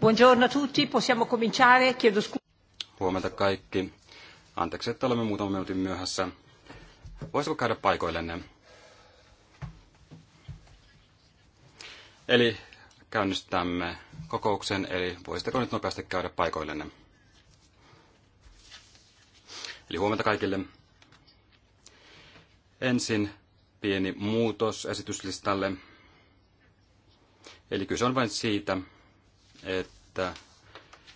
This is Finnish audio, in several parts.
Buongiorno a tutti, possiamo cominciare, chiedo scusa. Huomenta kaikki. Anteeksi, että olemme muutaman minuutin myöhässä. Voisiko käydä paikoillenne? Eli käynnistämme kokouksen, eli voisitteko nyt nopeasti käydä paikoillenne? Eli huomenta kaikille. Ensin pieni muutos esityslistalle. Eli kyse on vain siitä, että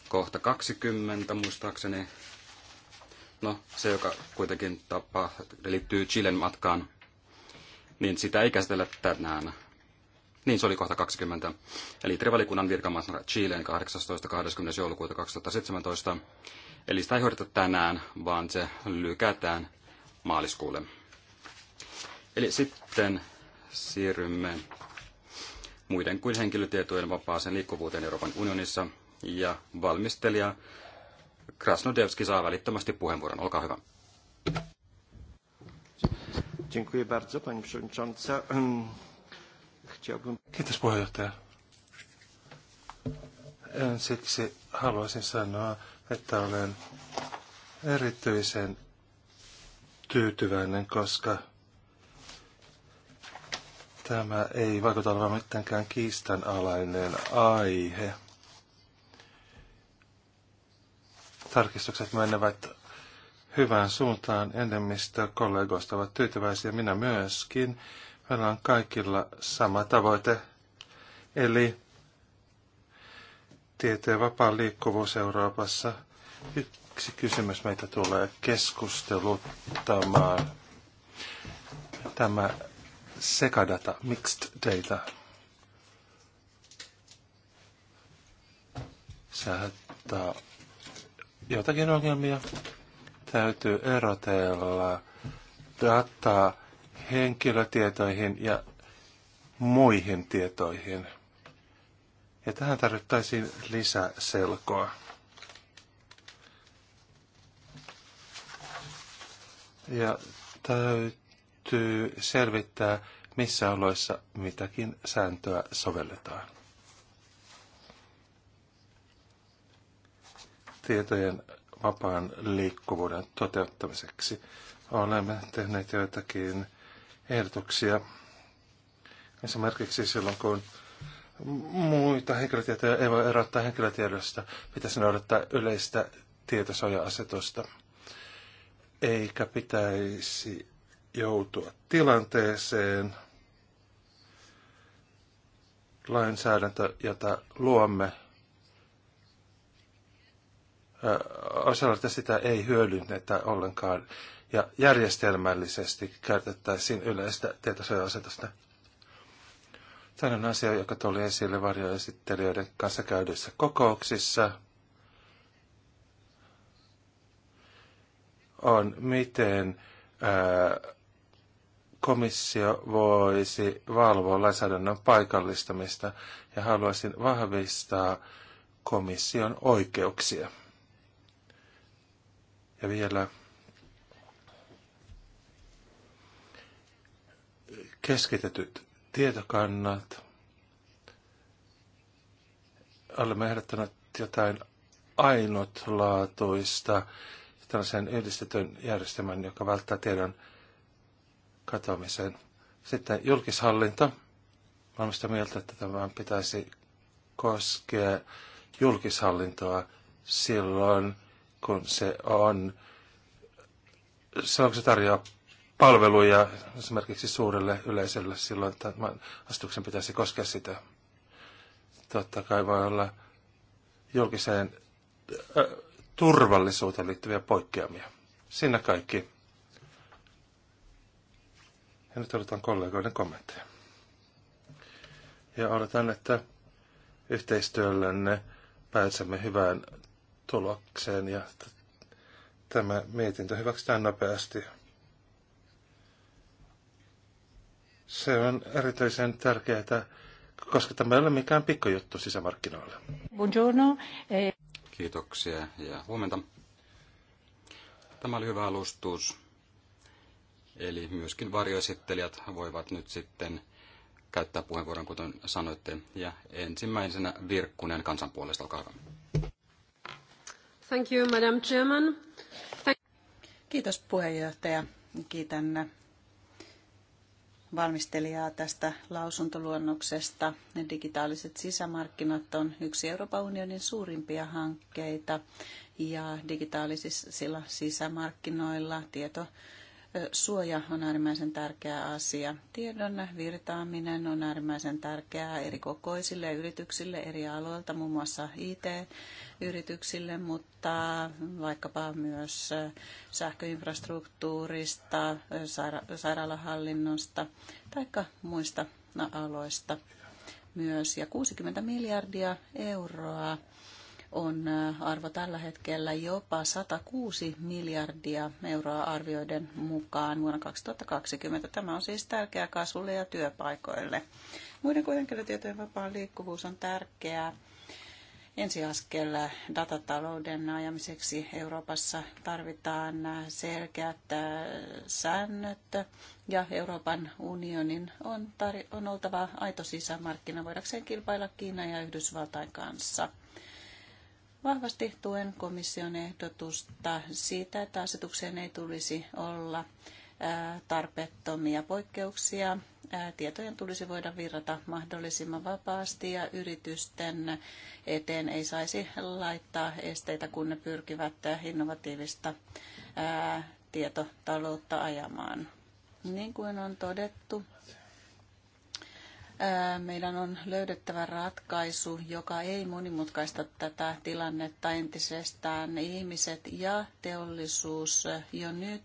kohta 20 muistaakseni, no se joka kuitenkin tapa, liittyy Chilen matkaan, niin sitä ei käsitellä tänään. Niin se oli kohta 20. Eli Trevalikunnan virkamatka Chileen 18.20. joulukuuta 2017. Eli sitä ei hoideta tänään, vaan se lykätään maaliskuulle. Eli sitten siirrymme muiden kuin henkilötietojen vapaaseen liikkuvuuteen Euroopan unionissa. Ja valmistelija Krasnodevski saa välittömästi puheenvuoron. Olkaa hyvä. Dziękuję bardzo, pani przewodnicząca. Chciałbym... Kiitos puheenjohtaja. Ensiksi haluaisin sanoa, että olen erityisen tyytyväinen, koska Tämä ei vaikuta olevan mitenkään kiistanalainen aihe. Tarkistukset menevät hyvään suuntaan. Enemmistö kollegoista ovat tyytyväisiä, minä myöskin. Meillä on kaikilla sama tavoite, eli tieteen vapaan liikkuvuus Euroopassa. Yksi kysymys meitä tulee keskusteluttamaan. Tämä sekadata, mixed data. Saattaa jotakin ongelmia. Täytyy erotella dataa henkilötietoihin ja muihin tietoihin. Ja tähän tarvittaisiin lisäselkoa. Ja täytyy täytyy selvittää, missä oloissa mitäkin sääntöä sovelletaan. Tietojen vapaan liikkuvuuden toteuttamiseksi olemme tehneet joitakin ehdotuksia. Esimerkiksi silloin, kun muita henkilötietoja ei voi erottaa henkilötiedosta, pitäisi noudattaa yleistä tietosuoja-asetusta. Eikä pitäisi joutua tilanteeseen. Lainsäädäntö, jota luomme, osalta sitä ei hyödynnetä ollenkaan ja järjestelmällisesti käytettäisiin yleistä tietosuoja-asetusta. Tämä on asia, joka tuli esille varjoesittelijöiden kanssa käydyissä kokouksissa. On miten ää, komissio voisi valvoa lainsäädännön paikallistamista ja haluaisin vahvistaa komission oikeuksia. Ja vielä keskitetyt tietokannat. Olemme ehdottaneet jotain ainutlaatuista tällaisen yhdistetyn järjestelmän, joka välttää tiedon katoamiseen. Sitten julkishallinto. Olen sitä mieltä, että tämä pitäisi koskea julkishallintoa silloin, kun se on, silloin kun se tarjoaa palveluja esimerkiksi suurelle yleisölle, silloin tämän astuksen pitäisi koskea sitä. Totta kai voi olla julkiseen äh, turvallisuuteen liittyviä poikkeamia. Siinä kaikki. Ja nyt odotan kollegoiden kommentteja. Ja odotan, että yhteistyöllänne pääsemme hyvään tulokseen ja tämä mietintö hyväksytään nopeasti. Se on erityisen tärkeää, koska tämä ei ole mikään pikkujuttu sisämarkkinoilla. Buongiorno. Eh. Kiitoksia ja huomenta. Tämä oli hyvä alustus Eli myöskin varjoesittelijät voivat nyt sitten käyttää puheenvuoron, kuten sanoitte. Ja ensimmäisenä Virkkunen kansan puolesta, olkaa hyvä. Thank you, Madam Chairman. Thank- Kiitos puheenjohtaja. Kiitän valmistelijaa tästä lausuntoluonnoksesta. Ne digitaaliset sisämarkkinat on yksi Euroopan unionin suurimpia hankkeita ja digitaalisilla sisämarkkinoilla tieto suoja on äärimmäisen tärkeä asia. Tiedon virtaaminen on äärimmäisen tärkeää eri kokoisille yrityksille eri aloilta, muun muassa IT-yrityksille, mutta vaikkapa myös sähköinfrastruktuurista, saira- sairaalahallinnosta tai muista aloista myös. Ja 60 miljardia euroa on äh, arvo tällä hetkellä jopa 106 miljardia euroa arvioiden mukaan vuonna 2020. Tämä on siis tärkeää kasvulle ja työpaikoille. Muiden kuin henkilötietojen vapaan liikkuvuus on tärkeää ensiaskel datatalouden ajamiseksi Euroopassa tarvitaan selkeät äh, säännöt ja Euroopan unionin on, tar- on oltava aito sisämarkkina voidakseen kilpailla Kiinan ja Yhdysvaltain kanssa. Vahvasti tuen komission ehdotusta siitä, että asetukseen ei tulisi olla tarpeettomia poikkeuksia. Tietojen tulisi voida virrata mahdollisimman vapaasti ja yritysten eteen ei saisi laittaa esteitä, kun ne pyrkivät innovatiivista tietotaloutta ajamaan. Niin kuin on todettu, meidän on löydettävä ratkaisu, joka ei monimutkaista tätä tilannetta entisestään. Ihmiset ja teollisuus jo nyt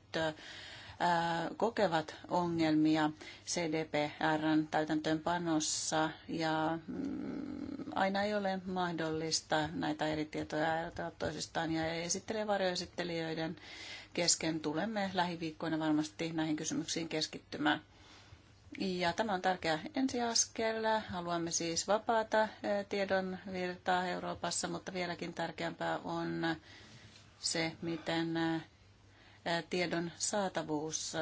kokevat ongelmia CDPRn täytäntöönpanossa ja mm, aina ei ole mahdollista näitä eri tietoja ajatella toisistaan ja esittelee varjoesittelijöiden kesken tulemme lähiviikkoina varmasti näihin kysymyksiin keskittymään. Ja tämä on tärkeä ensiaskel. Haluamme siis vapaata eh, tiedon virtaa Euroopassa, mutta vieläkin tärkeämpää on se, miten eh, eh, tiedon saatavuus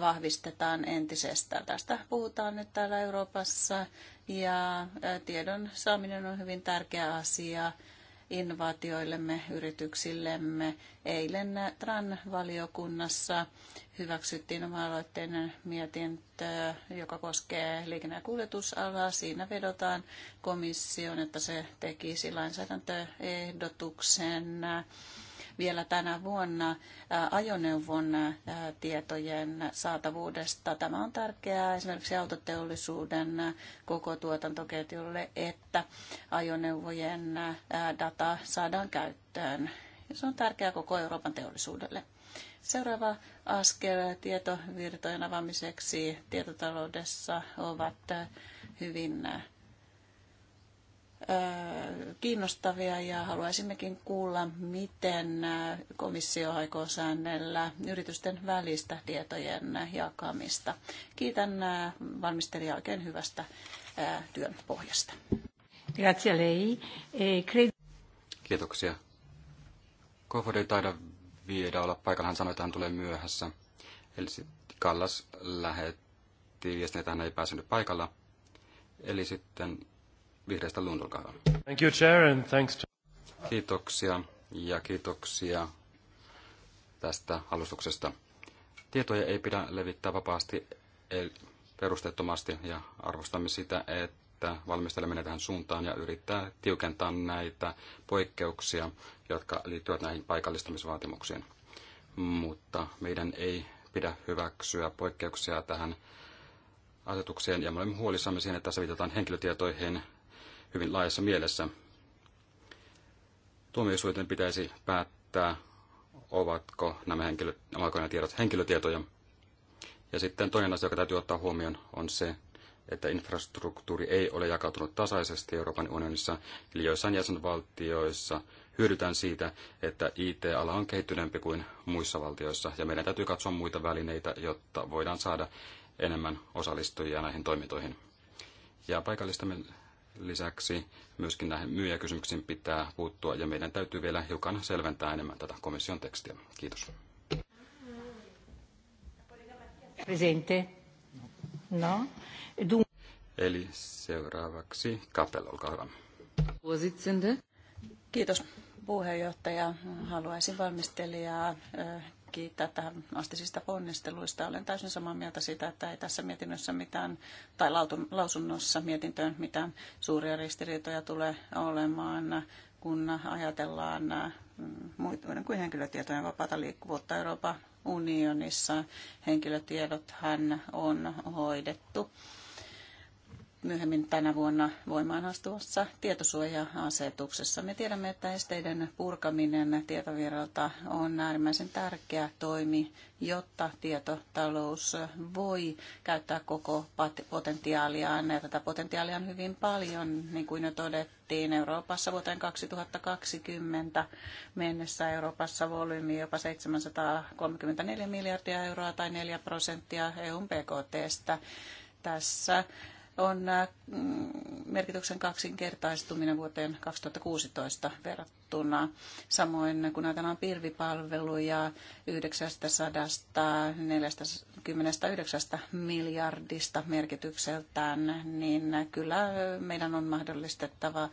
vahvistetaan entisestään. Tästä puhutaan nyt täällä Euroopassa ja tiedon saaminen on hyvin tärkeä asia innovaatioillemme, yrityksillemme. Eilen TRAN-valiokunnassa hyväksyttiin oma-aloitteinen mietintö, joka koskee liikenne- ja kuljetusalaa. Siinä vedotaan komissioon, että se tekisi lainsäädäntöehdotuksen vielä tänä vuonna ajoneuvon tietojen saatavuudesta. Tämä on tärkeää esimerkiksi autoteollisuuden koko tuotantoketjulle, että ajoneuvojen data saadaan käyttöön. Se on tärkeää koko Euroopan teollisuudelle. Seuraava askel tietovirtojen avaamiseksi tietotaloudessa ovat hyvin kiinnostavia ja haluaisimmekin kuulla, miten komissio aikoo säännellä yritysten välistä tietojen jakamista. Kiitän valmistelijaa oikein hyvästä työn pohjasta. Grazie lei. E, Kiitoksia. Kofod ei taida viedä olla paikalla. Hän sanoi, että hän tulee myöhässä. Eli Kallas lähetti viestin, että hän ei pääsenyt paikalla. Eli sitten vihreästä Lund, Thank you, Chair, and thanks to... Kiitoksia ja kiitoksia tästä alustuksesta. Tietoja ei pidä levittää vapaasti perusteettomasti ja arvostamme sitä, että valmistelemme tähän suuntaan ja yrittää tiukentaa näitä poikkeuksia, jotka liittyvät näihin paikallistamisvaatimuksiin. Mutta meidän ei pidä hyväksyä poikkeuksia tähän asetukseen ja me olemme huolissamme siinä, että tässä viitataan henkilötietoihin, hyvin laajassa mielessä. Tuomioistuinten pitäisi päättää, ovatko nämä, henkilöt, ovatko nämä tiedot henkilötietoja. Ja sitten toinen asia, joka täytyy ottaa huomioon, on se, että infrastruktuuri ei ole jakautunut tasaisesti Euroopan unionissa, eli joissain jäsenvaltioissa hyödytään siitä, että IT-ala on kehittyneempi kuin muissa valtioissa, ja meidän täytyy katsoa muita välineitä, jotta voidaan saada enemmän osallistujia näihin toimintoihin. Ja paikallistaminen Lisäksi myöskin näihin myyjäkysymyksiin pitää puuttua ja meidän täytyy vielä hiukan selventää enemmän tätä komission tekstiä. Kiitos. Presente. No. Eli seuraavaksi Kapel, olkaa hyvä. Kiitos puheenjohtaja. Haluaisin valmistelijaa kiittää tähän astisista ponnisteluista. Olen täysin samaa mieltä siitä, että ei tässä mietinnössä mitään, tai lausunnossa mietintöön mitään suuria ristiriitoja tule olemaan, kun ajatellaan mm, muiden kuin henkilötietojen vapaata liikkuvuutta Euroopan unionissa. Henkilötiedothan on hoidettu myöhemmin tänä vuonna voimaan astuvassa tietosuoja-asetuksessa. Me tiedämme, että esteiden purkaminen tietovirralta on äärimmäisen tärkeä toimi, jotta tietotalous voi käyttää koko potentiaaliaan. Ja tätä potentiaalia on hyvin paljon, niin kuin jo todettiin, Euroopassa vuoteen 2020 mennessä Euroopassa volyymi jopa 734 miljardia euroa tai 4 prosenttia EUn BKTstä. Tässä on äh, mm, merkityksen kaksinkertaistuminen vuoteen 2016 verrattuna. Samoin kun ajatellaan pilvipalveluja 949 miljardista merkitykseltään, niin kyllä meidän on mahdollistettava äh,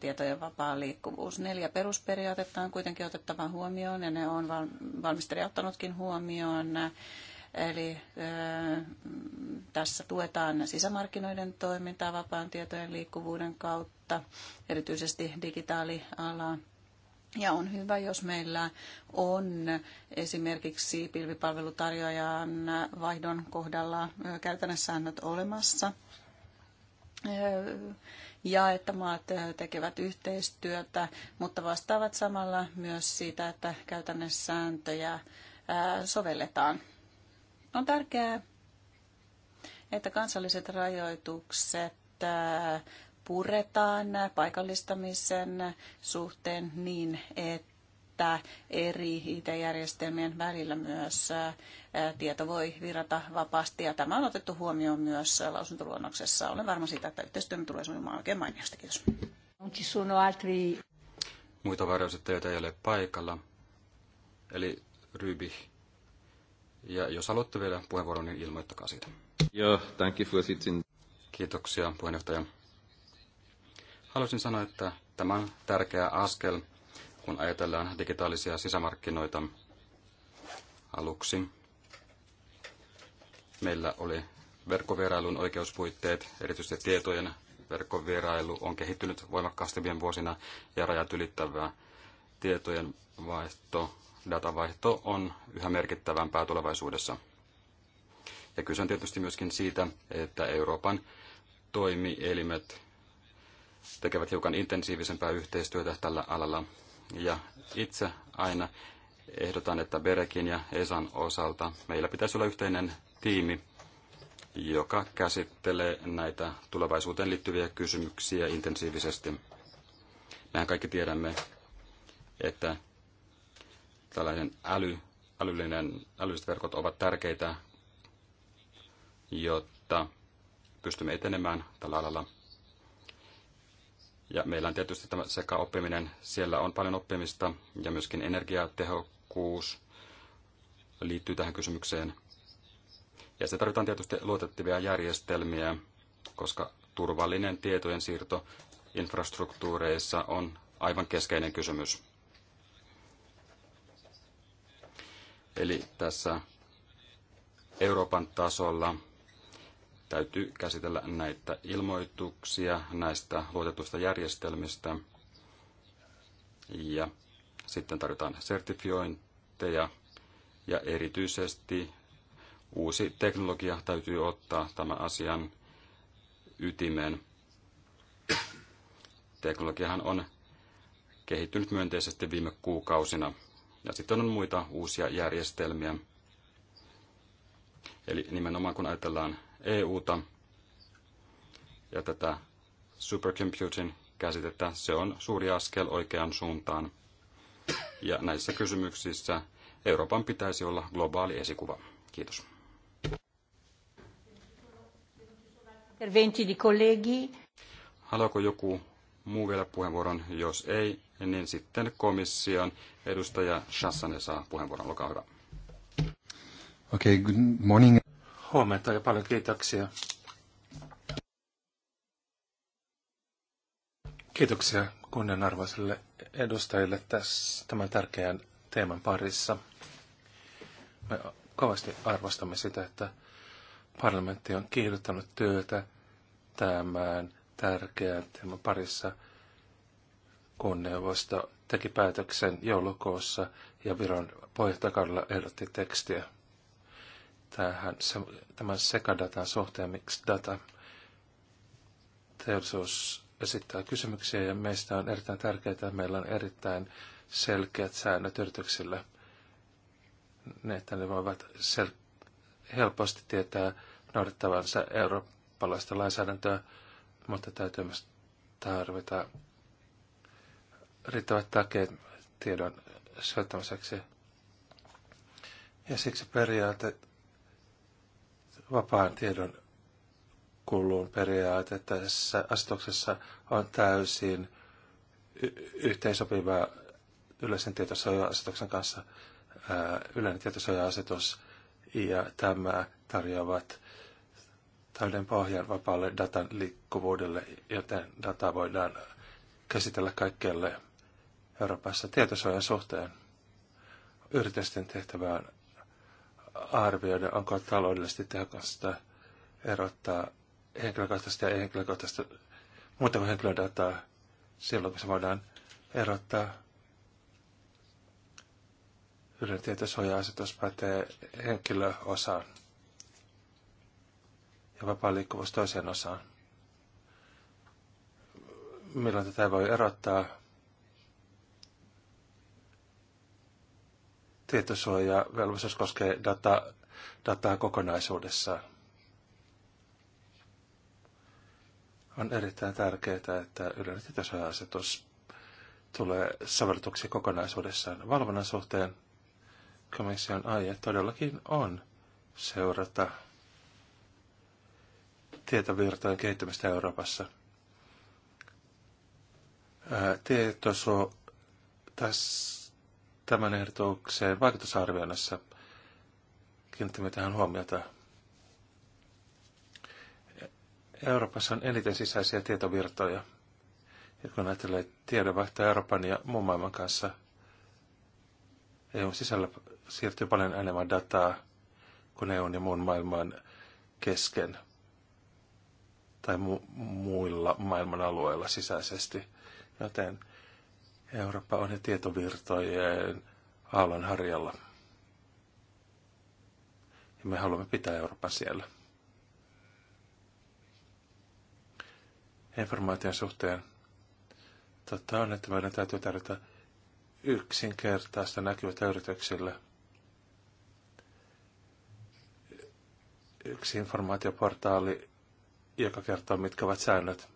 tietojen vapaa liikkuvuus. Neljä perusperiaatetta on kuitenkin otettava huomioon ja ne on valmistelija ottanutkin huomioon Eli tässä tuetaan sisämarkkinoiden toimintaa vapaan tietojen liikkuvuuden kautta, erityisesti digitaalialaa. Ja on hyvä, jos meillä on esimerkiksi pilvipalvelutarjoajan vaihdon kohdalla käytännössä säännöt olemassa. Ja että maat tekevät yhteistyötä, mutta vastaavat samalla myös siitä, että käytännössä sääntöjä sovelletaan on tärkeää, että kansalliset rajoitukset äh, puretaan paikallistamisen suhteen niin, että eri IT-järjestelmien välillä myös äh, tieto voi virata vapaasti. Ja tämä on otettu huomioon myös lausuntoluonnoksessa. Olen varma siitä, että yhteistyömme tulee sujumaan oikein mainiosta. Kiitos. Muita varjoesittelijöitä ei ole paikalla. Eli Rybih. Ja jos haluatte vielä puheenvuoron, niin ilmoittakaa siitä. Joo, thank you for Kiitoksia puheenjohtaja. Haluaisin sanoa, että tämä on tärkeä askel, kun ajatellaan digitaalisia sisämarkkinoita aluksi. Meillä oli verkkovierailun oikeuspuitteet, erityisesti tietojen verkkovierailu on kehittynyt voimakkaasti viime vuosina ja rajat ylittävää tietojen vaihto datavaihto on yhä merkittävämpää tulevaisuudessa. Ja kyse on tietysti myöskin siitä, että Euroopan toimielimet tekevät hiukan intensiivisempää yhteistyötä tällä alalla. Ja itse aina ehdotan, että Berekin ja Esan osalta meillä pitäisi olla yhteinen tiimi, joka käsittelee näitä tulevaisuuteen liittyviä kysymyksiä intensiivisesti. Mehän kaikki tiedämme, että tällaisen äly, älyllinen, älylliset verkot ovat tärkeitä, jotta pystymme etenemään tällä alalla. Ja meillä on tietysti tämä sekä oppiminen, siellä on paljon oppimista ja myöskin energiatehokkuus liittyy tähän kysymykseen. Ja se tarvitaan tietysti luotettavia järjestelmiä, koska turvallinen tietojen siirto infrastruktuureissa on aivan keskeinen kysymys. Eli tässä Euroopan tasolla täytyy käsitellä näitä ilmoituksia näistä luotetuista järjestelmistä. Ja sitten tarvitaan sertifiointeja ja erityisesti uusi teknologia täytyy ottaa tämän asian ytimeen. Teknologiahan on kehittynyt myönteisesti viime kuukausina. Ja sitten on muita uusia järjestelmiä. Eli nimenomaan kun ajatellaan EUta ja tätä supercomputing käsitettä, se on suuri askel oikeaan suuntaan. Ja näissä kysymyksissä Euroopan pitäisi olla globaali esikuva. Kiitos. Haluaako joku muu vielä puheenvuoron? Jos ei, niin sitten komission edustaja Chassane saa puheenvuoron. Olkaa hyvä. Okei, okay, good morning. Huomenta ja paljon kiitoksia. Kiitoksia kunnianarvoisille edustajille tässä, tämän tärkeän teeman parissa. Me kovasti arvostamme sitä, että parlamentti on kiihdyttänyt työtä tämän tärkeän teeman parissa – kun teki päätöksen joulukuussa ja Viron pohjohtakaudella ehdotti tekstiä. Tähän, se, tämän sekadatan suhteen, miksi data teollisuus esittää kysymyksiä ja meistä on erittäin tärkeää, että meillä on erittäin selkeät säännöt yrityksille, ne, että ne voivat sel- helposti tietää noudattavansa eurooppalaista lainsäädäntöä, mutta täytyy myös tarvita riittävät takeet tiedon syöttämiseksi. Ja siksi periaate, vapaan tiedon kuuluun periaate tässä asetuksessa on täysin y- yhteensopiva yleisen tietosuoja-asetuksen kanssa. Ää, yleinen tietosuoja-asetus ja tämä tarjoavat täyden pohjan vapaalle datan liikkuvuudelle, joten dataa voidaan käsitellä kaikkelle Euroopassa tietosuojan suhteen. Yritysten tehtävä on arvioida, onko taloudellisesti tehokasta erottaa henkilökohtaista ja henkilökohtaista muuta kuin henkilödataa silloin, kun se voidaan erottaa. Yleinen tietosuoja-asetus pätee henkilöosaan ja vapaa liikkuvuus toiseen osaan. Milloin tätä voi erottaa? velvollisuus koskee data, dataa kokonaisuudessaan. On erittäin tärkeää, että yleinen tietosuoja-asetus tulee sovellutuksi kokonaisuudessaan valvonnan suhteen. Komission aie todellakin on seurata tietovirtojen kehittymistä Euroopassa. Tietosuo tässä tämän ehdotukseen vaikutusarvioinnissa kiinnittämme tähän huomiota. Euroopassa on eniten sisäisiä tietovirtoja. Ja kun ajattelee tiedonvaihtoa Euroopan ja muun maailman kanssa, EUn sisällä siirtyy paljon enemmän dataa kuin EUn ja muun maailman kesken tai mu- muilla maailman alueilla sisäisesti. Joten Eurooppa on jo tietovirtojen aallon harjalla. Ja me haluamme pitää Eurooppa siellä. Informaation suhteen totta on, että meidän täytyy tarjota yksinkertaista näkyvyyttä yrityksille. Yksi informaatioportaali, joka kertoo, mitkä ovat säännöt.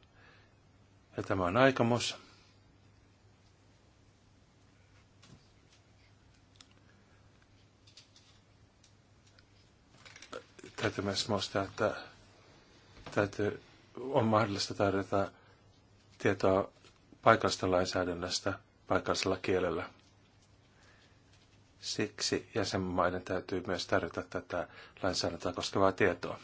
Ja tämä on aikomus. Täytyy myös muistaa, että täytyy, on mahdollista tarjota tietoa paikallista lainsäädännöstä paikallisella kielellä. Siksi jäsenmaiden täytyy myös tarjota tätä lainsäädäntöä koskevaa tietoa.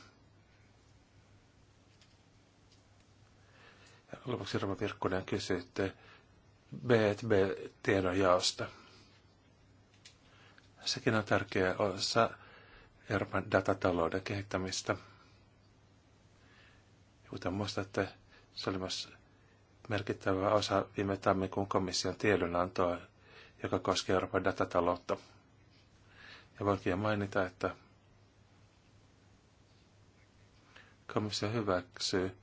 Ja lopuksi Roma Virkkunen kysyitte b b tiedonjaosta Sekin on tärkeä osa Euroopan datatalouden kehittämistä. Kuten muistatte, se oli myös merkittävä osa viime tammikuun komission tiedonantoa, joka koskee Euroopan datataloutta. Ja voinkin mainita, että komissio hyväksyy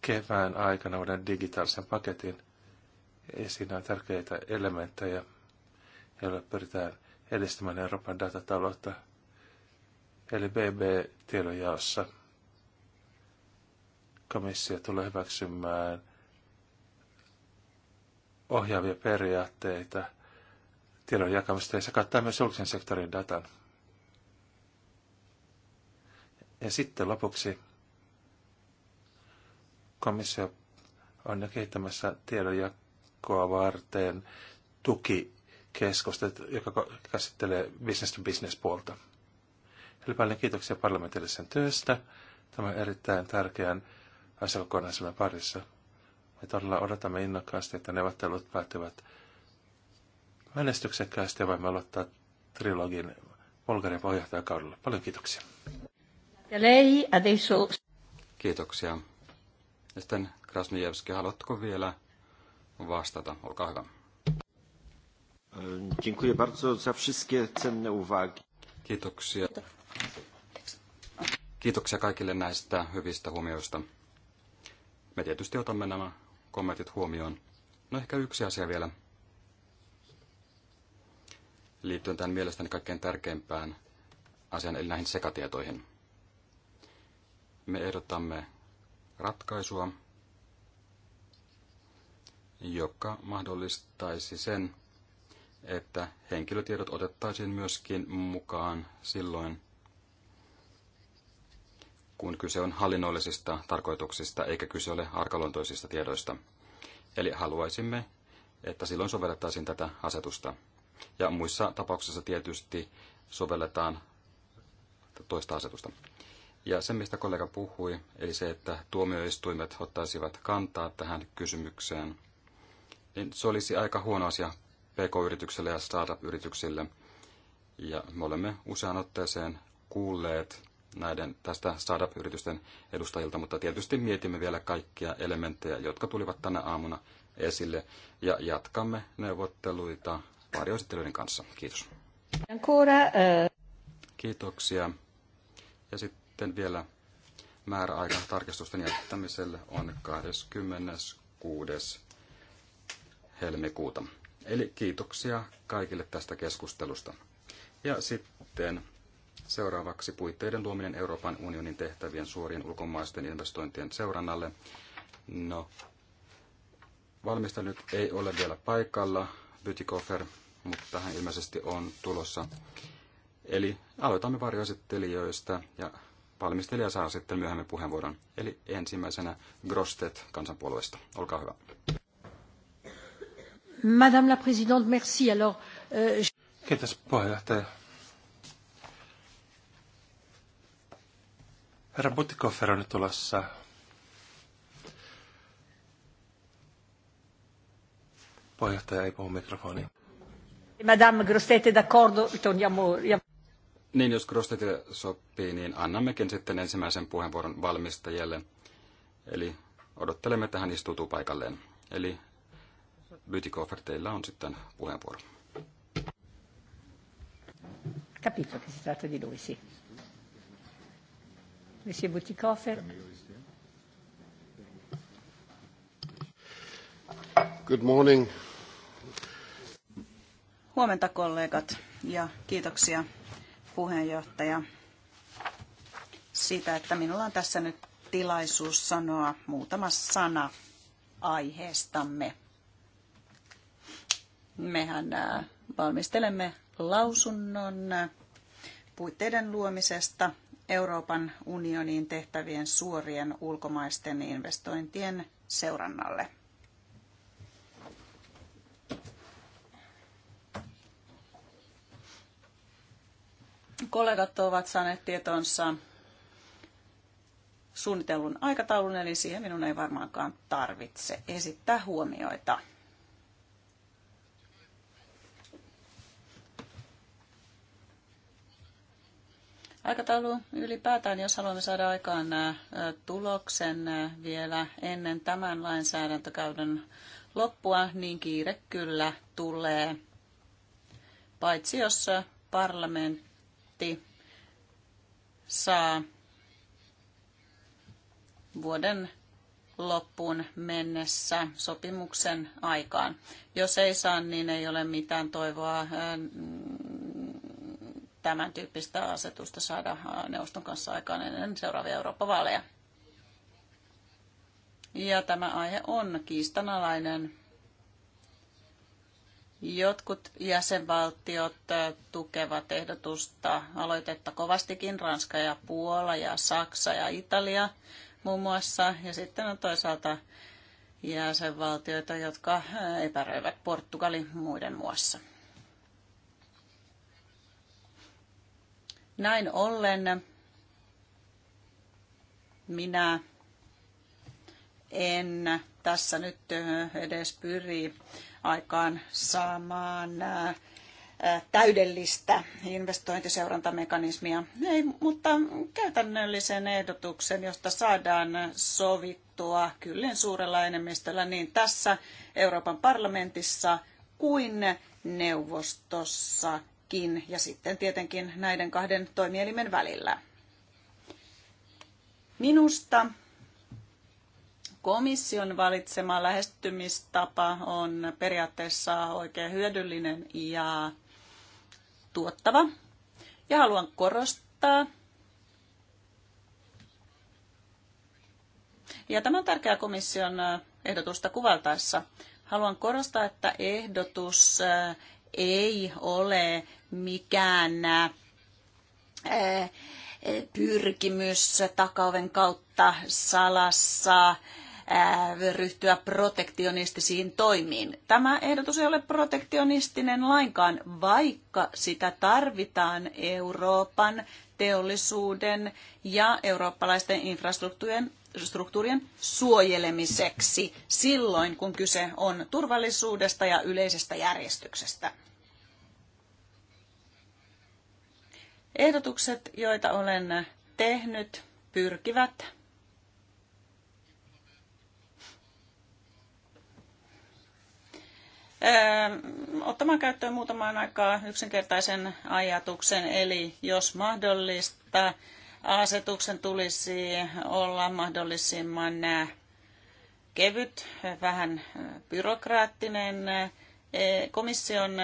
kevään aikana uuden digitaalisen paketin. Ja siinä on tärkeitä elementtejä, joilla pyritään edistämään Euroopan datataloutta – eli BB-tiedonjaossa komissio tulee hyväksymään ohjaavia periaatteita tiedon jakamista ja se kattaa myös julkisen sektorin datan. Ja sitten lopuksi komissio on jo kehittämässä tiedonjakoa varten tukikeskusta, joka käsittelee business-to-business-puolta. Eli paljon kiitoksia parlamentille sen työstä. Tämä on erittäin tärkeän asiakokonaisuuden parissa. Me todella odotamme innokkaasti, että neuvottelut päättyvät menestyksekkäästi ja voimme aloittaa trilogin Bulgarian pohjohtajakaudella. Paljon kiitoksia. Kiitoksia. Ja sitten Krasnijevski, haluatko vielä vastata? Olkaa hyvä. Dziękuję bardzo za wszystkie cenne uwagi. Kiitoksia. Kiitoksia kaikille näistä hyvistä huomioista. Me tietysti otamme nämä kommentit huomioon. No ehkä yksi asia vielä liittyen tämän mielestäni kaikkein tärkeimpään asian eli näihin sekatietoihin. Me ehdotamme ratkaisua, joka mahdollistaisi sen, että henkilötiedot otettaisiin myöskin mukaan silloin, kun kyse on hallinnollisista tarkoituksista eikä kyse ole arkaluontoisista tiedoista. Eli haluaisimme, että silloin sovellettaisiin tätä asetusta. Ja muissa tapauksissa tietysti sovelletaan toista asetusta. Ja se, mistä kollega puhui, eli se, että tuomioistuimet ottaisivat kantaa tähän kysymykseen, niin se olisi aika huono asia pk-yritykselle ja startup-yrityksille. Ja me olemme usean otteeseen kuulleet näiden tästä startup-yritysten edustajilta, mutta tietysti mietimme vielä kaikkia elementtejä, jotka tulivat tänä aamuna esille, ja jatkamme neuvotteluita varjoesittelyiden kanssa. Kiitos. Eh. Kiitoksia. Ja sitten vielä määräaika tarkistusten jättämiselle on 26. helmikuuta. Eli kiitoksia kaikille tästä keskustelusta. Ja sitten Seuraavaksi puitteiden luominen Euroopan unionin tehtävien suorien ulkomaisten investointien seurannalle. No, valmista ei ole vielä paikalla, Bytikofer, mutta hän ilmeisesti on tulossa. Eli aloitamme varjoesittelijöistä ja valmistelija saa sitten myöhemmin puheenvuoron. Eli ensimmäisenä Grostet kansanpuolueesta. Olkaa hyvä. Madame la présidente, merci. Alors, euh... Kiitos puheenjohtaja Herra Butikoffer on nyt tulossa. Puheenjohtaja ei puhu mikrofoniin. Madame Grossette, d'accordo, torniamo... Niin, jos Grossette sopii, niin annammekin sitten ensimmäisen puheenvuoron valmistajalle. Eli odottelemme, että hän istuutuu paikalleen. Eli Butikoffer, teillä on sitten puheenvuoro. Capito che si tratta di lui, sì. Monsieur Good morning. Huomenta kollegat ja kiitoksia puheenjohtaja siitä, että minulla on tässä nyt tilaisuus sanoa muutama sana aiheestamme. Mehän äh, valmistelemme lausunnon puitteiden luomisesta Euroopan unionin tehtävien suorien ulkomaisten investointien seurannalle. Kollegat ovat saaneet tietonsa suunnitellun aikataulun, eli siihen minun ei varmaankaan tarvitse esittää huomioita. Aikataulu ylipäätään, jos haluamme saada aikaan tuloksen vielä ennen tämän lainsäädäntökäytön loppua, niin kiire kyllä tulee. Paitsi jos parlamentti saa vuoden loppuun mennessä sopimuksen aikaan. Jos ei saa, niin ei ole mitään toivoa tämän tyyppistä asetusta saada neuvoston kanssa aikaan ennen seuraavia Eurooppa-vaaleja. Ja tämä aihe on kiistanalainen. Jotkut jäsenvaltiot tukevat ehdotusta aloitetta kovastikin, Ranska ja Puola ja Saksa ja Italia muun muassa. Ja sitten on toisaalta jäsenvaltioita, jotka epäröivät Portugalin muiden muassa. Näin ollen minä en tässä nyt edes pyri aikaan saamaan täydellistä investointiseurantamekanismia, ei, mutta käytännöllisen ehdotuksen, josta saadaan sovittua kyllä suurella enemmistöllä niin tässä Euroopan parlamentissa kuin neuvostossa kin ja sitten tietenkin näiden kahden toimielimen välillä. Minusta komission valitsema lähestymistapa on periaatteessa oikein hyödyllinen ja tuottava. Ja haluan korostaa, ja tämä on tärkeä komission ehdotusta kuvaltaessa, haluan korostaa, että ehdotus ei ole mikään eh, pyrkimys takaoven kautta salassa eh, ryhtyä protektionistisiin toimiin. Tämä ehdotus ei ole protektionistinen lainkaan, vaikka sitä tarvitaan Euroopan teollisuuden ja eurooppalaisten infrastruktuurien struktuurien suojelemiseksi silloin, kun kyse on turvallisuudesta ja yleisestä järjestyksestä. Ehdotukset, joita olen tehnyt, pyrkivät öö, ottamaan käyttöön muutamaan aikaa yksinkertaisen ajatuksen, eli jos mahdollista, asetuksen tulisi olla mahdollisimman kevyt, vähän byrokraattinen. Komission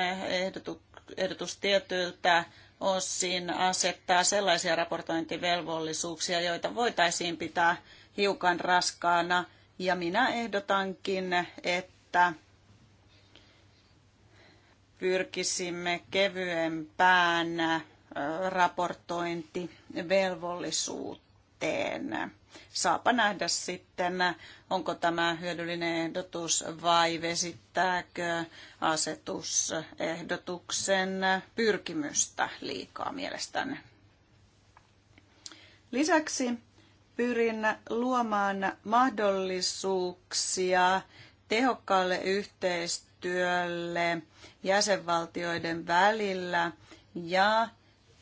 ehdotus tietyiltä osin asettaa sellaisia raportointivelvollisuuksia, joita voitaisiin pitää hiukan raskaana. Ja minä ehdotankin, että pyrkisimme kevyempään raportointivelvollisuuteen eteen. Saapa nähdä sitten, onko tämä hyödyllinen ehdotus vai vesittääkö asetusehdotuksen pyrkimystä liikaa mielestäni. Lisäksi pyrin luomaan mahdollisuuksia tehokkaalle yhteistyölle jäsenvaltioiden välillä ja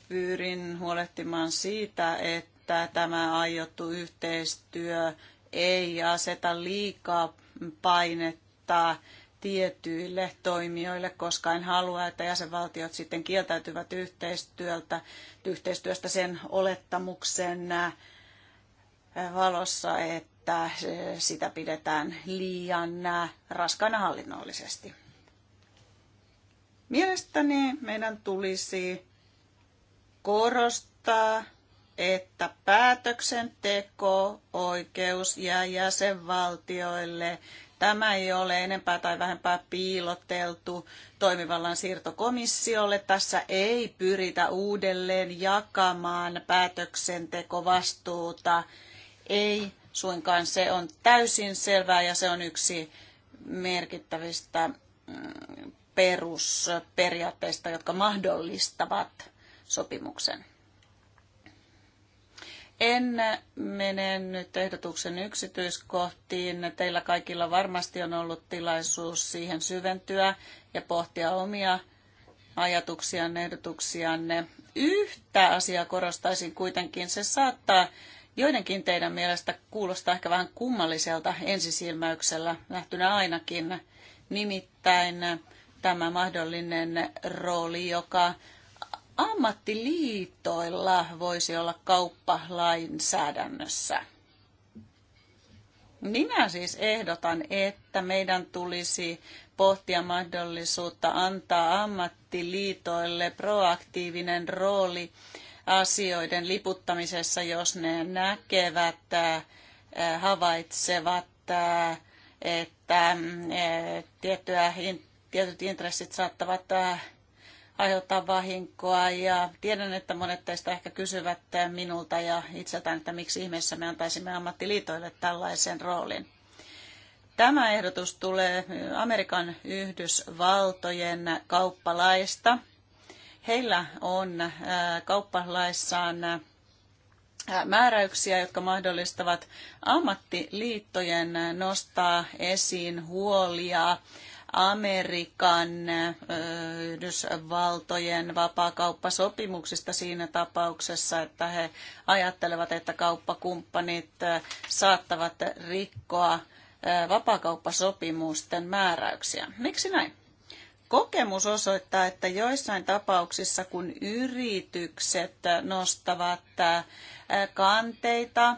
pyrin huolehtimaan siitä, että että tämä aiottu yhteistyö ei aseta liikaa painetta tietyille toimijoille, koska en halua, että jäsenvaltiot sitten kieltäytyvät yhteistyöltä, yhteistyöstä sen olettamuksen äh, valossa, että äh, sitä pidetään liian äh, raskaana hallinnollisesti. Mielestäni meidän tulisi korostaa että päätöksenteko-oikeus jää jäsenvaltioille. Tämä ei ole enempää tai vähempää piiloteltu toimivallan siirtokomissiolle. Tässä ei pyritä uudelleen jakamaan päätöksentekovastuuta. Ei suinkaan se on täysin selvää ja se on yksi merkittävistä mm, perusperiaatteista, jotka mahdollistavat sopimuksen. En mene nyt ehdotuksen yksityiskohtiin. Teillä kaikilla varmasti on ollut tilaisuus siihen syventyä ja pohtia omia ajatuksianne, ehdotuksianne. Yhtä asiaa korostaisin kuitenkin. Se saattaa joidenkin teidän mielestä kuulostaa ehkä vähän kummalliselta ensisilmäyksellä, nähtynä ainakin. Nimittäin tämä mahdollinen rooli, joka ammattiliitoilla voisi olla kauppalainsäädännössä. Minä siis ehdotan, että meidän tulisi pohtia mahdollisuutta antaa ammattiliitoille proaktiivinen rooli asioiden liputtamisessa, jos ne näkevät, äh, havaitsevat, äh, että äh, tiettyä, tietyt intressit saattavat aiheuttaa vahinkoa. Ja tiedän, että monet teistä ehkä kysyvät minulta ja itseltään, että miksi ihmeessä me antaisimme ammattiliitoille tällaisen roolin. Tämä ehdotus tulee Amerikan Yhdysvaltojen kauppalaista. Heillä on äh, kauppalaissaan äh, määräyksiä, jotka mahdollistavat ammattiliittojen nostaa esiin huolia Amerikan, Yhdysvaltojen vapaakauppasopimuksista siinä tapauksessa, että he ajattelevat, että kauppakumppanit saattavat rikkoa vapaakauppasopimusten määräyksiä. Miksi näin? Kokemus osoittaa, että joissain tapauksissa, kun yritykset nostavat kanteita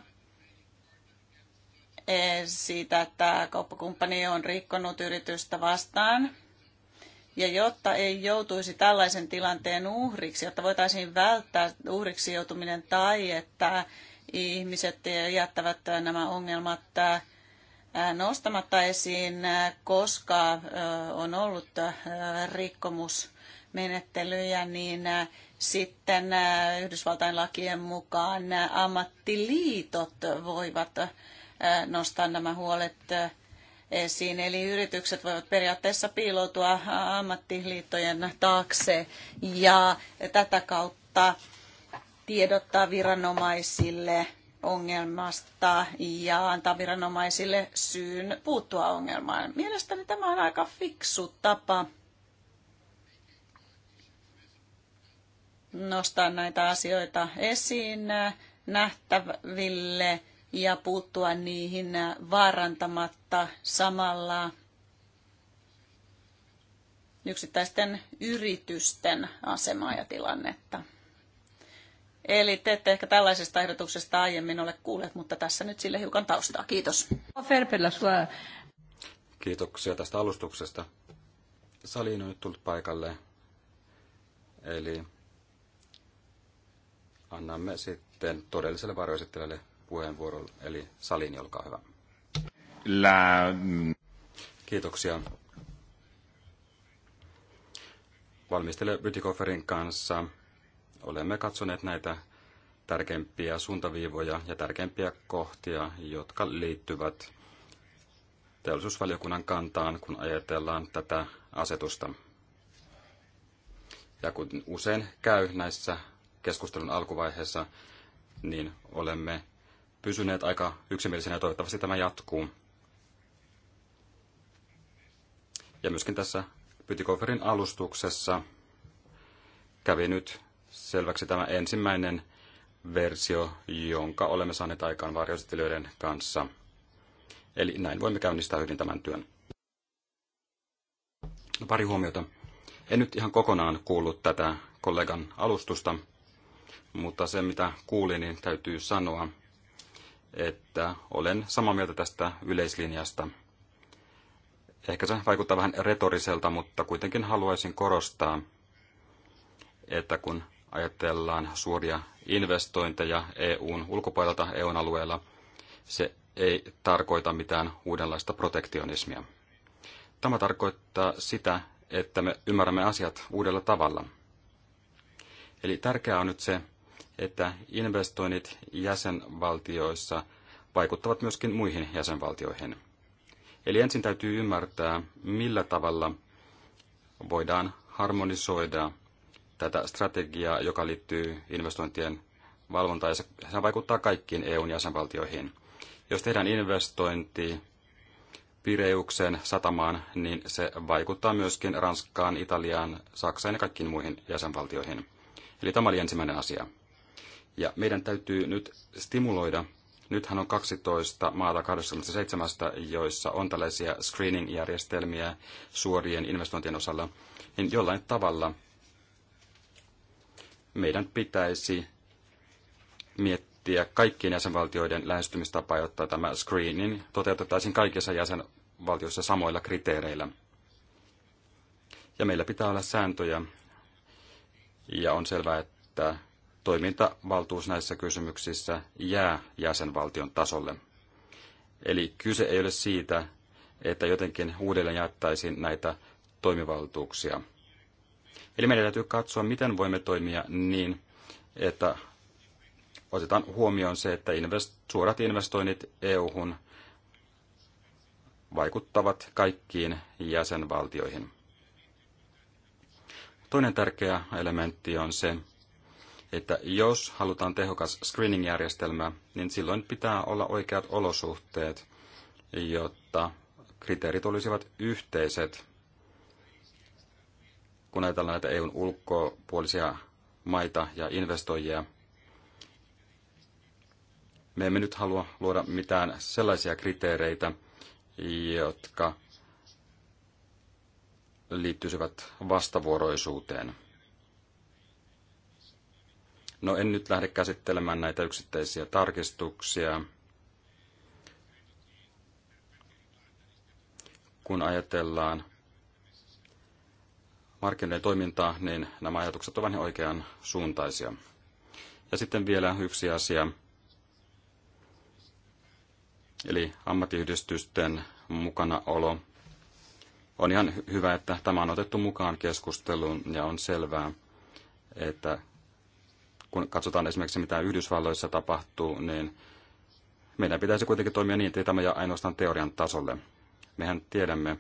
Eh, siitä, että kauppakumppani on rikkonut yritystä vastaan. Ja jotta ei joutuisi tällaisen tilanteen uhriksi, jotta voitaisiin välttää uhriksi joutuminen tai että ihmiset jättävät nämä ongelmat eh, nostamatta esiin, eh, koska on ollut rikkomusmenettelyjä, niin sitten Yhdysvaltain lakien mukaan ammattiliitot voivat Äh, nostaa nämä huolet äh, esiin. Eli yritykset voivat periaatteessa piiloutua ammattiliittojen taakse ja tätä kautta tiedottaa viranomaisille ongelmasta ja antaa viranomaisille syyn puuttua ongelmaan. Mielestäni tämä on aika fiksu tapa nostaa näitä asioita esiin nähtäville ja puuttua niihin vaarantamatta samalla yksittäisten yritysten asemaa ja tilannetta. Eli te ette ehkä tällaisesta ehdotuksesta aiemmin ole kuulleet, mutta tässä nyt sille hiukan taustaa. Kiitos. Kiitoksia tästä alustuksesta. Saliin on nyt tullut paikalle. Eli annamme sitten todelliselle varoesittelijälle puheenvuoron, eli Salin, olkaa hyvä. La... Kiitoksia. Valmistelija Bytikoferin kanssa olemme katsoneet näitä tärkeimpiä suuntaviivoja ja tärkeimpiä kohtia, jotka liittyvät teollisuusvaliokunnan kantaan, kun ajatellaan tätä asetusta. Ja kun usein käy näissä keskustelun alkuvaiheessa, niin olemme pysyneet aika yksimielisenä ja toivottavasti tämä jatkuu. Ja myöskin tässä Pytikoferin alustuksessa kävi nyt selväksi tämä ensimmäinen versio, jonka olemme saaneet aikaan varjoesittelijöiden kanssa. Eli näin voimme käynnistää hyvin tämän työn. No, pari huomiota. En nyt ihan kokonaan kuullut tätä kollegan alustusta, mutta se mitä kuulin, niin täytyy sanoa, että olen samaa mieltä tästä yleislinjasta. Ehkä se vaikuttaa vähän retoriselta, mutta kuitenkin haluaisin korostaa, että kun ajatellaan suoria investointeja EUn ulkopuolelta EUn alueella, se ei tarkoita mitään uudenlaista protektionismia. Tämä tarkoittaa sitä, että me ymmärrämme asiat uudella tavalla. Eli tärkeää on nyt se, että investoinnit jäsenvaltioissa vaikuttavat myöskin muihin jäsenvaltioihin. Eli ensin täytyy ymmärtää, millä tavalla voidaan harmonisoida tätä strategiaa, joka liittyy investointien valvontaan, ja se vaikuttaa kaikkiin EUn jäsenvaltioihin. Jos tehdään investointi Pireuksen satamaan, niin se vaikuttaa myöskin Ranskaan, Italiaan, Saksaan ja kaikkiin muihin jäsenvaltioihin. Eli tämä oli ensimmäinen asia. Ja meidän täytyy nyt stimuloida. Nythän on 12 maata 27, joissa on tällaisia screening-järjestelmiä suorien investointien osalla. Niin jollain tavalla meidän pitäisi miettiä kaikkien jäsenvaltioiden lähestymistapa, jotta tämä screening toteutettaisiin kaikissa jäsenvaltioissa samoilla kriteereillä. Ja meillä pitää olla sääntöjä, ja on selvää, että toimintavaltuus näissä kysymyksissä jää jäsenvaltion tasolle. Eli kyse ei ole siitä, että jotenkin uudelleen jaettaisiin näitä toimivaltuuksia. Eli meidän täytyy katsoa, miten voimme toimia niin, että otetaan huomioon se, että invest- suorat investoinnit EU-hun vaikuttavat kaikkiin jäsenvaltioihin. Toinen tärkeä elementti on se, että jos halutaan tehokas screening-järjestelmä, niin silloin pitää olla oikeat olosuhteet, jotta kriteerit olisivat yhteiset, kun ajatellaan näitä EUn ulkopuolisia maita ja investoijia. Me emme nyt halua luoda mitään sellaisia kriteereitä, jotka liittyisivät vastavuoroisuuteen. No en nyt lähde käsittelemään näitä yksittäisiä tarkistuksia. Kun ajatellaan markkinoiden toimintaa, niin nämä ajatukset ovat oikean suuntaisia. Ja sitten vielä yksi asia, eli ammattiyhdistysten mukanaolo. On ihan hyvä, että tämä on otettu mukaan keskusteluun ja on selvää, että kun katsotaan esimerkiksi mitä Yhdysvalloissa tapahtuu, niin meidän pitäisi kuitenkin toimia niin, että tämä ja ainoastaan teorian tasolle. Mehän tiedämme,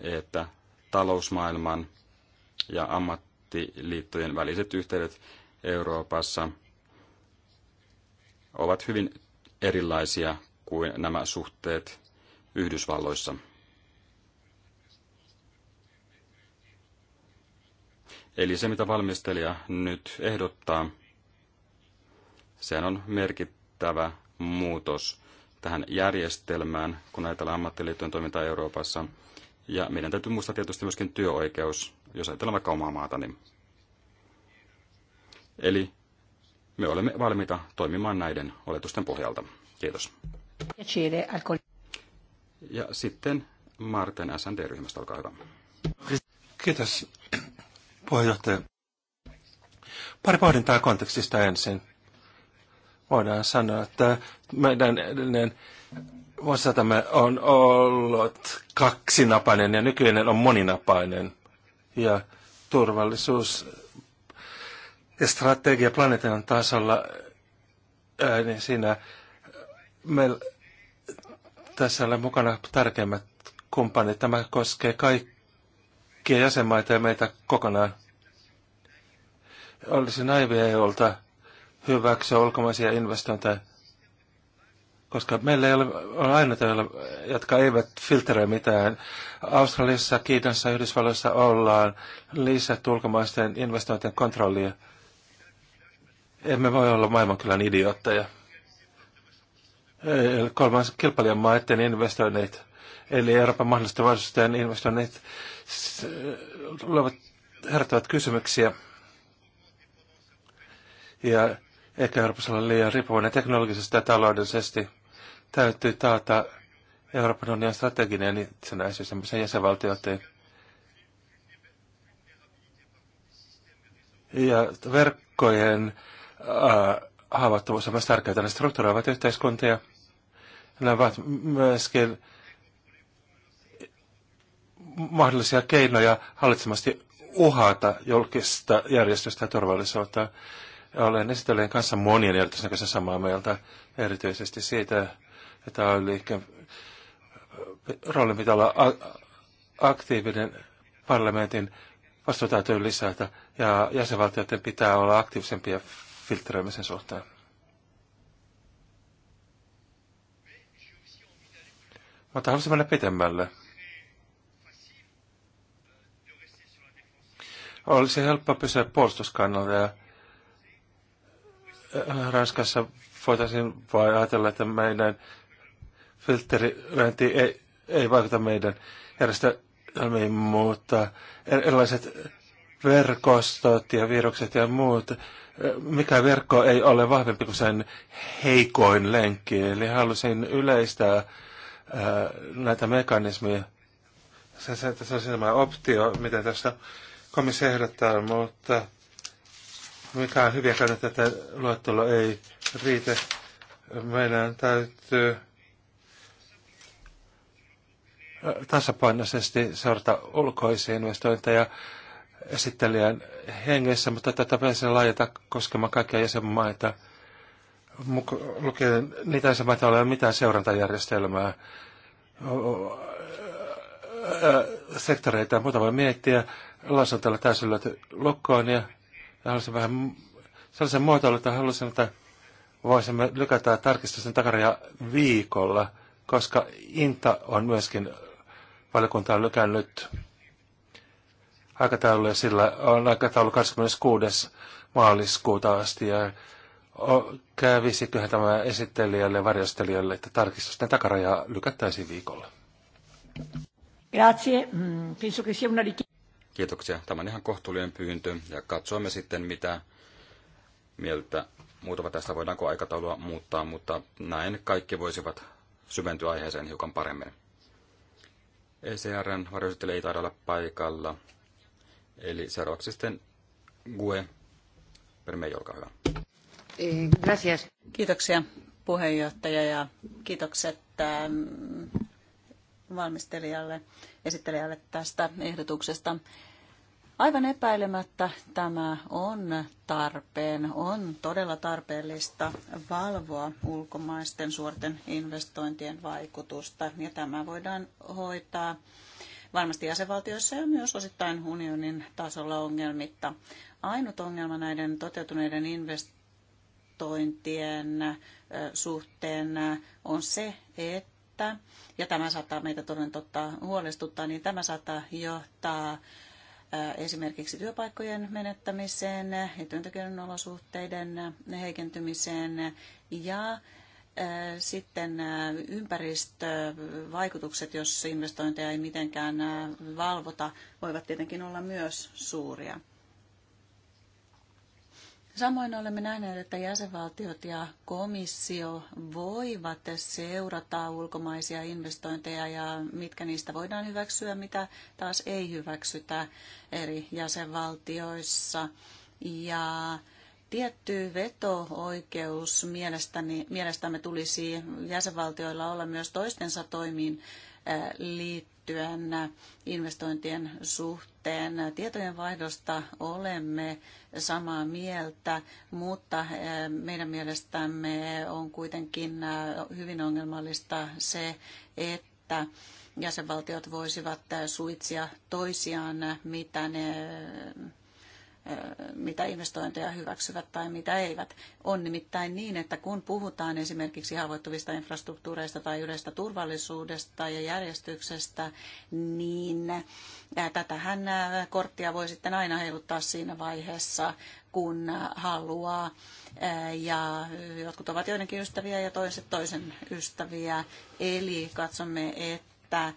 että talousmaailman ja ammattiliittojen väliset yhteydet Euroopassa ovat hyvin erilaisia kuin nämä suhteet Yhdysvalloissa. Eli se, mitä valmistelija nyt ehdottaa, sehän on merkittävä muutos tähän järjestelmään, kun ajatellaan ammattiliittojen toimintaa Euroopassa. Ja meidän täytyy muistaa tietysti myöskin työoikeus, jos ajatellaan vaikka omaa maata. Niin. Eli me olemme valmiita toimimaan näiden oletusten pohjalta. Kiitos. Ja sitten Marten SND-ryhmästä, olkaa hyvä. Kiitos Puheenjohtaja. Pari pohdintaa kontekstista ensin. Voidaan sanoa, että meidän edellinen vuosisatamme on ollut kaksinapainen ja nykyinen on moninapainen. Ja turvallisuus ja strategia planeetan tasolla, ää, niin siinä meillä tässä on mukana tärkeimmät kumppanit. Tämä koskee kaikkia kaikkia jäsenmaita ja meitä kokonaan. Olisi naivia EUlta hyväksyä ulkomaisia investointeja, koska meillä ei ole, on ainoita, jotka eivät filtreä mitään. Australiassa, Kiinassa, Yhdysvalloissa ollaan lisätty ulkomaisten investointien kontrollia. Emme voi olla maailmankylän idiootteja. Kolmas kilpailijan maiden investoinnit Eli Euroopan mahdollisten vastustajan investoinnit luovat, herättävät kysymyksiä. Ja ehkä Euroopassa on liian riippuvainen teknologisesti ja taloudellisesti. Täytyy taata Euroopan unionin strateginen itsenäisyys sellaisen jäsenvaltioiden ja verkkojen äh, haavoittuvuus on myös tärkeää. Ne strukturoivat yhteiskuntia. Ne ovat myöskin äh, mahdollisia keinoja hallitsemasti uhata julkista järjestöstä ja turvallisuutta. Olen esittelijän kanssa monien järjestöjen kanssa samaa mieltä, erityisesti siitä, että on liikkeen rooli pitää olla aktiivinen parlamentin vastuu täytyy lisätä ja jäsenvaltioiden pitää olla aktiivisempia filtteröimisen suhteen. Mutta haluaisin mennä pitemmälle. Olisi helppo pysyä puolustuskannalla ja äh, Ranskassa voitaisiin vain ajatella, että meidän filtteröinti ei, ei vaikuta meidän järjestelmiin, mutta er-, erilaiset verkostot ja virukset ja muut, äh, mikä verkko ei ole vahvempi kuin sen heikoin lenkki. Eli halusin yleistää ää, äh, näitä mekanismeja. Se, se, se on tämä optio, miten tästä komissio ehdottaa, mutta mikään hyviä kannattaa, tätä luettelo ei riitä. Meidän täytyy äh, tasapainoisesti seurata ulkoisia investointeja esittelijän hengessä, mutta tätä pitäisi laajata koskemaan kaikkia jäsenmaita. Lukien niitä jäsenmaita ei ole mitään seurantajärjestelmää sektoreita, muuta voi miettiä lasan tällä täysin lyöty lukkoon ja, ja halusin vähän sellaisen muotoilun, että halusin, että voisimme lykätä tarkistusten takaraja viikolla, koska Inta on myöskin valiokuntaan lykännyt ja sillä on aikataulu 26. maaliskuuta asti ja kävisiköhän tämä esittelijälle ja varjostelijalle, että tarkistusten takarajaa lykättäisiin viikolla. Grazie. Mm, penso che sia una Kiitoksia. Tämä on ihan kohtuullinen pyyntö ja katsomme sitten, mitä mieltä muutama tästä voidaanko aikataulua muuttaa, mutta näin kaikki voisivat syventyä aiheeseen hiukan paremmin. ECRn varjoesittely ei taida olla paikalla. Eli seuraavaksi sitten Gue Permei, olkaa hyvä. Eh, gracias. Kiitoksia puheenjohtaja ja kiitokset ähm, valmistelijalle, esittelijälle tästä ehdotuksesta. Aivan epäilemättä tämä on tarpeen, on todella tarpeellista valvoa ulkomaisten suorten investointien vaikutusta ja tämä voidaan hoitaa varmasti jäsenvaltioissa ja myös osittain unionin tasolla ongelmitta. Ainut ongelma näiden toteutuneiden investointien suhteen on se, että ja tämä saattaa meitä toden totta huolestuttaa, niin tämä saattaa johtaa esimerkiksi työpaikkojen menettämiseen ja työntekijöiden olosuhteiden heikentymiseen ja sitten ympäristövaikutukset, jos investointeja ei mitenkään valvota, voivat tietenkin olla myös suuria. Samoin olemme nähneet, että jäsenvaltiot ja komissio voivat seurata ulkomaisia investointeja ja mitkä niistä voidaan hyväksyä, mitä taas ei hyväksytä eri jäsenvaltioissa. Ja tietty veto-oikeus mielestämme tulisi jäsenvaltioilla olla myös toistensa toimiin eh, liittyen liittyen investointien suhteen. Tietojen vaihdosta olemme samaa mieltä, mutta eh, meidän mielestämme on kuitenkin eh, hyvin ongelmallista se, että jäsenvaltiot voisivat eh, suitsia toisiaan, mitä ne mitä investointeja hyväksyvät tai mitä eivät. On nimittäin niin, että kun puhutaan esimerkiksi haavoittuvista infrastruktuureista tai yleistä turvallisuudesta ja järjestyksestä, niin tätähän korttia voi sitten aina heiluttaa siinä vaiheessa, kun haluaa. Ja jotkut ovat joidenkin ystäviä ja toiset toisen ystäviä. Eli katsomme, että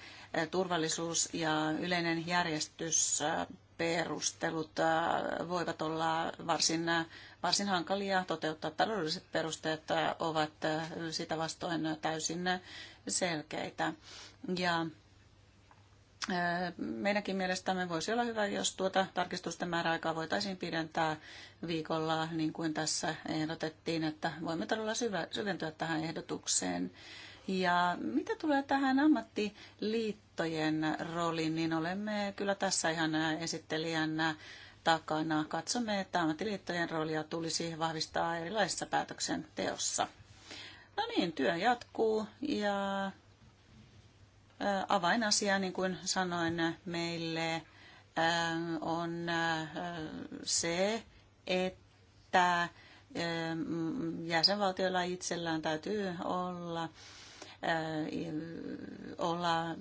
turvallisuus ja yleinen järjestys perustelut äh, voivat olla varsin, äh, varsin hankalia toteuttaa. Taloudelliset perusteet äh, ovat sitä vastoin täysin selkeitä. Ja meidänkin mielestämme voisi olla hyvä, jos tuota tarkistusten määräaikaa voitaisiin pidentää viikolla, niin kuin tässä ehdotettiin, että voimme todella syventyä tähän ehdotukseen. Ja mitä tulee tähän ammattiliittoon, liittojen rooliin, niin olemme kyllä tässä ihan esittelijän takana. Katsomme, että ammattiliittojen roolia tulisi vahvistaa erilaisessa päätöksenteossa. No niin, työ jatkuu ja avainasia, niin kuin sanoin meille, on se, että jäsenvaltioilla itsellään täytyy olla olla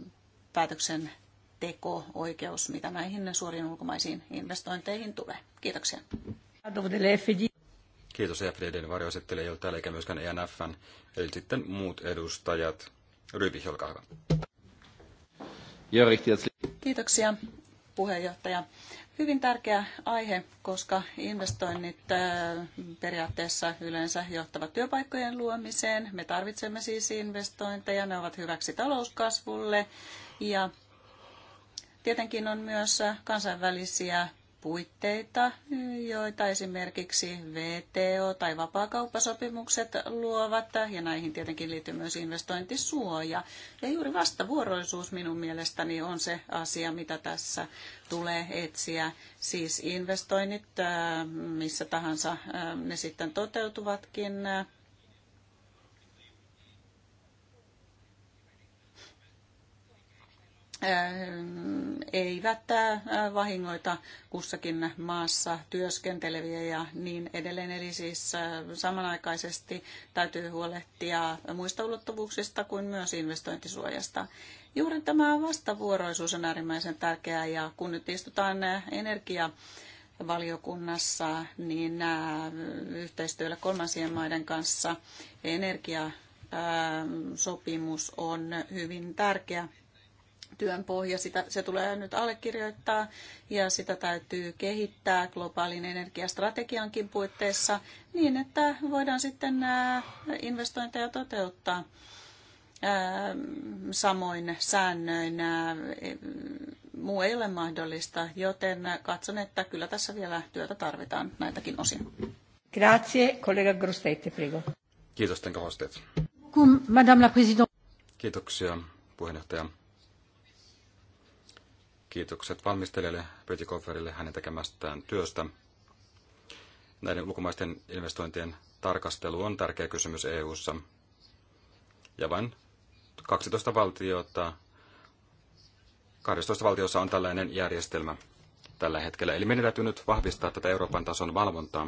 päätöksenteko-oikeus, mitä näihin suoriin ulkomaisiin investointeihin tulee. Kiitoksia. Kiitos EFDDn varjoesittelijä, ei ole täällä eikä myöskään ENFn, eli sitten muut edustajat. Ryvi, olkaa hyvä. Kiitoksia puheenjohtaja. Hyvin tärkeä aihe, koska investoinnit äh, periaatteessa yleensä johtavat työpaikkojen luomiseen. Me tarvitsemme siis investointeja, ne ovat hyväksi talouskasvulle ja tietenkin on myös kansainvälisiä puitteita, joita esimerkiksi VTO tai vapaakauppasopimukset luovat, ja näihin tietenkin liittyy myös investointisuoja. Ja juuri vastavuoroisuus minun mielestäni on se asia, mitä tässä tulee etsiä. Siis investoinnit, äh, missä tahansa äh, ne sitten toteutuvatkin, Äh, eivät äh, vahingoita kussakin maassa työskenteleviä ja niin edelleen. Eli siis äh, samanaikaisesti täytyy huolehtia muista ulottuvuuksista kuin myös investointisuojasta. Juuri tämä vastavuoroisuus on äärimmäisen tärkeää ja kun nyt istutaan energia valiokunnassa, niin yhteistyöllä kolmansien maiden kanssa energiasopimus on hyvin tärkeä työn pohja. Sitä, se tulee nyt allekirjoittaa ja sitä täytyy kehittää globaalin energiastrategiankin puitteissa niin, että voidaan sitten äh, investointeja toteuttaa äh, samoin säännöin. Äh, muu ei ole mahdollista, joten katson, että kyllä tässä vielä työtä tarvitaan näitäkin osin. Grazie, kollega Grostetti, prego. Kiitos, Tenka Hostet. Madame la Kiitoksia, puheenjohtaja. Kiitokset valmistelijalle Kofferille hänen tekemästään työstä. Näiden ulkomaisten investointien tarkastelu on tärkeä kysymys EU:ssa. Ja vain 12 valtiota, 12 valtiossa on tällainen järjestelmä tällä hetkellä. Eli meidän täytyy nyt vahvistaa tätä Euroopan tason valvontaa.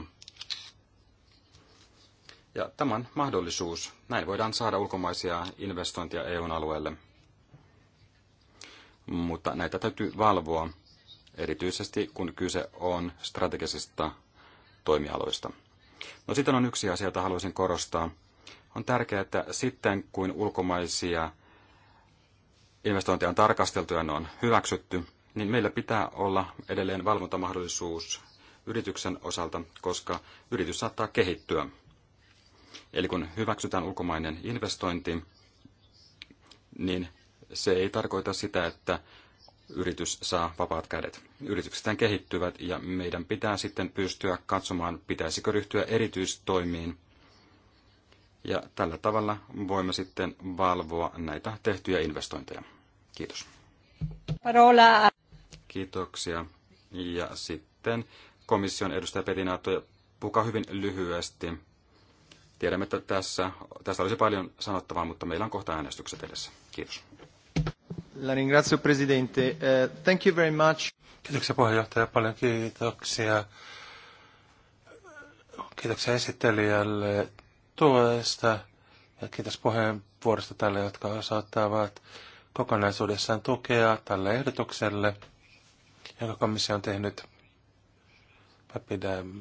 Ja tämän mahdollisuus, näin voidaan saada ulkomaisia investointia EUn alueelle mutta näitä täytyy valvoa, erityisesti kun kyse on strategisista toimialoista. No sitten on yksi asia, jota haluaisin korostaa. On tärkeää, että sitten kun ulkomaisia investointeja on tarkasteltu ja ne on hyväksytty, niin meillä pitää olla edelleen valvontamahdollisuus yrityksen osalta, koska yritys saattaa kehittyä. Eli kun hyväksytään ulkomainen investointi, niin se ei tarkoita sitä, että yritys saa vapaat kädet. Yrityksetään kehittyvät ja meidän pitää sitten pystyä katsomaan, pitäisikö ryhtyä erityistoimiin. Ja tällä tavalla voimme sitten valvoa näitä tehtyjä investointeja. Kiitos. Parola. Kiitoksia. Ja sitten komission edustaja Petinaatto, puka hyvin lyhyesti. Tiedämme, että tässä, tässä olisi paljon sanottavaa, mutta meillä on kohta äänestykset edessä. Kiitos ringrazio, presidente. Uh, thank you very much. Kiitoksia puheenjohtaja, paljon kiitoksia. Kiitoksia esittelijälle tuesta ja kiitos puheenvuorosta tälle, jotka osoittavat kokonaisuudessaan tukea tälle ehdotukselle, jonka komissio on tehnyt. Mä pidän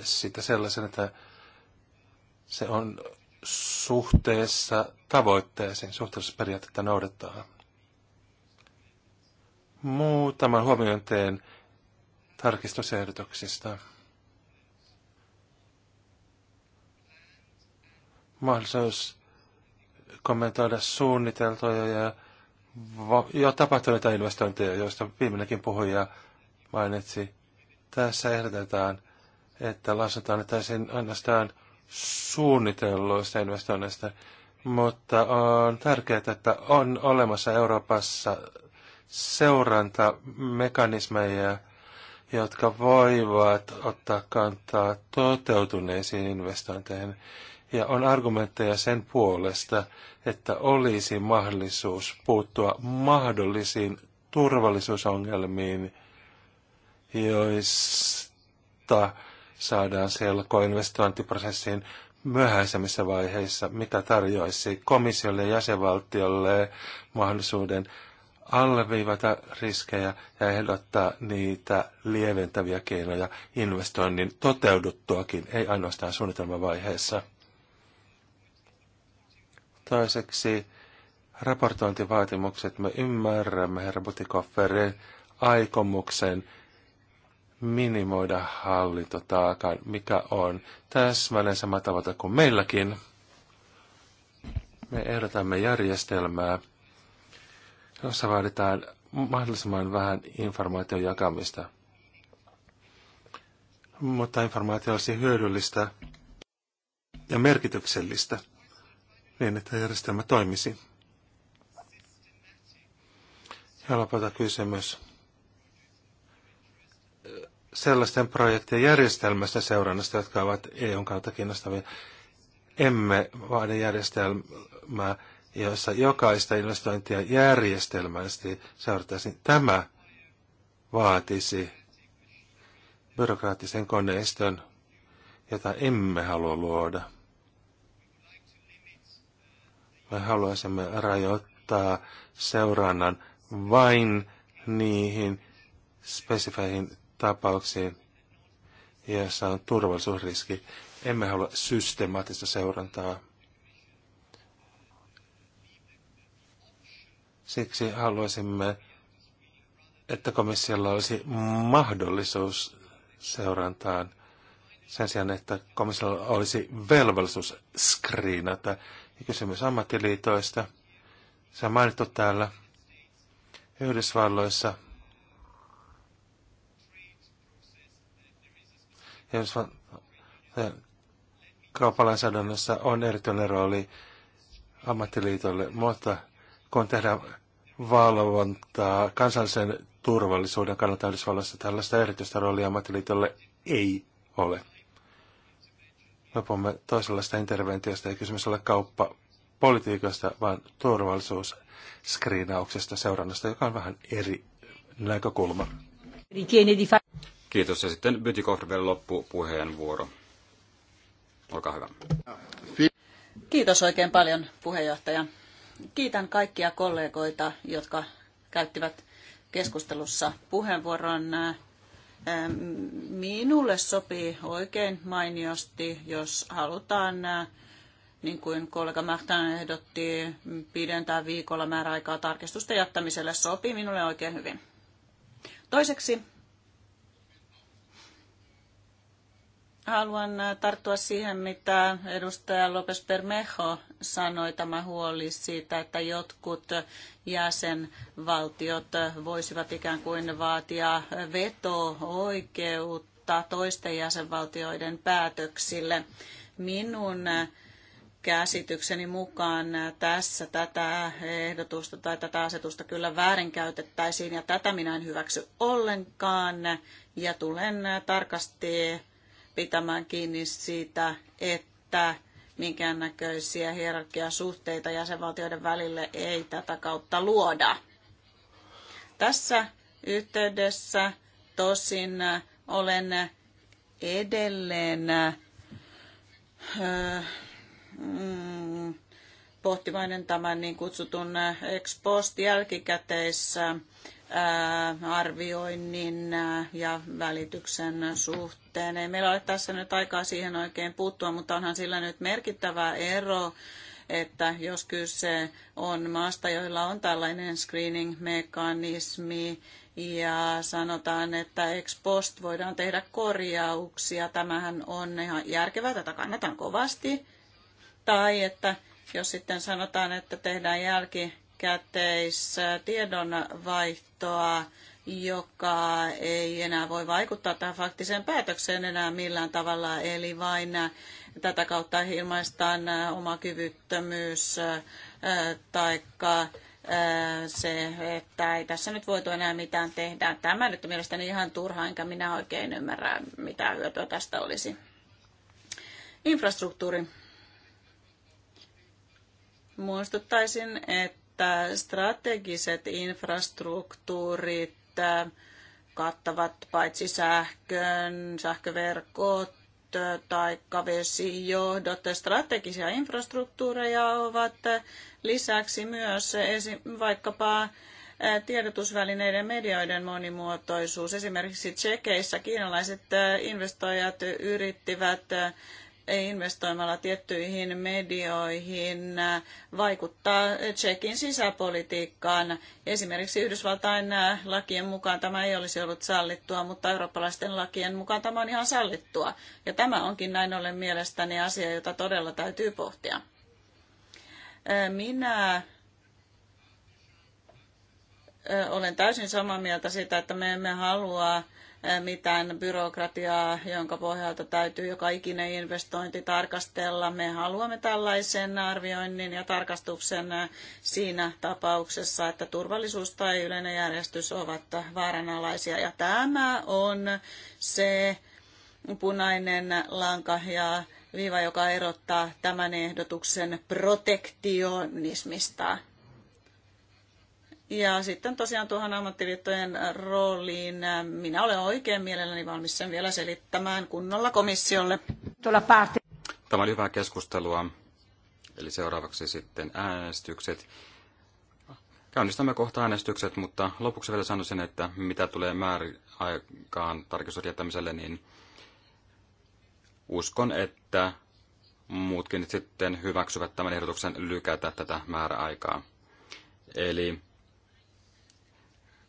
sitä sellaisena, että se on suhteessa tavoitteeseen, periaatteita noudattaa muutaman huomion teen tarkistusehdotuksista. Mahdollisuus kommentoida suunniteltuja ja jo tapahtuneita investointeja, joista viimeinenkin puhuja mainitsi. Tässä ehdotetaan, että lausutaan, että sen ainoastaan suunnitelluista investoinneista, mutta on tärkeää, että on olemassa Euroopassa seurantamekanismeja, jotka voivat ottaa kantaa toteutuneisiin investointeihin. Ja on argumentteja sen puolesta, että olisi mahdollisuus puuttua mahdollisiin turvallisuusongelmiin, joista saadaan selko investointiprosessiin myöhäisemmissä vaiheissa, mikä tarjoaisi komissiolle ja jäsenvaltiolle mahdollisuuden alleviivata riskejä ja ehdottaa niitä lieventäviä keinoja investoinnin toteuduttuakin, ei ainoastaan suunnitelmavaiheessa. Toiseksi raportointivaatimukset. Me ymmärrämme herra Butikofferin aikomuksen minimoida hallintotaakan, mikä on täsmälleen sama tavoite kuin meilläkin. Me ehdotamme järjestelmää, jossa vaaditaan mahdollisimman vähän informaation jakamista. Mutta informaatio olisi hyödyllistä ja merkityksellistä niin, että järjestelmä toimisi. Ja lopulta kysymys sellaisten projektien järjestelmästä seurannasta, jotka ovat EUn kautta kiinnostavia. Emme vaadi järjestelmää, jossa jokaista investointia järjestelmällisesti seurattaisiin. Tämä vaatisi byrokraattisen koneiston, jota emme halua luoda. Me haluaisimme rajoittaa seurannan vain niihin spesifeihin tapauksiin, joissa on turvallisuusriski. Emme halua systemaattista seurantaa. Siksi haluaisimme, että komissiolla olisi mahdollisuus seurantaan sen sijaan, että komissiolla olisi velvollisuus skriinata. Ja kysymys ammattiliitoista. Se on mainittu täällä Yhdysvalloissa. Yhdysvalloissa kauppalainsäädännössä on erityinen rooli ammattiliitolle, mutta kun tehdään valvontaa kansallisen turvallisuuden kannalta Yhdysvallassa tällaista erityistä roolia ammattiliitolle ei ole. Lopumme toisenlaista interventiosta, ei kysymys ole kauppa politiikasta, vaan turvallisuusskriinauksesta seurannasta, joka on vähän eri näkökulma. Kiitos. Ja sitten Bytikohde vielä loppupuheenvuoro. Olkaa hyvä. Kiitos oikein paljon puheenjohtaja. Kiitän kaikkia kollegoita, jotka käyttivät keskustelussa puheenvuoron. Minulle sopii oikein mainiosti, jos halutaan, niin kuin kollega Mähtänen ehdotti, pidentää viikolla määräaikaa tarkistusten jättämiselle. Sopii minulle oikein hyvin. Toiseksi Haluan äh, tarttua siihen, mitä edustaja López Permejo sanoi, tämä huoli siitä, että jotkut jäsenvaltiot äh, voisivat ikään kuin vaatia veto-oikeutta toisten jäsenvaltioiden päätöksille. Minun äh, käsitykseni mukaan tässä tätä ehdotusta tai tätä asetusta kyllä väärinkäytettäisiin ja tätä minä en hyväksy ollenkaan ja tulen tarkasti pitämään kiinni siitä, että minkäännäköisiä hierarkiasuhteita jäsenvaltioiden välille ei tätä kautta luoda. Tässä yhteydessä tosin olen edelleen öö, mm, pohtivainen tämän niin kutsutun ex post jälkikäteissä arvioinnin ja välityksen suhteen. Ei meillä ole tässä nyt aikaa siihen oikein puuttua, mutta onhan sillä nyt merkittävä ero, että jos kyse on maasta, joilla on tällainen screening-mekanismi, ja sanotaan, että ex post voidaan tehdä korjauksia. Tämähän on ihan järkevää, tätä kannatan kovasti. Tai että jos sitten sanotaan, että tehdään jälki tiedonvaihtoa, joka ei enää voi vaikuttaa tähän faktiseen päätökseen enää millään tavalla, eli vain tätä kautta ilmaistaan oma kyvyttömyys tai se, että ei tässä nyt voitu enää mitään tehdä. Tämä nyt on mielestäni ihan turha, enkä minä oikein ymmärrä, mitä hyötyä tästä olisi. Infrastruktuuri. Muistuttaisin, että strategiset infrastruktuurit äh, kattavat paitsi sähkön, sähköverkot, äh, tai vesijohdot, strategisia infrastruktuureja ovat äh, lisäksi myös vaikkapa tiedotusvälineiden medioiden monimuotoisuus. Esimerkiksi Tsekeissä kiinalaiset investoijat yrittivät investoimalla tiettyihin medioihin vaikuttaa Tsekin sisäpolitiikkaan. Esimerkiksi Yhdysvaltain lakien mukaan tämä ei olisi ollut sallittua, mutta eurooppalaisten lakien mukaan tämä on ihan sallittua. Ja tämä onkin näin ollen mielestäni asia, jota todella täytyy pohtia. Minä olen täysin samaa mieltä siitä, että me emme halua mitään byrokratiaa, jonka pohjalta täytyy joka ikinen investointi tarkastella. Me haluamme tällaisen arvioinnin ja tarkastuksen siinä tapauksessa, että turvallisuus tai yleinen järjestys ovat vaaranalaisia. Ja tämä on se punainen lanka ja viiva, joka erottaa tämän ehdotuksen protektionismista. Ja sitten tosiaan tuohon ammattiliittojen rooliin, minä olen oikein mielelläni valmis sen vielä selittämään kunnolla komissiolle. Tämä oli hyvää keskustelua. Eli seuraavaksi sitten äänestykset. Käynnistämme kohta äänestykset, mutta lopuksi vielä sanoisin, että mitä tulee määräaikaan tarkistusjättämiselle, niin uskon, että muutkin sitten hyväksyvät tämän ehdotuksen lykätä tätä määräaikaa. Eli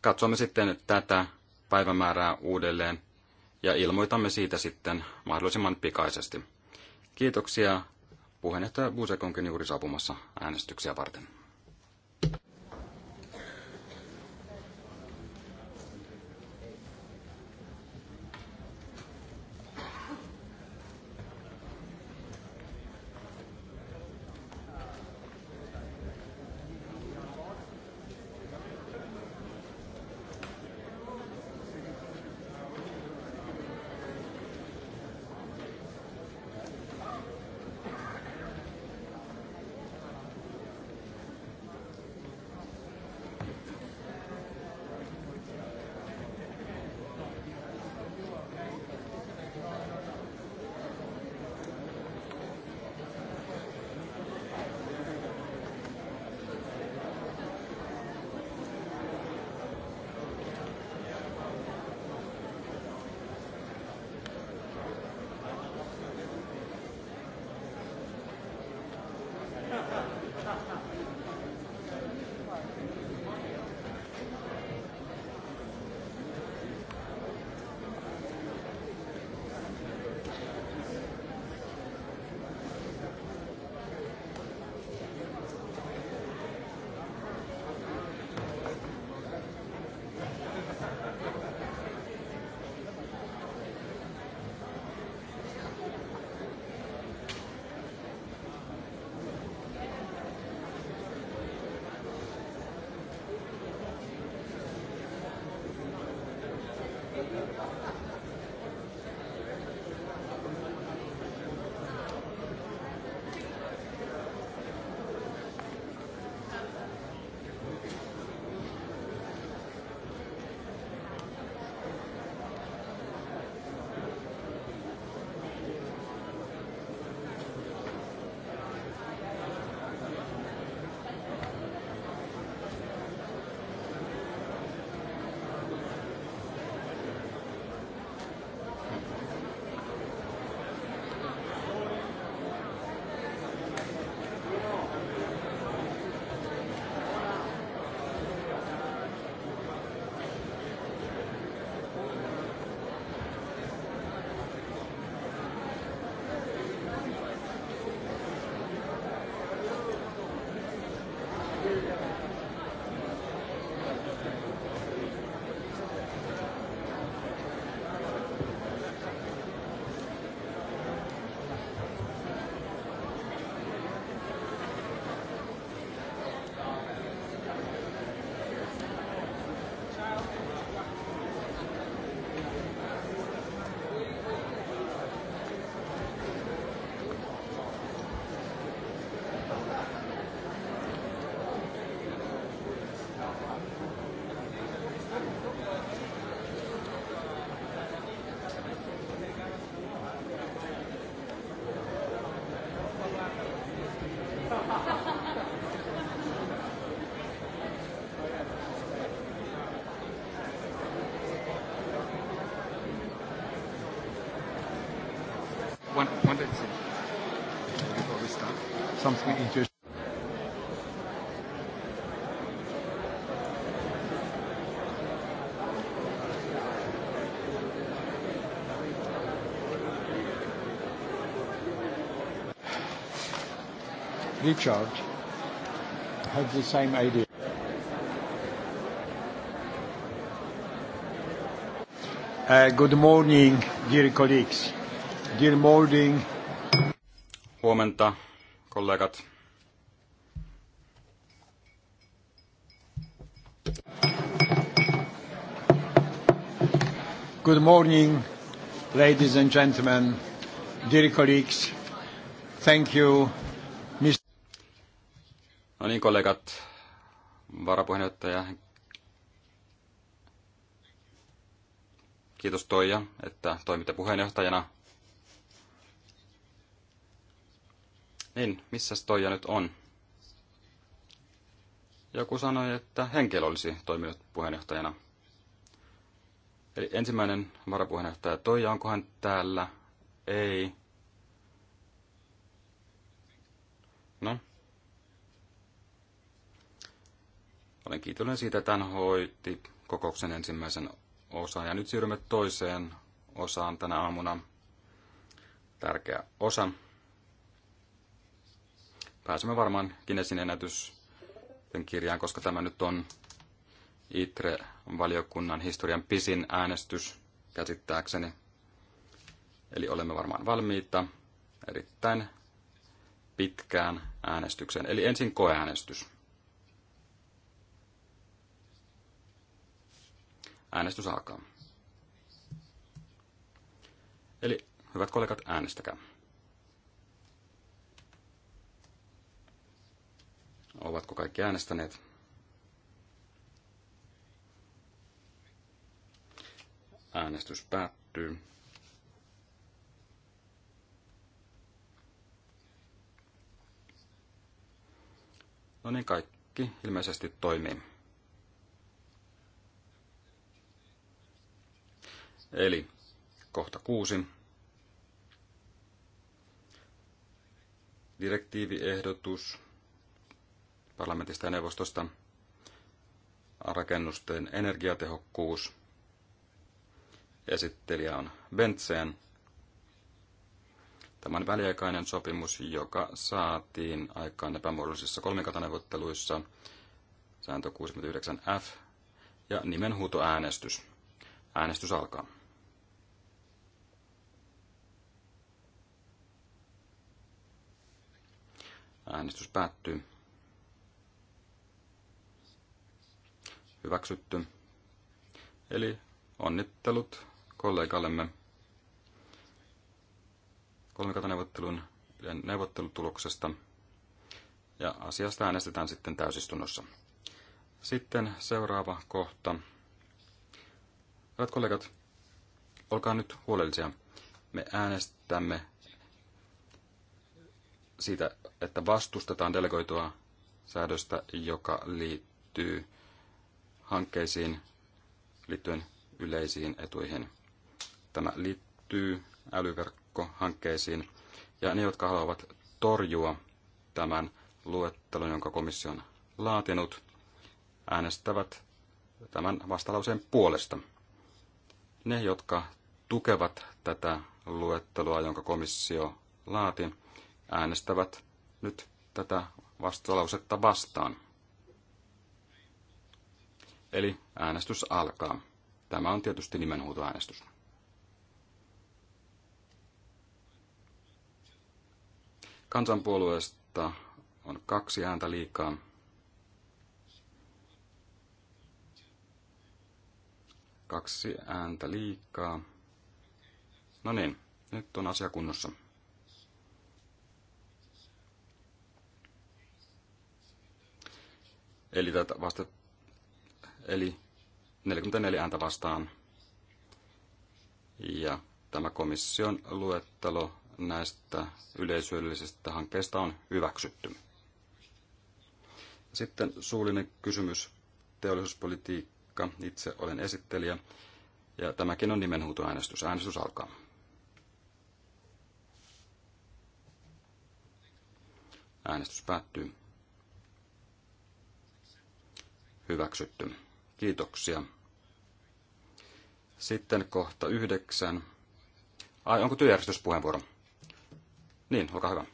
katsomme sitten tätä päivämäärää uudelleen ja ilmoitamme siitä sitten mahdollisimman pikaisesti. Kiitoksia. Puheenjohtaja Busek onkin juuri saapumassa äänestyksiä varten. Recharge. had the same idea. Uh, good morning, dear colleagues. Dear morning. Huomenta, kollegat. Good morning, ladies and gentlemen, dear colleagues. Thank you. Mr. No niin, kollegat, varapuheenjohtaja. Kiitos Toija, että toimitte puheenjohtajana Niin, missä Stoja nyt on? Joku sanoi, että henkilö olisi toiminut puheenjohtajana. Eli ensimmäinen varapuheenjohtaja Toija, onko hän täällä? Ei. No. Olen kiitollinen siitä, että hän hoiti kokouksen ensimmäisen osan. Ja nyt siirrymme toiseen osaan tänä aamuna. Tärkeä osa pääsemme varmaan Kinesin ennätysten kirjaan, koska tämä nyt on ITRE-valiokunnan historian pisin äänestys käsittääkseni. Eli olemme varmaan valmiita erittäin pitkään äänestykseen. Eli ensin koeäänestys. Äänestys alkaa. Eli hyvät kollegat, äänestäkää. Ovatko kaikki äänestäneet? Äänestys päättyy. No niin, kaikki ilmeisesti toimii. Eli kohta kuusi. Direktiiviehdotus parlamentista ja neuvostosta, rakennusten energiatehokkuus, esittelijä on Bentseen. Tämä on väliaikainen sopimus, joka saatiin aikaan epämuodollisissa kolmikantaneuvotteluissa, sääntö 69F ja nimenhuutoäänestys. Äänestys alkaa. Äänestys päättyy. hyväksytty. Eli onnittelut kollegallemme kolmikantaneuvottelun neuvottelutuloksesta ja asiasta äänestetään sitten täysistunnossa. Sitten seuraava kohta. Hyvät kollegat, olkaa nyt huolellisia. Me äänestämme siitä, että vastustetaan delegoitua säädöstä, joka liittyy hankkeisiin liittyen yleisiin etuihin. Tämä liittyy älyverkkohankkeisiin ja ne, jotka haluavat torjua tämän luettelon, jonka komissio on laatinut, äänestävät tämän vastalauseen puolesta. Ne, jotka tukevat tätä luettelua, jonka komissio laati, äänestävät nyt tätä vastalausetta vastaan. Eli äänestys alkaa. Tämä on tietysti nimenhuutoäänestys. Kansanpuolueesta on kaksi ääntä liikaa. Kaksi ääntä liikaa. No niin, nyt on asia kunnossa. Eli tätä vastetta Eli 44 ääntä vastaan. Ja tämä komission luettelo näistä yleisöllisistä hankkeista on hyväksytty. Sitten suullinen kysymys, teollisuuspolitiikka. Itse olen esittelijä. Ja tämäkin on nimenhuutoäänestys. Äänestys alkaa. Äänestys päättyy. Hyväksytty. Kiitoksia. Sitten kohta yhdeksän. Ai, onko työjärjestyspuheenvuoro? Niin, olkaa hyvä.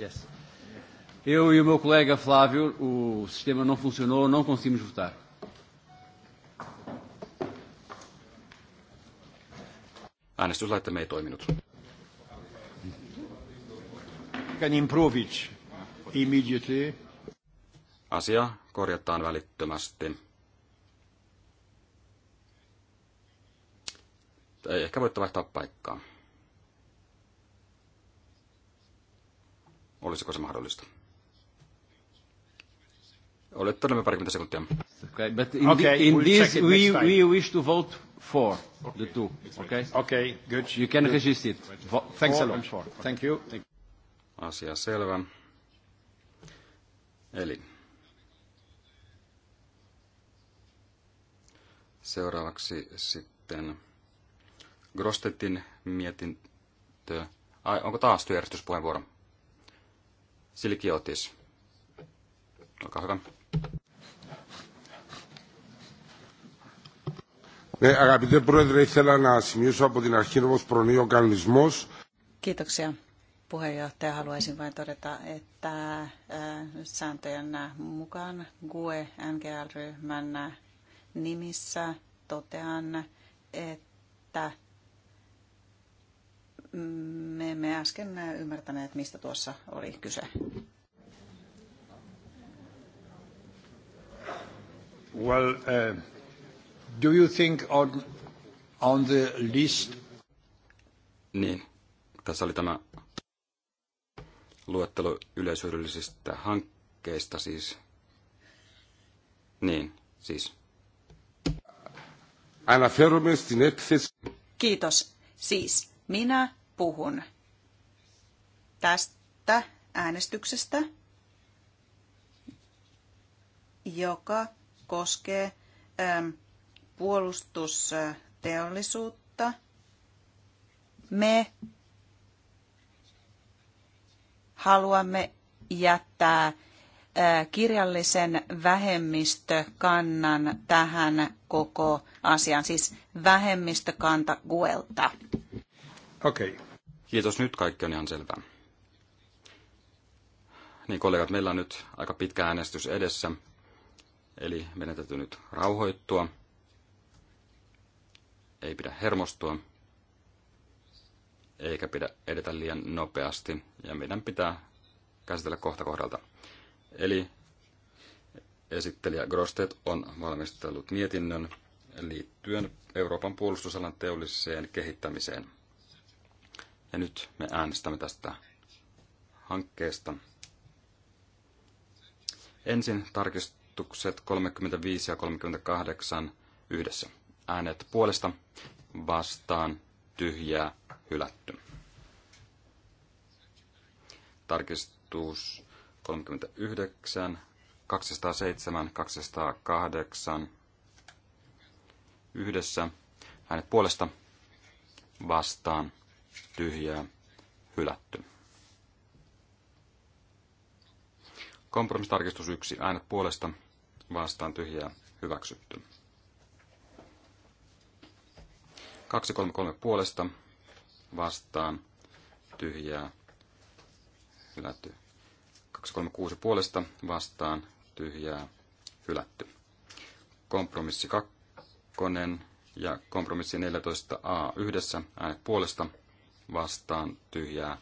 Yes. Eu e o meu colega Flávio, o sistema não funcionou, não conseguimos votar. Äänestyslaitteemme ei toiminut can improve it immediately. Asia korjataan välittömästi. Ei, ehkä voitte vaihtaa paikkaa. Olisiko se mahdollista? Olet todella parikymmentä sekuntia. Okay, but in, okay, the, in we'll this we, we wish to vote for okay. the two. Okay? Okay, good. You can good. resist it. Thanks Thanks a lot. Thank you. Thank you asia selvä. Eli seuraavaksi sitten Grostetin mietintö. Ai, onko taas työjärjestyspuheenvuoro? Silkiotis. Olkaa hyvä. Ναι, αγαπητέ Πρόεδρε, ήθελα να σημειώσω από την αρχή όπως προνοεί ο Κοίταξε puheenjohtaja, haluaisin vain todeta, että sääntöjen mukaan GUE NGL-ryhmän nimissä totean, että me emme äsken ymmärtäneet, mistä tuossa oli kyse. Well, uh, do you think on, on the list? Niin, tässä oli tämä luettelo yleishyödyllisistä hankkeista siis. Niin, siis. Kiitos. Siis minä puhun tästä äänestyksestä, joka koskee ähm, puolustusteollisuutta. Me haluamme jättää äh, kirjallisen vähemmistökannan tähän koko asiaan, siis vähemmistökanta Guelta. Okei. Okay. Kiitos, nyt kaikki on ihan selvää. Niin kollegat, meillä on nyt aika pitkä äänestys edessä, eli meidän täytyy nyt rauhoittua. Ei pidä hermostua eikä pidä edetä liian nopeasti, ja meidän pitää käsitellä kohta kohdalta. Eli esittelijä Grosted on valmistellut mietinnön liittyen Euroopan puolustusalan teolliseen kehittämiseen. Ja nyt me äänestämme tästä hankkeesta. Ensin tarkistukset 35 ja 38 yhdessä. Äänet puolesta vastaan tyhjää hylätty. Tarkistus 39, 207, 208. Yhdessä hänet puolesta vastaan tyhjää hylätty. Kompromistarkistus 1. Äänet puolesta vastaan tyhjää hyväksytty. 233 puolesta vastaan tyhjää hylätty. 236 puolesta vastaan tyhjää hylätty. Kompromissi 2 ja kompromissi 14a yhdessä äänet puolesta vastaan tyhjää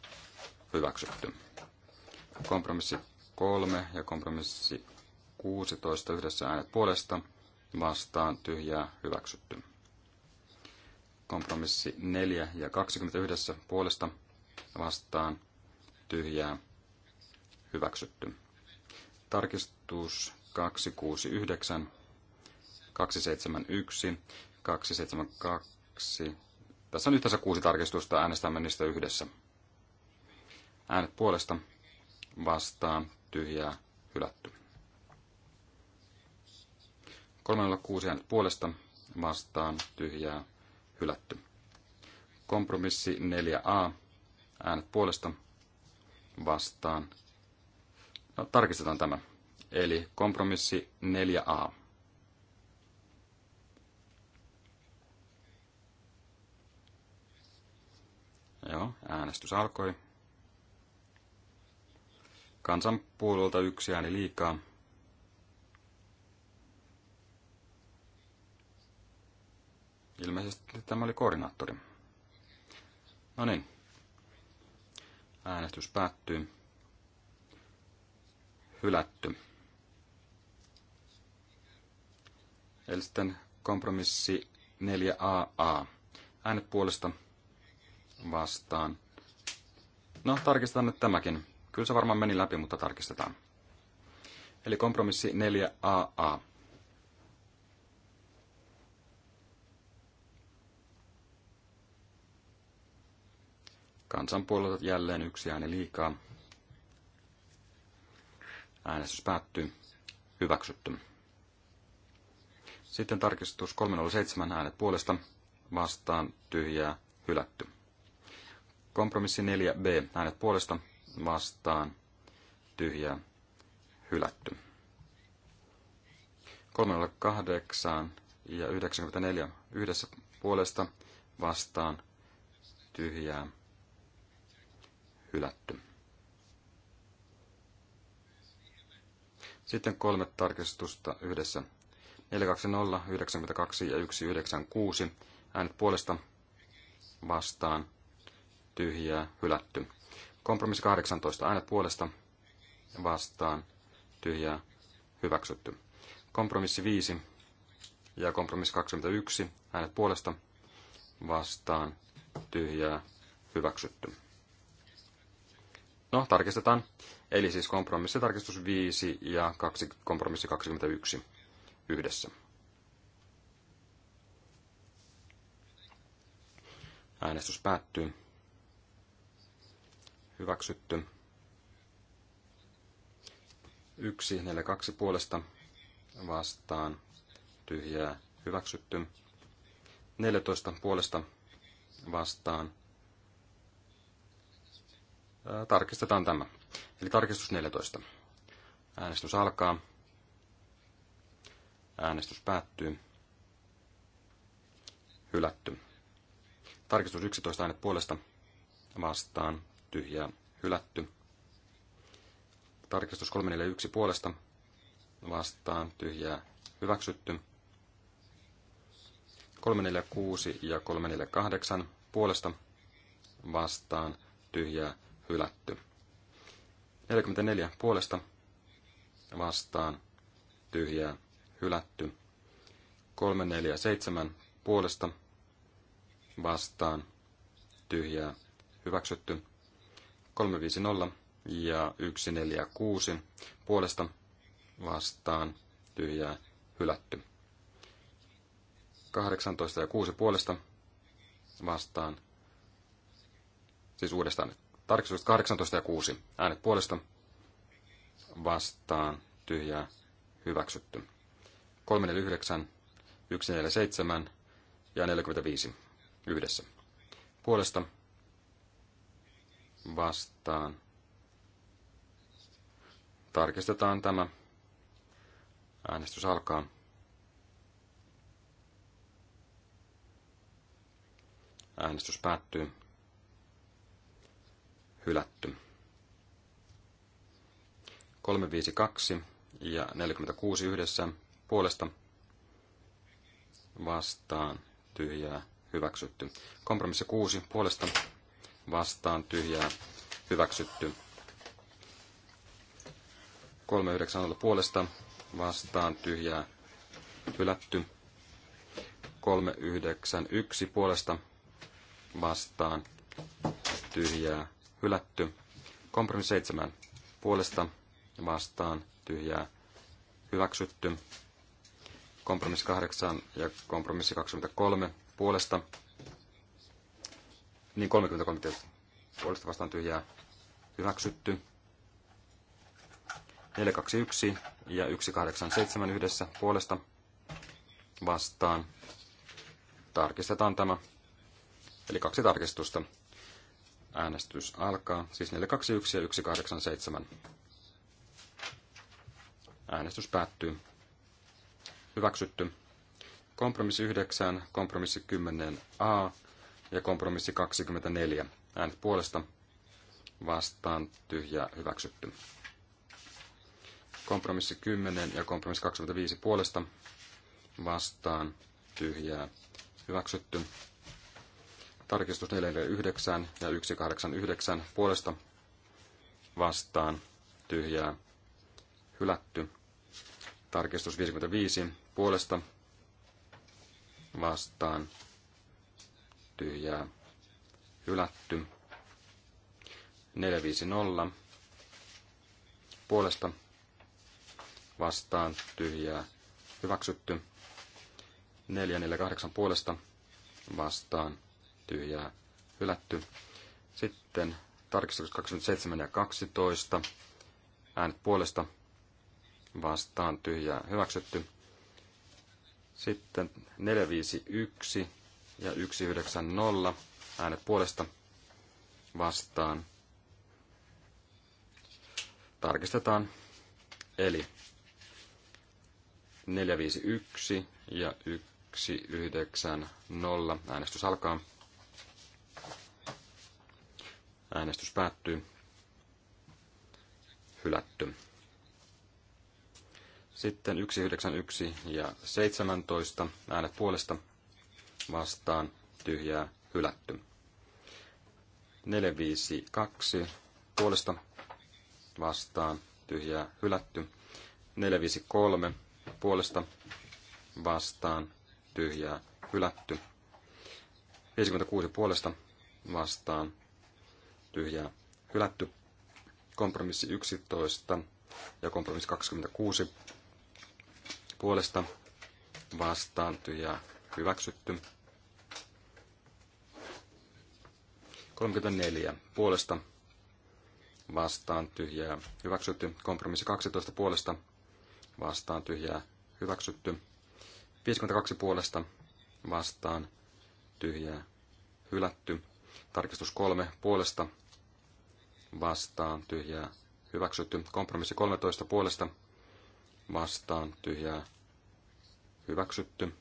hyväksytty. Kompromissi 3 ja kompromissi 16 yhdessä äänet puolesta vastaan tyhjää hyväksytty kompromissi 4 ja 21 puolesta vastaan tyhjää hyväksytty. Tarkistus 269, 271, 272. Tässä on yhteensä kuusi tarkistusta, äänestämme niistä yhdessä. Äänet puolesta vastaan tyhjää hylätty. 306 äänet puolesta vastaan tyhjää hylätty. Kompromissi 4a, äänet puolesta vastaan. No, tarkistetaan tämä. Eli kompromissi 4a. Joo, äänestys alkoi. Kansanpuolelta yksi ääni liikaa. Ilmeisesti tämä oli koordinaattori. No niin. Äänestys päättyy. Hylätty. Eli sitten kompromissi 4AA. Äänet puolesta vastaan. No, tarkistetaan nyt tämäkin. Kyllä se varmaan meni läpi, mutta tarkistetaan. Eli kompromissi 4AA. puolelta jälleen yksi ääni liikaa. Äänestys päättyy. Hyväksytty. Sitten tarkistus 307 äänet puolesta vastaan tyhjää hylätty. Kompromissi 4b äänet puolesta vastaan tyhjää hylätty. 308 ja 94 yhdessä puolesta vastaan tyhjää hylätty. Sitten kolme tarkistusta yhdessä. 420, 92 ja 196. Äänet puolesta vastaan. Tyhjää hylätty. Kompromissi 18. Äänet puolesta vastaan. Tyhjää hyväksytty. Kompromissi 5 ja kompromissi 21. Äänet puolesta vastaan. Tyhjää hyväksytty. No, tarkistetaan. Eli siis kompromissitarkistus 5 ja kaksi, kompromissi 21 yhdessä. Äänestys päättyy. Hyväksytty. 1, 4, 2 puolesta vastaan. Tyhjää hyväksytty. 14 puolesta vastaan tarkistetaan tämä. Eli tarkistus 14. Äänestys alkaa. Äänestys päättyy. Hylätty. Tarkistus 11 aine puolesta vastaan tyhjää hylätty. Tarkistus 341 puolesta vastaan tyhjää hyväksytty. 346 ja 348 puolesta vastaan tyhjää hylätty. 44 puolesta vastaan tyhjää hylätty. 347 puolesta vastaan tyhjää hyväksytty. 350 ja 146 puolesta vastaan tyhjää hylätty. 18 ja 6 puolesta vastaan, siis uudestaan Tarkistukset 18 ja 6. Äänet puolesta vastaan tyhjää hyväksytty. 349, 147 ja 45 yhdessä. Puolesta vastaan. Tarkistetaan tämä. Äänestys alkaa. Äänestys päättyy hylätty. 352 ja 46 yhdessä puolesta vastaan tyhjää hyväksytty. Kompromissi 6 puolesta vastaan tyhjää hyväksytty. 390 puolesta vastaan tyhjää hylätty. 391 puolesta vastaan tyhjää hylätty. Kompromissi 7 puolesta vastaan tyhjää hyväksytty. Kompromissi 8 ja kompromissi 23 puolesta. Niin 33 tietysti. puolesta vastaan tyhjää hyväksytty. 421 ja 187 yhdessä puolesta vastaan. Tarkistetaan tämä. Eli kaksi tarkistusta. Äänestys alkaa. Siis 421 ja 187. Äänestys päättyy. Hyväksytty. Kompromissi 9, kompromissi 10a ja kompromissi 24. Äänet puolesta vastaan tyhjä hyväksytty. Kompromissi 10 ja kompromissi 25 puolesta vastaan tyhjää hyväksytty. Tarkistus 449 ja 189 puolesta vastaan tyhjää hylätty. Tarkistus 55 puolesta vastaan tyhjää hylätty. 450 puolesta vastaan tyhjää hyväksytty. 448 puolesta vastaan hylätty ja hylätty. Sitten tarkistukset 27 ja 12. Äänet puolesta vastaan tyhjää hyväksytty. Sitten 451 ja 190 äänet puolesta vastaan. Tarkistetaan. Eli 451 ja 190 äänestys alkaa. Äänestys päättyy. Hylätty. Sitten 191 ja 17 äänet puolesta vastaan tyhjää hylätty. 452 puolesta vastaan tyhjää hylätty. 453 puolesta vastaan tyhjää hylätty. 56 puolesta vastaan tyhjää hylätty. Kompromissi 11 ja kompromissi 26 puolesta vastaan tyhjää hyväksytty. 34 puolesta vastaan tyhjää hyväksytty. Kompromissi 12 puolesta vastaan tyhjää hyväksytty. 52 puolesta vastaan tyhjää hylätty. Tarkistus 3 puolesta vastaan tyhjää hyväksytty. Kompromissi 13 puolesta vastaan tyhjää hyväksytty.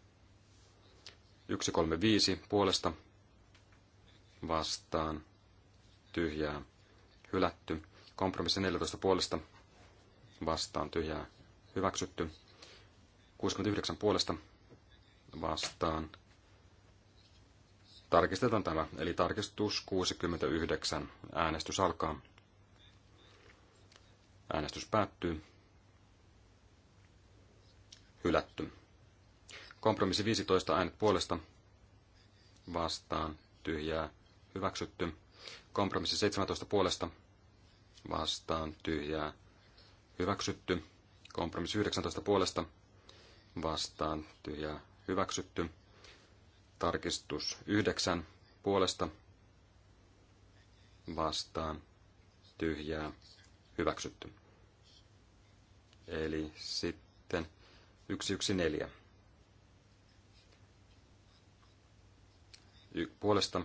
135 puolesta vastaan tyhjää hylätty. Kompromissi 14 puolesta vastaan tyhjää hyväksytty. 69 puolesta vastaan Tarkistetaan tämä, eli tarkistus 69. Äänestys alkaa. Äänestys päättyy. Hylätty. Kompromissi 15 äänet puolesta. Vastaan. Tyhjää. Hyväksytty. Kompromissi 17 puolesta. Vastaan. Tyhjää. Hyväksytty. Kompromissi 19 puolesta. Vastaan. Tyhjää. Hyväksytty. Tarkistus yhdeksän puolesta vastaan tyhjää hyväksytty. Eli sitten 114. Y- puolesta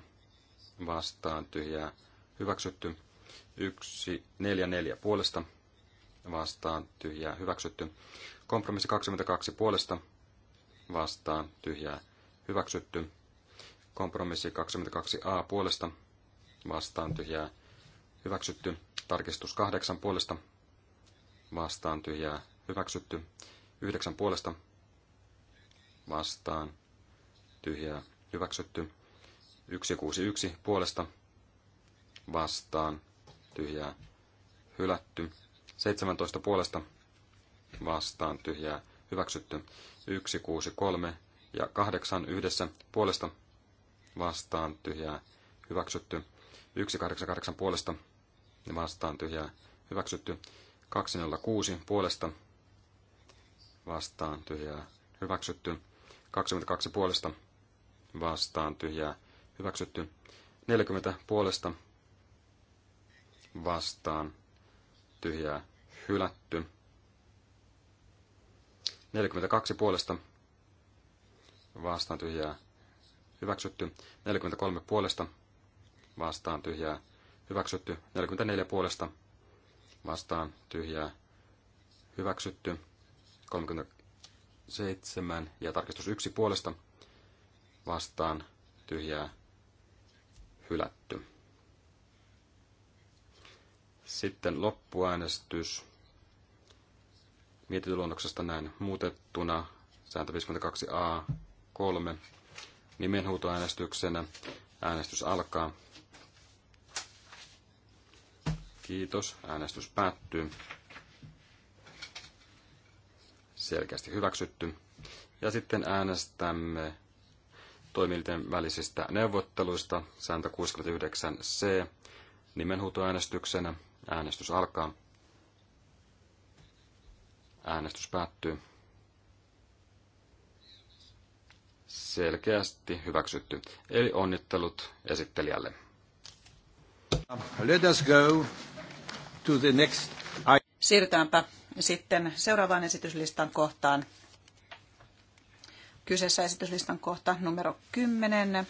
vastaan tyhjää hyväksytty. 144 puolesta vastaan tyhjää hyväksytty. Kompromissi 22 puolesta vastaan tyhjää hyväksytty. Kompromissi 22a puolesta vastaan tyhjää hyväksytty. Tarkistus 8 puolesta vastaan tyhjää hyväksytty. 9 puolesta vastaan tyhjää hyväksytty. 161 puolesta vastaan tyhjää hylätty. 17 puolesta vastaan tyhjää hyväksytty. 163 ja kahdeksan yhdessä puolesta vastaan tyhjää hyväksytty. Yksi kahdeksan kahdeksan puolesta vastaan tyhjää hyväksytty. Kaksi kuusi puolesta vastaan tyhjää hyväksytty. 22 puolesta vastaan tyhjää hyväksytty. 40 puolesta vastaan tyhjää hylätty. 42 puolesta vastaan tyhjää hyväksytty. 43 puolesta vastaan tyhjää hyväksytty. 44 puolesta vastaan tyhjää hyväksytty. 37 ja tarkistus 1 puolesta vastaan tyhjää hylätty. Sitten loppuäänestys mietityluonnoksesta näin muutettuna. Sääntö 52a Kolme nimenhuutoäänestyksenä. Äänestys alkaa. Kiitos. Äänestys päättyy. Selkeästi hyväksytty. Ja sitten äänestämme toimilten välisistä neuvotteluista, sääntö 69c, nimenhuutoäänestyksenä. Äänestys alkaa. Äänestys päättyy. selkeästi hyväksytty. Eli onnittelut esittelijälle. Let us go to the next... Siirrytäänpä sitten seuraavaan esityslistan kohtaan. Kyseessä esityslistan kohta numero 10.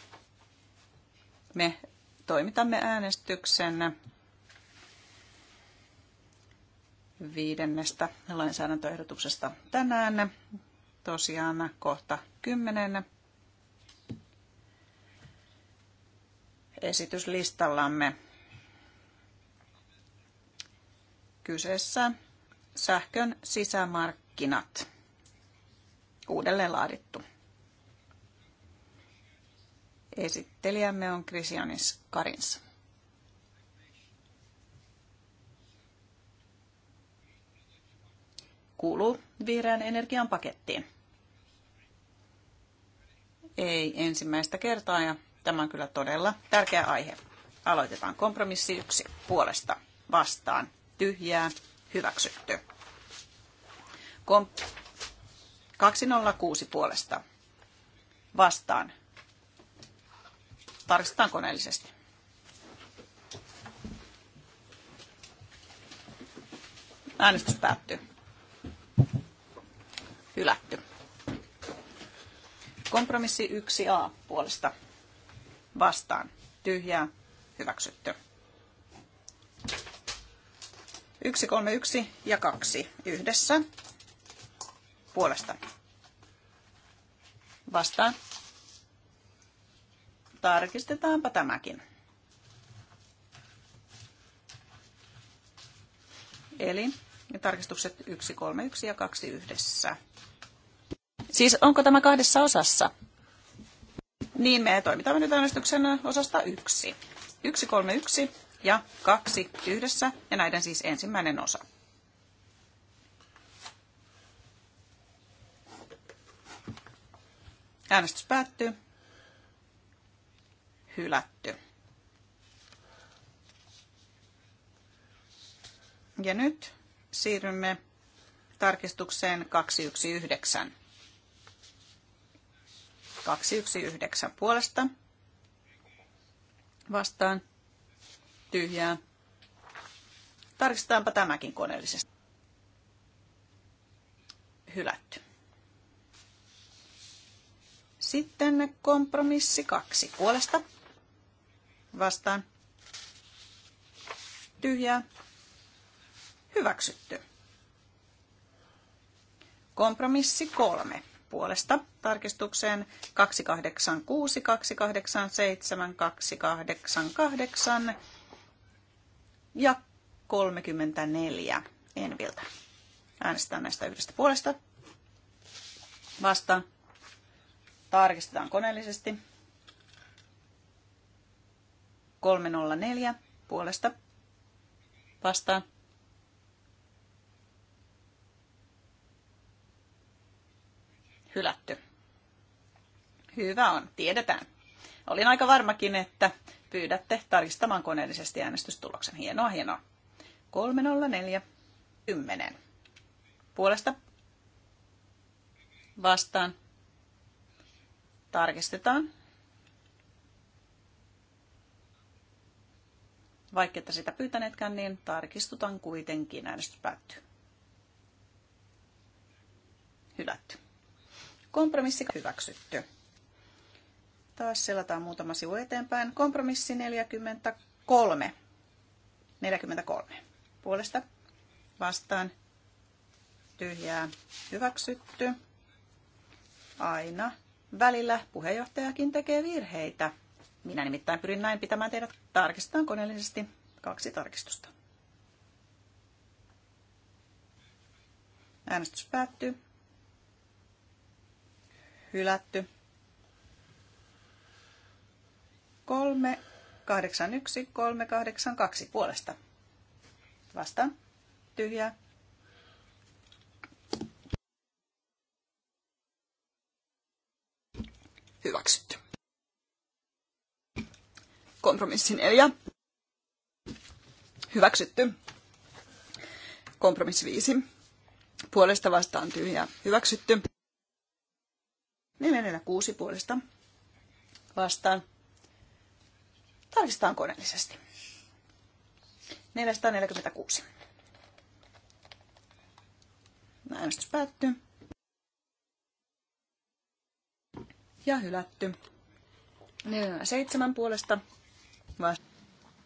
Me toimitamme äänestyksen viidennestä lainsäädäntöehdotuksesta tänään tosiaan kohta 10 esityslistallamme. Kyseessä sähkön sisämarkkinat. Uudelleen laadittu. Esittelijämme on Christianis Karinsa. kuuluu vihreän energian pakettiin. Ei ensimmäistä kertaa ja tämä on kyllä todella tärkeä aihe. Aloitetaan kompromissi yksi puolesta vastaan. Tyhjää, hyväksytty. Kom- 206 puolesta vastaan. Tarkistetaan koneellisesti. Äänestys päättyy hylätty. Kompromissi 1a puolesta vastaan tyhjää hyväksytty. 1, 3, 1 ja 2 yhdessä puolesta vastaan. Tarkistetaanpa tämäkin. Eli ja tarkistukset 1, 3, 1 ja 2 yhdessä. Siis onko tämä kahdessa osassa? Niin, me toimitamme nyt äänestyksen osasta 1. 1, 3, 1 ja 2 yhdessä, ja näiden siis ensimmäinen osa. Äänestys päättyy. Hylätty. Ja nyt siirrymme tarkistukseen 219. 219 puolesta vastaan tyhjää. Tarkistetaanpa tämäkin koneellisesti. Hylätty. Sitten kompromissi kaksi puolesta vastaan tyhjää Hyväksytty. Kompromissi kolme puolesta tarkistukseen 286, 287, 288 ja 34 Enviltä. Äänestetään näistä yhdestä puolesta. Vastaan. Tarkistetaan koneellisesti. 304 puolesta. Vastaan. hylätty. Hyvä on, tiedetään. Olin aika varmakin, että pyydätte tarkistamaan koneellisesti äänestystuloksen. Hienoa, hienoa. 304 10. Puolesta vastaan. Tarkistetaan. Vaikka että sitä pyytäneetkään, niin tarkistutaan kuitenkin. Äänestys päättyy. Hylätty. Kompromissi hyväksytty. Taas selataan muutama sivu eteenpäin. Kompromissi 43. 43. Puolesta vastaan tyhjää hyväksytty. Aina välillä puheenjohtajakin tekee virheitä. Minä nimittäin pyrin näin pitämään teidät. Tarkistetaan koneellisesti kaksi tarkistusta. Äänestys päättyy hylätty. 381, 382 puolesta. Vastaan. Tyhjä. Hyväksytty. Kompromissi 4. Hyväksytty. Kompromissi 5. Puolesta vastaan tyhjä. Hyväksytty. Nimenellä kuusi puolesta vastaan. Tarkistetaan koneellisesti. 446. Äänestys päättyy. Ja hylätty. 47 puolesta vastaan.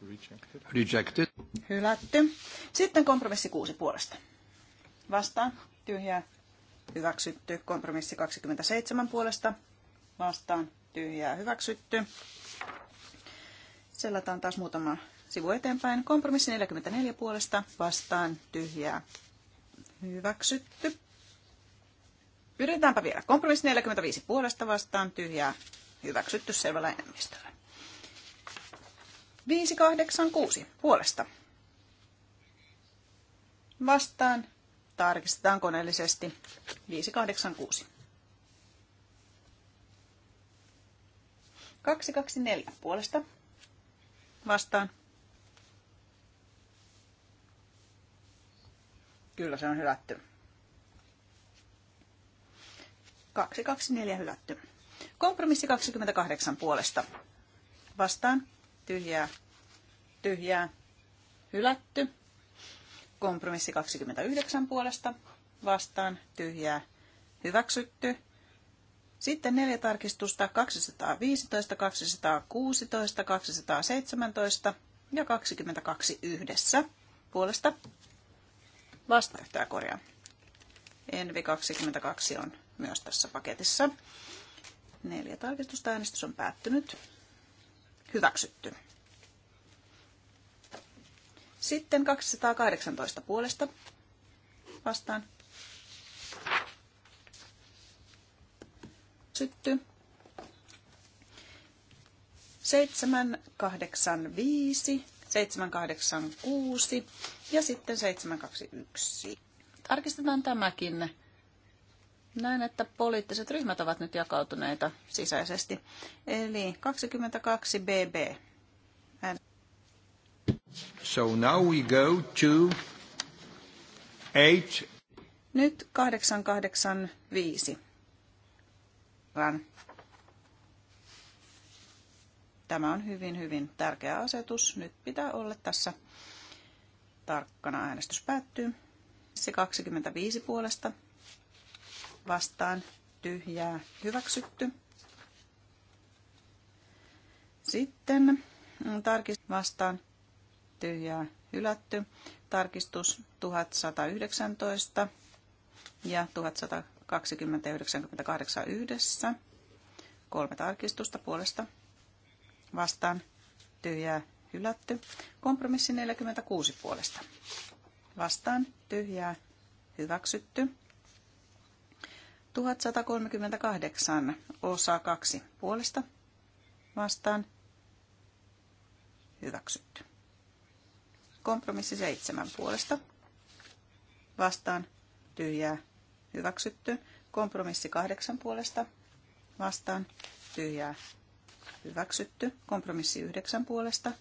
Rejected. Rejected. Hylätty. Sitten kompromissi kuusi puolesta. Vastaan. Tyhjää hyväksytty. Kompromissi 27 puolesta vastaan tyhjää hyväksytty. Sellataan taas muutama sivu eteenpäin. Kompromissi 44 puolesta vastaan tyhjää hyväksytty. Yritetäänpä vielä. Kompromissi 45 puolesta vastaan tyhjää hyväksytty selvällä enemmistöllä. 586 puolesta vastaan tarkistetaan koneellisesti 586. 224 puolesta vastaan. Kyllä se on hylätty. 224 hylätty. Kompromissi 28 puolesta. Vastaan. Tyhjää. Tyhjää. Hylätty. Kompromissi 29 puolesta vastaan tyhjää hyväksytty. Sitten neljä tarkistusta 215, 216, 217 ja 22 yhdessä puolesta vastaehtoja korjaa. Envi 22 on myös tässä paketissa. Neljä tarkistusta äänestys on päättynyt. Hyväksytty. Sitten 218 puolesta vastaan. Sytty. 785, 786 ja sitten 721. Tarkistetaan tämäkin. Näen, että poliittiset ryhmät ovat nyt jakautuneita sisäisesti. Eli 22 BB So now we go to eight. Nyt 885. Tämä on hyvin, hyvin tärkeä asetus. Nyt pitää olla tässä tarkkana. Äänestys päättyy. Se 25 puolesta vastaan tyhjää hyväksytty. Sitten tarkistus vastaan tyhjää hylätty. Tarkistus 1119 ja 1198 yhdessä. Kolme tarkistusta puolesta vastaan tyhjää hylätty. Kompromissi 46 puolesta. Vastaan tyhjää hyväksytty. 1138 osa 2 puolesta vastaan hyväksytty. Kompromissi seitsemän puolesta. Vastaan tyhjää hyväksytty. Kompromissi kahdeksan puolesta. Vastaan tyhjää hyväksytty. Kompromissi yhdeksän puolesta.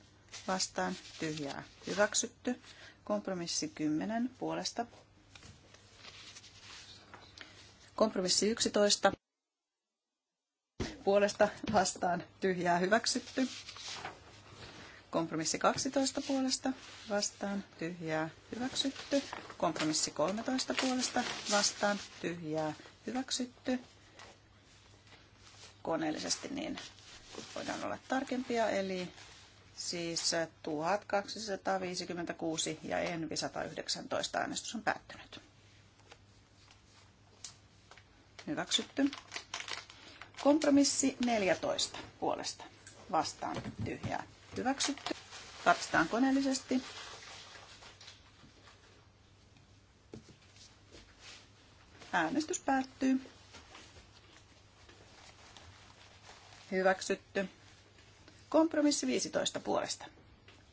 Vastaan tyhjää hyväksytty. Kompromissi kymmenen puolesta. Kompromissi yksitoista Puolesta vastaan tyhjää hyväksytty. Kompromissi 12 puolesta vastaan tyhjää hyväksytty. Kompromissi 13 puolesta vastaan tyhjää hyväksytty. Koneellisesti niin voidaan olla tarkempia, eli siis 1256 ja Envi 119 äänestys on päättynyt. Hyväksytty. Kompromissi 14 puolesta vastaan tyhjää Hyväksytty. Katsotaan koneellisesti. Äänestys päättyy. Hyväksytty. Kompromissi 15 puolesta.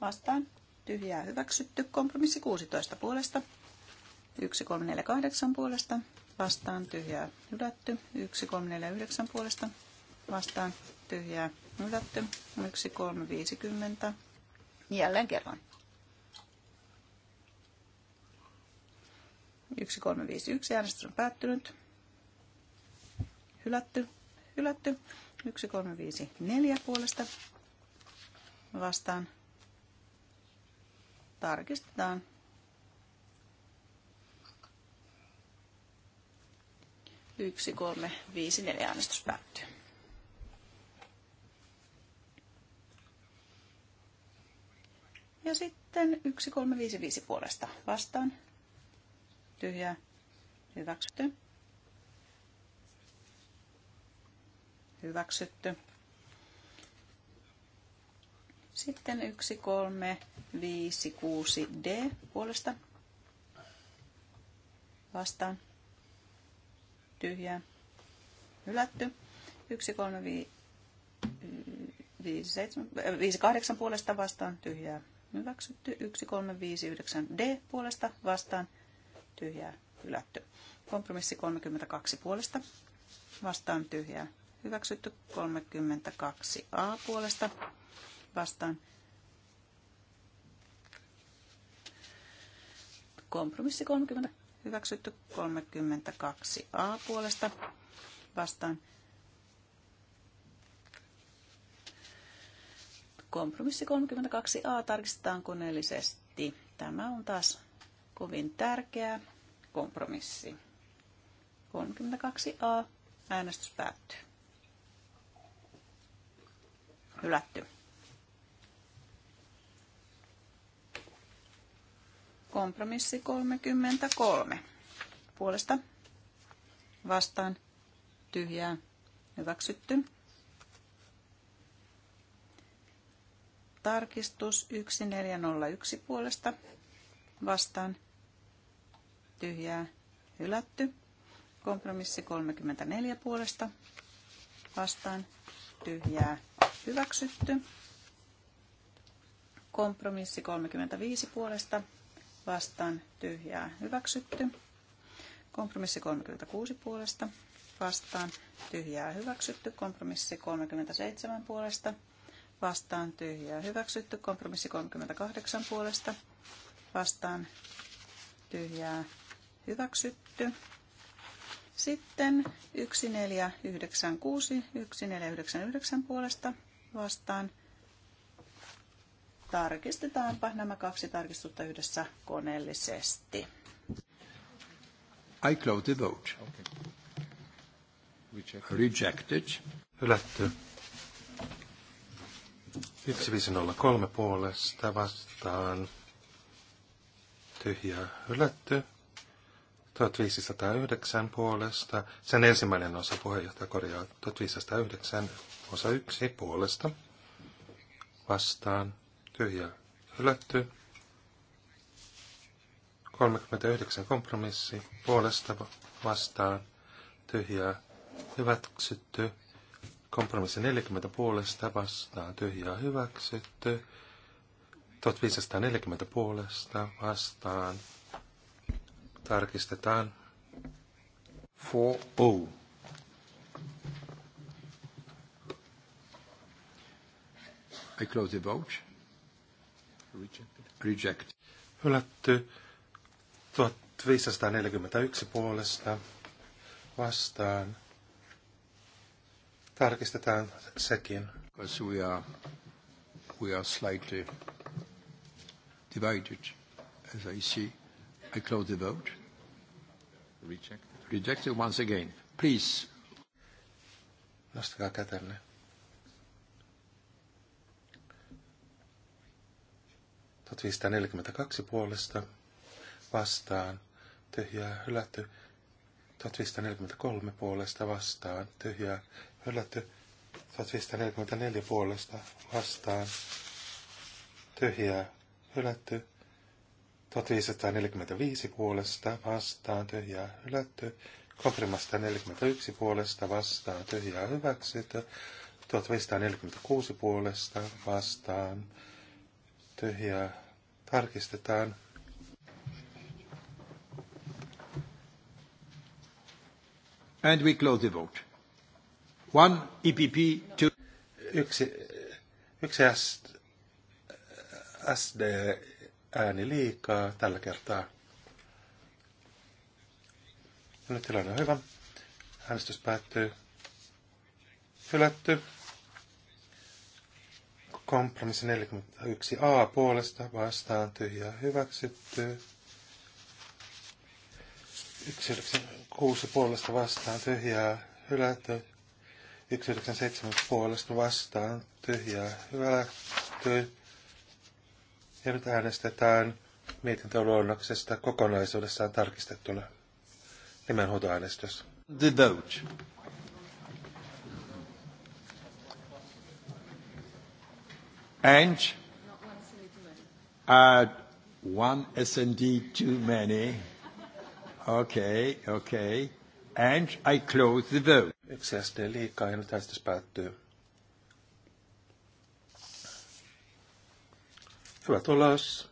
Vastaan. Tyhjää hyväksytty. Kompromissi 16 puolesta. 1348 puolesta. Vastaan tyhjää hylätty. 1349 puolesta vastaan tyhjää hylätty. 1.3.50. Jälleen kerran. 1.3.51 äänestys on päättynyt. Hylätty. Hylätty. 1.3.54 puolesta vastaan. Tarkistetaan. Yksi, kolme, viisi, neljä äänestys päättyy. Ja sitten 1355 puolesta vastaan. Tyhjää. Hyväksytty. Hyväksytty. Sitten 1356D puolesta vastaan. Tyhjää. Hylätty. 1357 äh, puolesta vastaan. Tyhjää Hyväksytty 1359D puolesta vastaan tyhjää hylätty. Kompromissi 32 puolesta vastaan tyhjää hyväksytty. 32A puolesta vastaan kompromissi 30 hyväksytty. 32A puolesta vastaan Kompromissi 32a tarkistetaan koneellisesti. Tämä on taas kovin tärkeä kompromissi. 32a. Äänestys päättyy. Hylätty. Kompromissi 33. Puolesta vastaan tyhjää hyväksytty. tarkistus 1401 puolesta vastaan tyhjää hylätty. Kompromissi 34 puolesta vastaan tyhjää hyväksytty. Kompromissi 35 puolesta vastaan tyhjää hyväksytty. Kompromissi 36 puolesta vastaan tyhjää hyväksytty. Kompromissi 37 puolesta vastaan tyhjää hyväksytty. Kompromissi 38 puolesta vastaan tyhjää hyväksytty. Sitten 1496, 1499 puolesta vastaan. Tarkistetaanpa nämä kaksi tarkistusta yhdessä koneellisesti. I close the vote. Okay. Rejected. Hylätty. 1503 puolesta vastaan Tyhjä hylätty. 1509 puolesta, sen ensimmäinen osa puheenjohtaja korjaa 1509 osa 1 puolesta vastaan tyhjä hylätty. 39 kompromissi puolesta vastaan Tyhjä hyväksytty. Kompromissi 40 puolesta vastaan tyhjää hyväksytty. 1540 puolesta vastaan. Tarkistetaan. 4 oh. I close the vote. Rejected. Reject. Hylätty 1541 puolesta vastaan Tarkistetaan sekin. Because we are, we are slightly divided, as I see. I close the vote. Rejected. Rejected once again. Please. Nostakaa kätenne. Tot puolesta vastaan tyhjää hylätty. 1543 puolesta vastaan tyhjää hylätty 1544 puolesta vastaan, tyhjää hylätty 1545 puolesta vastaan, tyhjää hylätty Kohrimasta 41 puolesta vastaan, tyhjää hyväksytty 1546 puolesta vastaan, tyhjää tarkistetaan And we close the vote. One EPP, two. Yksi, yksi SD-ääni liikaa tällä kertaa. Ja nyt tilanne on hyvä. Äänestys päättyy. Hylätty. Kompromissi 41a puolesta vastaan tyhjää hyväksytty. 196 puolesta vastaan tyhjää hylätty. 197 puolesta vastaan tyhjää hylätty. Ja nyt äänestetään mietintöluonnoksesta kokonaisuudessaan tarkistettuna nimenhuutoäänestys. The vote. And uh, one S&D too many. Okay, okay. And I close the vote. Yksi SD liikaa ja nyt äänestys päättyy. Hyvä tulos.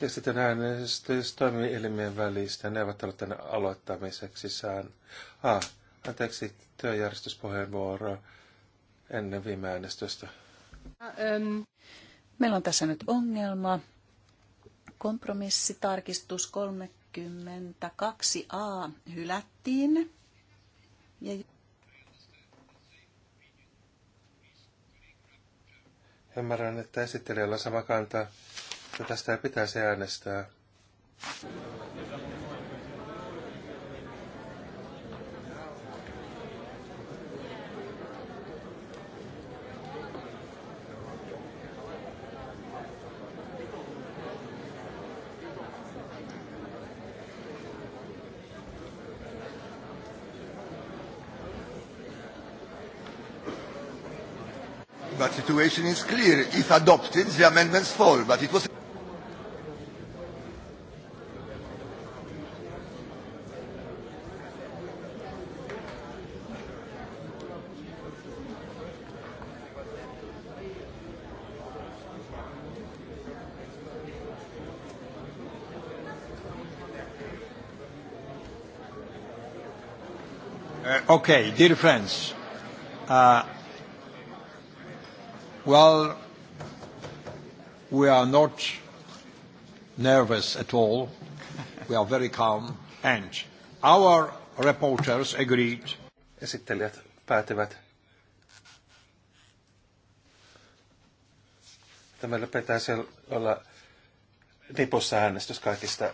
Ja sitten äänestys toimielimien välistä tänne aloittamiseksi sään. Ah, anteeksi, työjärjestyspuheenvuoro ennen viime äänestystä. Ähm. Meillä on tässä nyt ongelma. Kompromissitarkistus 30 22a hylättiin. Ja Ymmärrän, että esittelijällä sama kanta, että tästä ei pitäisi äänestää. situation is clear. If adopted, the amendments fall, but it was... Eh, okay, dear friends, uh, Well, we are not nervous at all. We are very calm. And our reporters agreed. Esittelijät päätivät, että meillä pitäisi olla nipussa äänestys kaikista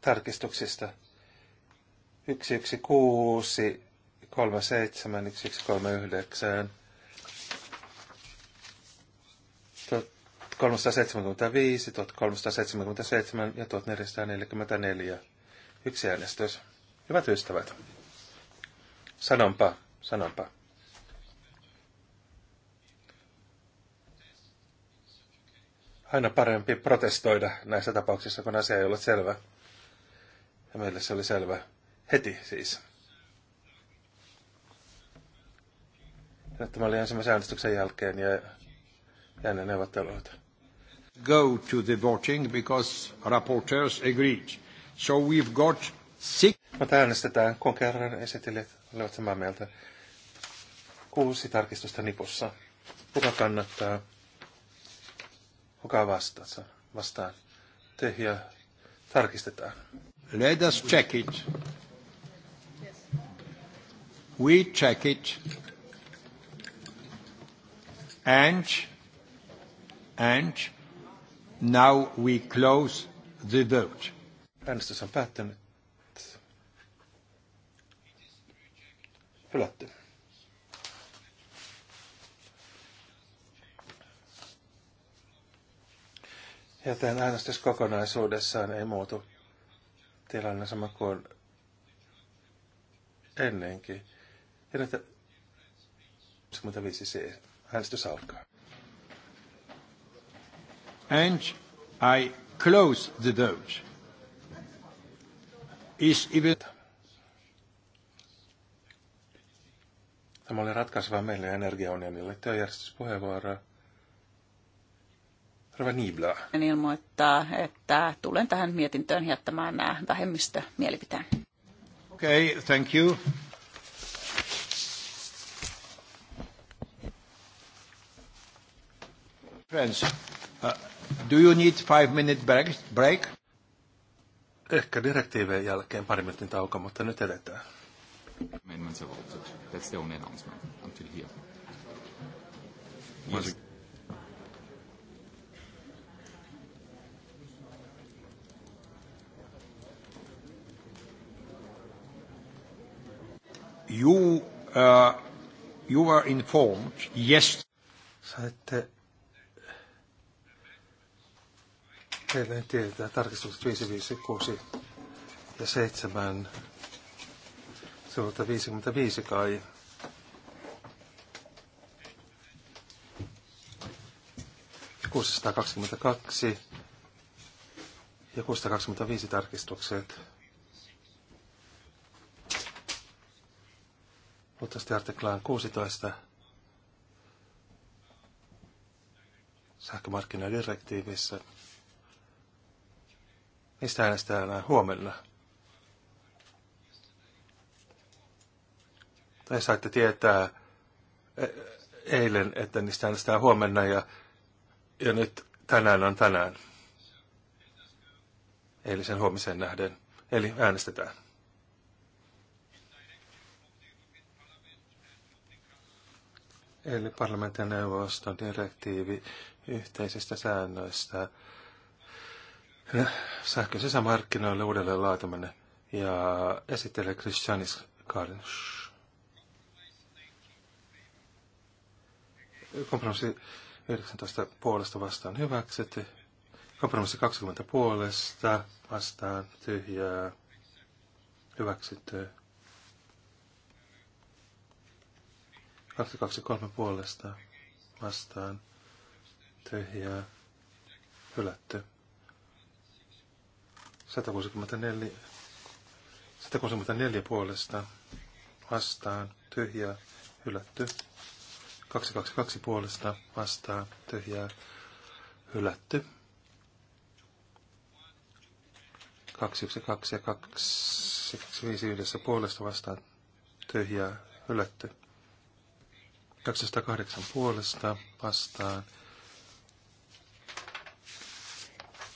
tarkistuksista. 116, 37, 139. 1375, 1377 ja 1444. Yksi äänestys. Hyvät ystävät. Sanonpa, sanonpa. Aina parempi protestoida näissä tapauksissa, kun asia ei ole selvä. Ja meille se oli selvä. Heti siis. Ja tämä oli ensimmäisen äänestyksen jälkeen ja, ja ennen neuvotteluita go to the voting because rapporteurs agreed. So we've got six... Mutta no, äänestetään, kun kerran esitelijät olivat samaa mieltä. Kuusi tarkistusta nipussa. Kuka kannattaa? Kuka vastaa? Vastaan. Tehjä. Tarkistetaan. Let us check it. We check it. And, and Now we close the vote. Äänestys on päättynyt. Hylätty. Joten äänestys kokonaisuudessaan ei muutu tilanne sama kuin ennenkin. Ja näitä 25 C. Äänestys alkaa and I close the vote. Is even... Tämä oli ratkaiseva meille energiaunionille. Työjärjestyspuheenvuoroa. Rava Niblaa. ilmoittaa, että tulen tähän mietintöön jättämään nämä vähemmistömielipiteen. Okei, okay, thank you. Friends, Do you need five minute break? Ehkä direktiivien jälkeen pari minuutin tauko, mutta nyt edetään. Amendments have altered. That's the only announcement until here. Yes. You, uh, you were informed, yes. Saitte Edelleen tietää tarkistukset 5, 5, 6 ja 7. Sivulta 55 kai. Ja 622 ja 625 tarkistukset. Mutta sitten artiklaan 16 sähkömarkkinadirektiivissä Niistä äänestetään huomenna. Tai saitte tietää e, eilen, että niistä äänestetään huomenna ja, ja nyt tänään on tänään. Eilisen huomiseen nähden. Eli äänestetään. Eli parlamentin neuvoston direktiivi yhteisistä säännöistä sähkön sisämarkkinoille uudelleen laataminen ja esittelee Christianis Karnsch. Kompromissi 19 puolesta vastaan hyväksytty. Kompromissi 20 puolesta vastaan tyhjää hyväksytty. 223 puolesta vastaan tyhjää hylätty. 164, puolesta vastaan tyhjää hylätty. 222 puolesta vastaan tyhjää hylätty. 212 ja 225 yhdessä puolesta vastaan tyhjää hylätty. 208 puolesta vastaan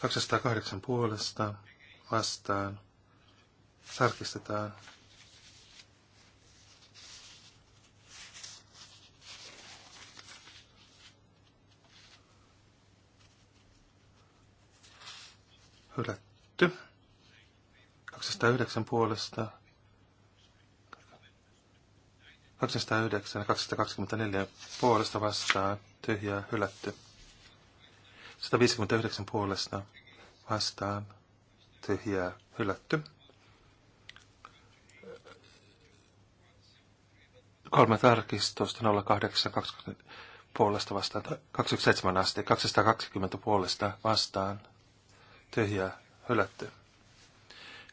208 puolesta vastaan. Tarkistetaan. Hylätty. 209 puolesta. 209 ja 224 puolesta vastaan. Tyhjää hylätty. 159 puolesta vastaan tyhjää hylätty. Kolme tarkistusta 0820 puolesta vastaan, 27 asti, 220 puolesta vastaan, tyhjää hylätty.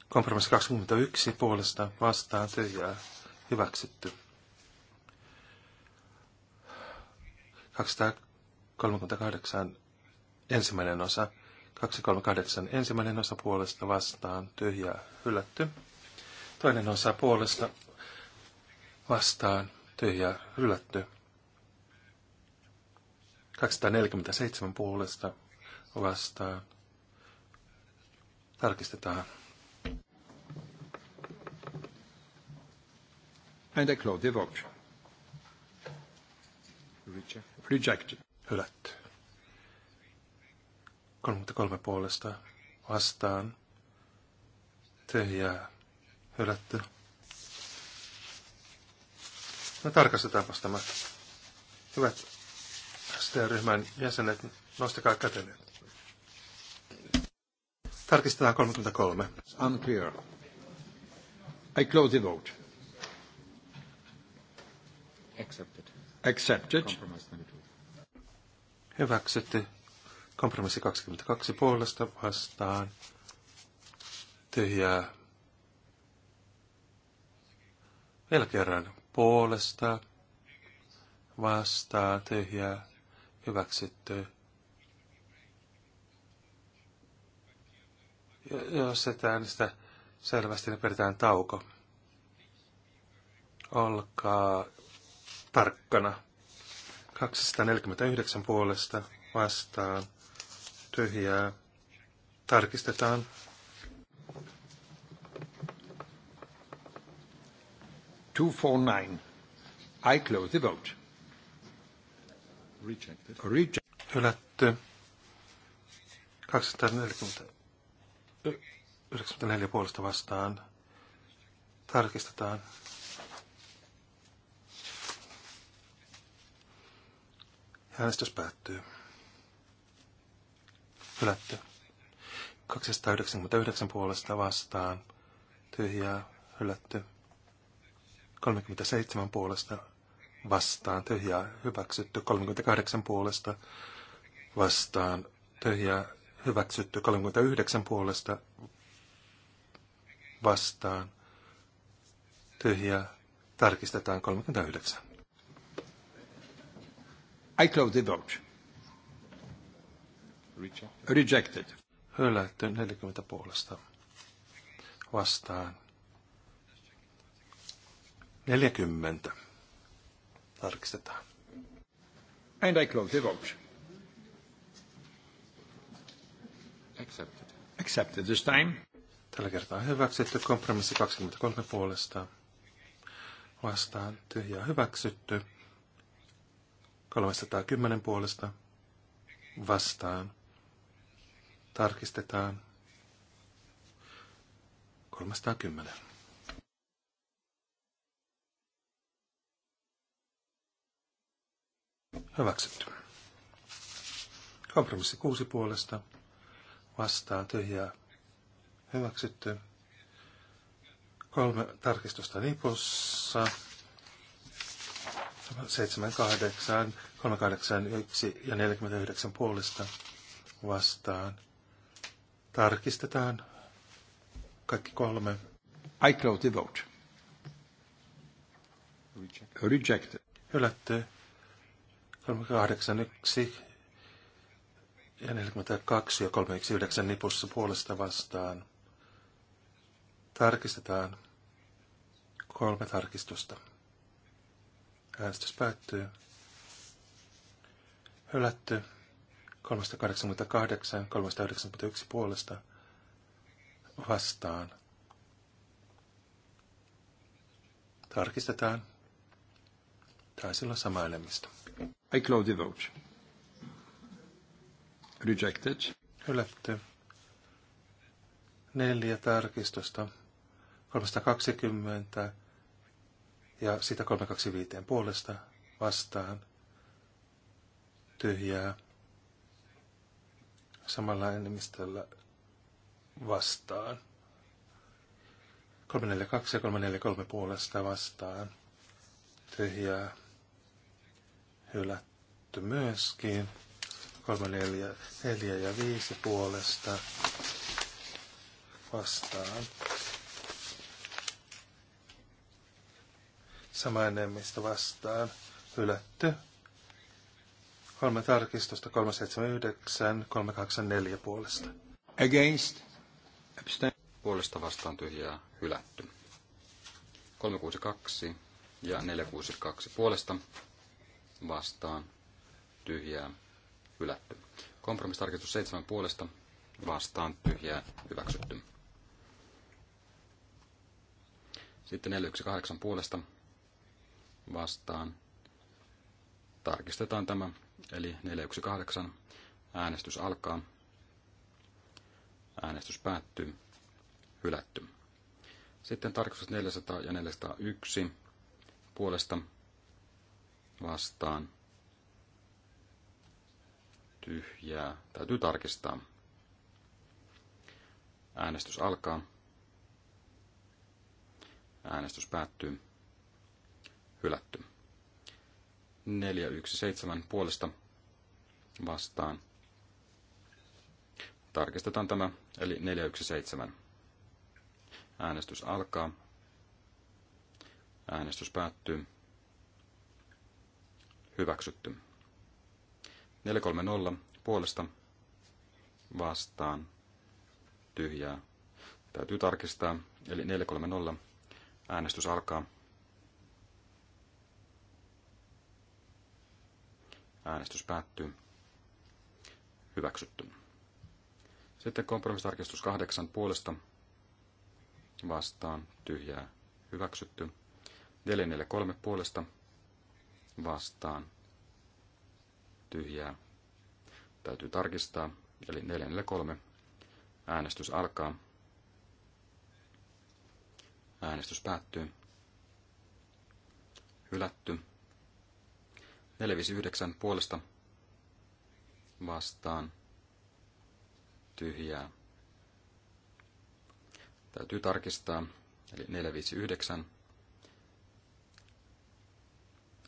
Kompromissi 21 puolesta vastaan, tyhjää hyväksytty. 238 ensimmäinen osa 238 ensimmäinen osa puolesta vastaan tyhjä hylätty. Toinen osa puolesta vastaan tyhjä hylätty. 247 puolesta vastaan. Tarkistetaan. And Claude close the Rejected. Hylätty. 33 puolesta vastaan. Tyhjää. Hylätty. No tarkastetaanpa tämä. Hyvät ST-ryhmän jäsenet, nostakaa kätenne. Tarkistetaan 33. It's unclear. I close the vote. Accepted. Accepted. Hyväksytty. Kompromissi 22 puolesta vastaan. Tyhjää. Vielä kerran puolesta vastaa Tyhjää. Hyväksytty. Jos et äänestä selvästi, niin pidetään tauko. Olkaa tarkkana. 249 puolesta vastaan tyhjää tarkistetaan. Two four nine. I close the vote. Rejected. Rejected. Hylätty. 294 puolesta vastaan. Tarkistetaan. Äänestys päättyy hylätty. 299 puolesta vastaan, tyhjää, hylätty. 37 puolesta vastaan, tyhjää, hyväksytty. 38 puolesta vastaan, tyhjää, hyväksytty. 39 puolesta vastaan, tyhjää, tarkistetaan 39. I close the vote. Rejected. Hylätty 40 puolesta. Vastaan. 40. Tarkistetaan. And I close the vote. Accepted. Accepted this time. Tällä kertaa hyväksytty kompromissi 23 puolesta. Vastaan tyhjää hyväksytty. 310 puolesta. Vastaan Tarkistetaan. 310. Hyväksytty. Kompromissi kuusi puolesta. Vastaa tyhjää. Hyväksytty. Kolme tarkistusta nipussa. 78, 38, 1 ja 49 puolesta vastaan. Tarkistetaan kaikki kolme. I close the vote. Rejected. Hylätty. 381 ja 42 ja 39 nipussa puolesta vastaan. Tarkistetaan kolme tarkistusta. Äänestys päättyy. Hylätty. 388, 391 puolesta vastaan. Tarkistetaan. Taisi olla sama enemmistö. I close the vote. Rejected. Hylätty. Neljä tarkistusta. 320 ja sitä 325 puolesta vastaan. Tyhjää samalla enemmistöllä vastaan. 342 ja 343 puolesta vastaan. Tyhjää hylätty myöskin. 344 ja 5 puolesta vastaan. Sama enemmistö vastaan. Hylätty. Kolme tarkistusta 379, 384 puolesta. Against. Abstain. Puolesta vastaan tyhjää hylätty. 362 ja 462 puolesta vastaan tyhjää hylätty. Kompromistarkistus 7 puolesta vastaan tyhjää hyväksytty. Sitten 418 puolesta vastaan. Tarkistetaan tämä eli 418. Äänestys alkaa. Äänestys päättyy. Hylätty. Sitten tarkistus 400 ja 401 puolesta vastaan. Tyhjää. Täytyy tarkistaa. Äänestys alkaa. Äänestys päättyy. Hylätty. 417 puolesta vastaan. Tarkistetaan tämä, eli 417. Äänestys alkaa. Äänestys päättyy. Hyväksytty. 430 puolesta vastaan. Tyhjää. Täytyy tarkistaa, eli 430. Äänestys alkaa. Äänestys päättyy. Hyväksytty. Sitten kompromissitarkistus kahdeksan puolesta vastaan tyhjää hyväksytty. 443 puolesta vastaan tyhjää täytyy tarkistaa. Eli 443 äänestys alkaa. Äänestys päättyy. Hylätty. 459 puolesta vastaan tyhjää. Täytyy tarkistaa, eli 459.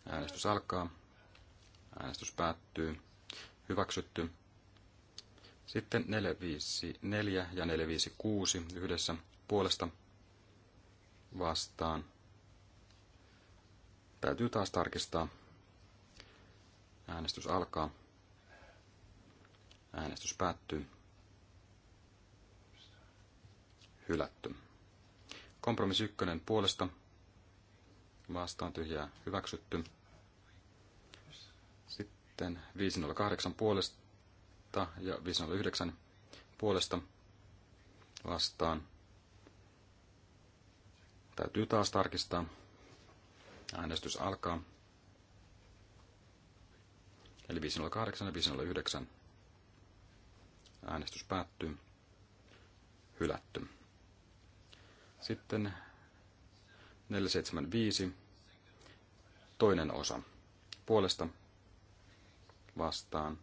Äänestys alkaa. Äänestys päättyy. Hyväksytty. Sitten 454 ja 456 yhdessä puolesta vastaan. Täytyy taas tarkistaa. Äänestys alkaa. Äänestys päättyy. Hylätty. Kompromissi ykkönen puolesta. Vastaan tyhjää hyväksytty. Sitten 508 puolesta ja 509 puolesta vastaan. Täytyy taas tarkistaa. Äänestys alkaa. Eli 508 ja 509. Äänestys päättyy. Hylätty. Sitten 475. Toinen osa. Puolesta vastaan.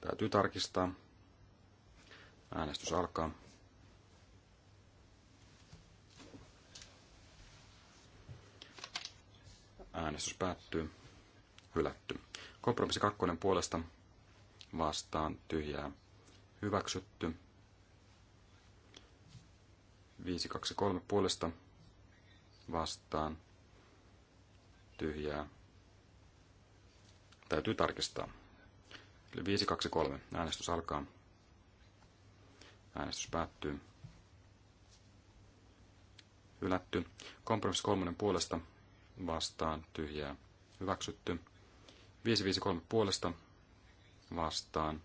Täytyy tarkistaa. Äänestys alkaa. Äänestys päättyy hylätty. Kompromissi kakkonen puolesta vastaan tyhjää hyväksytty. 523 puolesta vastaan tyhjää. Täytyy tarkistaa. Eli 523. Äänestys alkaa. Äänestys päättyy. Hylätty. Kompromissi kolmonen puolesta vastaan tyhjää. Hyväksytty. 553 puolesta vastaan.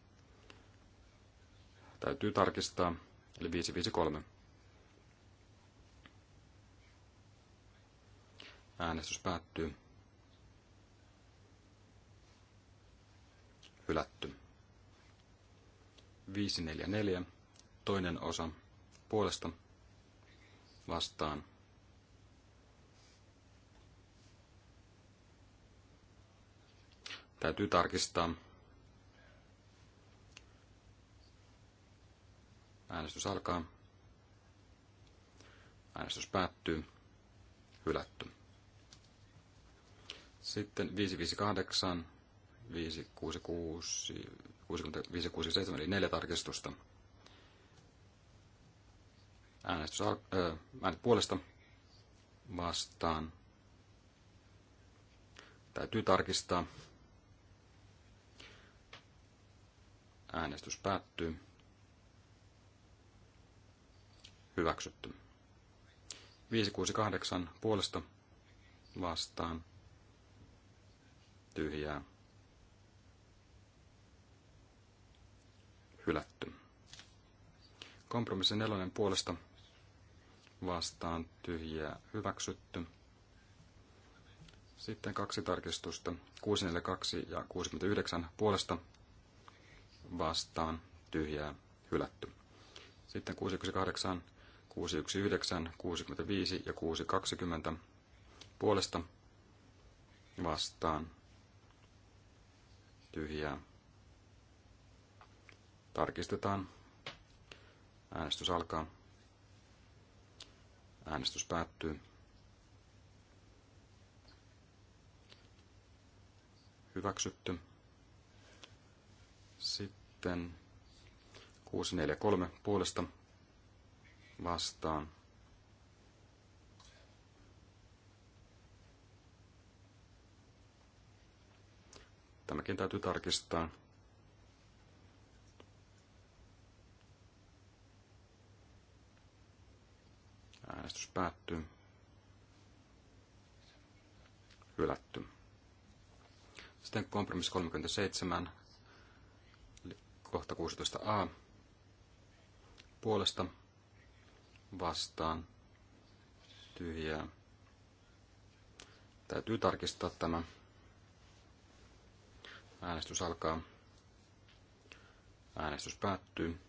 Täytyy tarkistaa, eli 553. Äänestys päättyy. Hylätty. 544. Toinen osa puolesta vastaan Täytyy tarkistaa. Äänestys alkaa. Äänestys päättyy. Hylätty. Sitten 558, 566, 567, eli neljä tarkistusta. Äänestys al- ää, äänet puolesta vastaan. Täytyy tarkistaa. Äänestys päättyy. Hyväksytty. 568 puolesta vastaan. Tyhjää. Hylätty. Kompromissi nelonen puolesta vastaan tyhjää hyväksytty. Sitten kaksi tarkistusta, 642 ja 69 puolesta vastaan tyhjää hylätty. Sitten 618, 619, 65 ja 620 puolesta vastaan tyhjää. Tarkistetaan. Äänestys alkaa. Äänestys päättyy. Hyväksytty. Sitten sitten 643 puolesta vastaan. Tämäkin täytyy tarkistaa. Äänestys päättyy. Hylätty. Sitten kompromissi 37 kohta 16a puolesta vastaan tyhjää. Täytyy tarkistaa tämä. Äänestys alkaa. Äänestys päättyy.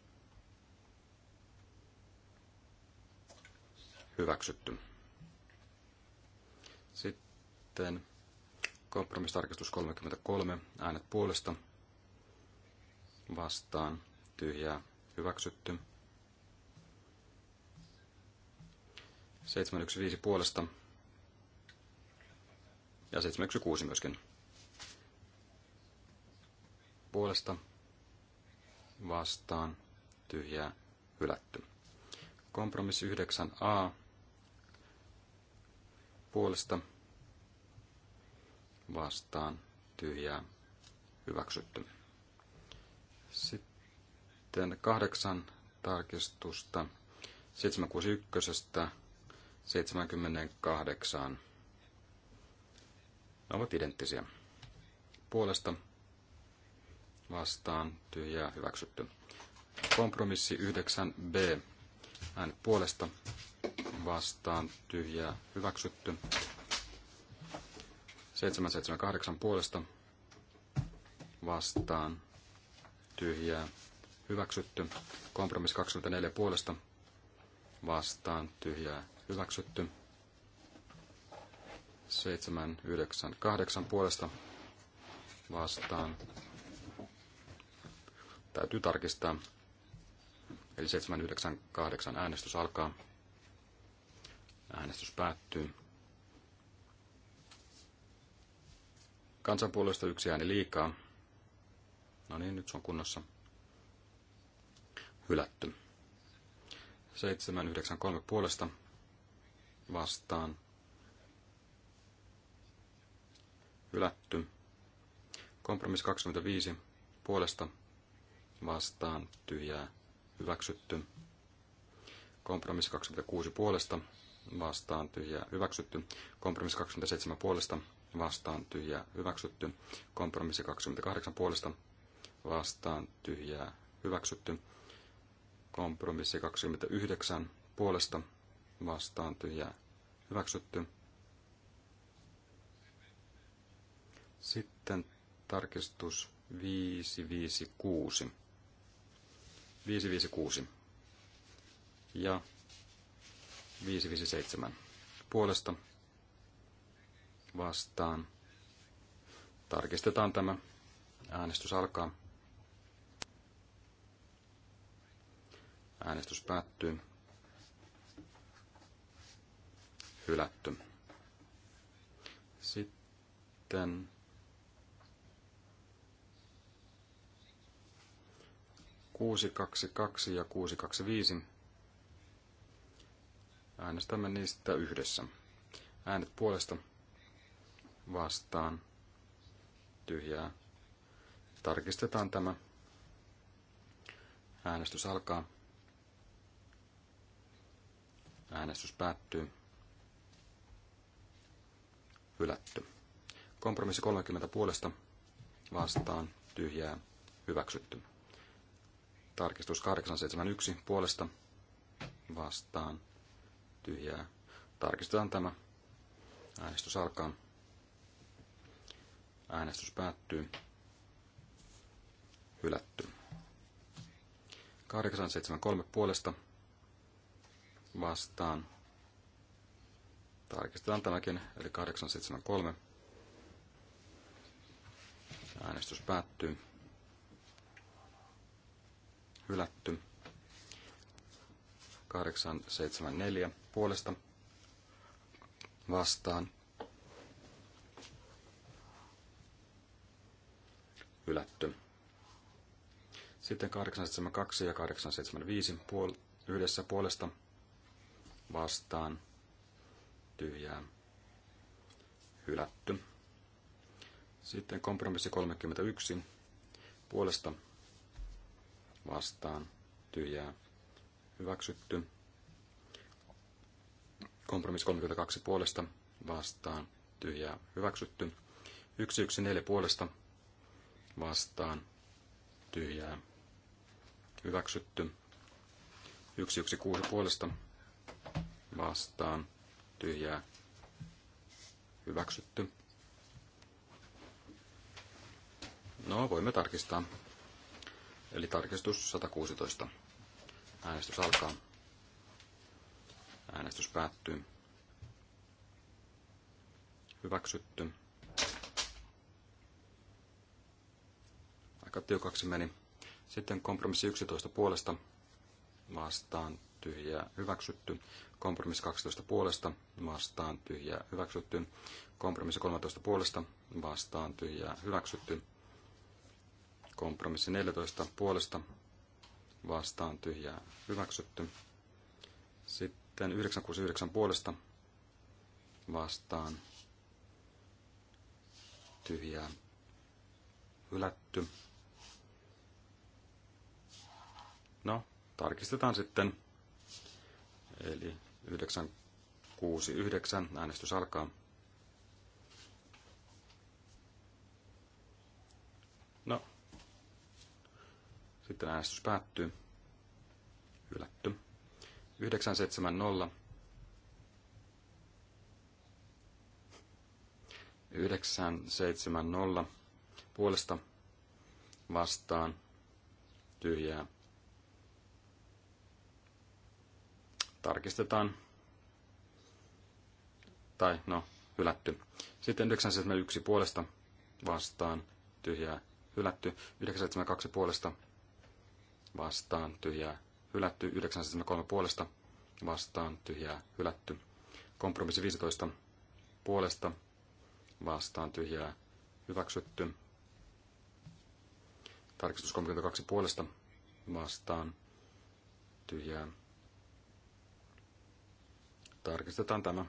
Hyväksytty. Sitten kompromistarkistus 33. Äänet puolesta vastaan tyhjää hyväksytty. 715 puolesta ja 716 myöskin puolesta vastaan tyhjää hylätty. Kompromissi 9a puolesta vastaan tyhjää hyväksytty. Sitten kahdeksan tarkistusta 761 78. Ne ovat identtisiä. Puolesta vastaan tyhjää hyväksytty. Kompromissi 9b. Äänet puolesta vastaan tyhjää hyväksytty. 778 puolesta vastaan tyhjää hyväksytty. Kompromissi 24 puolesta vastaan tyhjää hyväksytty. 7, 9, 8 puolesta vastaan. Täytyy tarkistaa. Eli 7, 9, 8 äänestys alkaa. Äänestys päättyy. Kansanpuolesta yksi ääni liikaa. No niin, nyt se on kunnossa. Hylätty. 793 puolesta vastaan. Hylätty. Kompromiss 25 puolesta vastaan tyhjää hyväksytty. Kompromiss 26 puolesta vastaan tyhjää hyväksytty. Kompromiss 27 puolesta vastaan tyhjää hyväksytty. Kompromissi 28 puolesta vastaan tyhjää hyväksytty. Kompromissi 29 puolesta vastaan tyhjää hyväksytty. Sitten tarkistus 556. 556 ja 557 puolesta vastaan. Tarkistetaan tämä. Äänestys alkaa. Äänestys päättyy. Hylätty. Sitten kuusi kaksi kaksi ja kuusi kaksi viisi. Äänestämme niistä yhdessä. Äänet puolesta vastaan tyhjää. Tarkistetaan tämä. Äänestys alkaa. Äänestys päättyy. Hylätty. Kompromissi 30 puolesta vastaan tyhjää hyväksytty. Tarkistus 871 puolesta vastaan tyhjää. Tarkistetaan tämä. Äänestys alkaa. Äänestys päättyy. Hylätty. 873 puolesta vastaan. Tarkistetaan tämäkin, eli 873. Äänestys päättyy. Hylätty. 874 puolesta vastaan. Hylätty. Sitten 872 ja 875 puol- yhdessä puolesta vastaan tyhjää hylätty. Sitten kompromissi 31 puolesta vastaan tyhjää hyväksytty. Kompromissi 32 puolesta vastaan tyhjää hyväksytty. 114 puolesta vastaan tyhjää hyväksytty. 116 puolesta vastaan tyhjää hyväksytty. No, voimme tarkistaa. Eli tarkistus 116. Äänestys alkaa. Äänestys päättyy. Hyväksytty. Aika tiukaksi meni. Sitten kompromissi 11 puolesta vastaan tyhjää hyväksytty. Kompromissi 12 puolesta vastaan tyhjää hyväksytty. Kompromissi 13 puolesta vastaan tyhjää hyväksytty. Kompromissi 14 puolesta vastaan tyhjää hyväksytty. Sitten 969 puolesta vastaan tyhjää hylätty. No, tarkistetaan sitten Eli 969 äänestys alkaa. No, sitten äänestys päättyy. Hylätty. 970. 970 puolesta vastaan tyhjää tarkistetaan. Tai no, hylätty. Sitten 971 puolesta vastaan tyhjää hylätty. 972 puolesta vastaan tyhjää hylätty. 973 puolesta vastaan tyhjää hylätty. Kompromissi 15 puolesta vastaan tyhjää hyväksytty. Tarkistus 32 puolesta vastaan tyhjää Tarkistetaan tämä.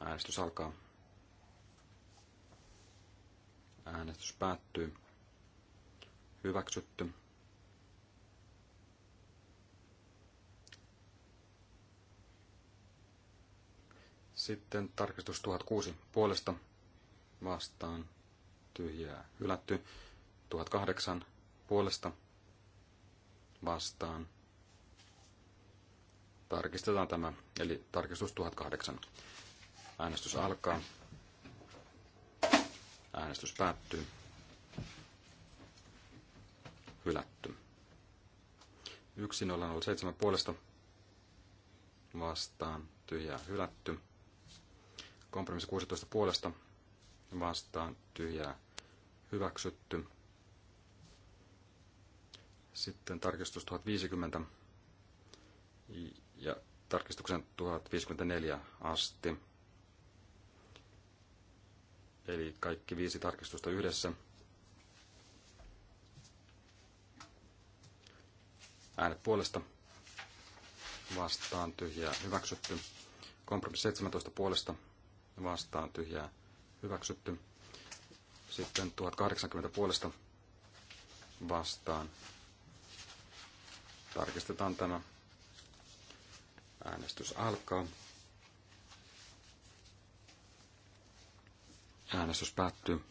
Äänestys alkaa. Äänestys päättyy. Hyväksytty. Sitten tarkistus 1006 puolesta vastaan tyhjää hylätty. 1008 puolesta vastaan Tarkistetaan tämä, eli tarkistus 1008. Äänestys alkaa. Äänestys päättyy. Hylätty. 1007 puolesta vastaan tyhjää hylätty. Kompromissi 16 puolesta vastaan tyhjää hyväksytty. Sitten tarkistus 1050 ja tarkistuksen 1054 asti. Eli kaikki viisi tarkistusta yhdessä. Äänet puolesta vastaan tyhjää hyväksytty. Kompromissi 17 puolesta vastaan tyhjää hyväksytty. Sitten 1080 puolesta vastaan. Tarkistetaan tämä Äänestys alkaa. Äänestys päättyy.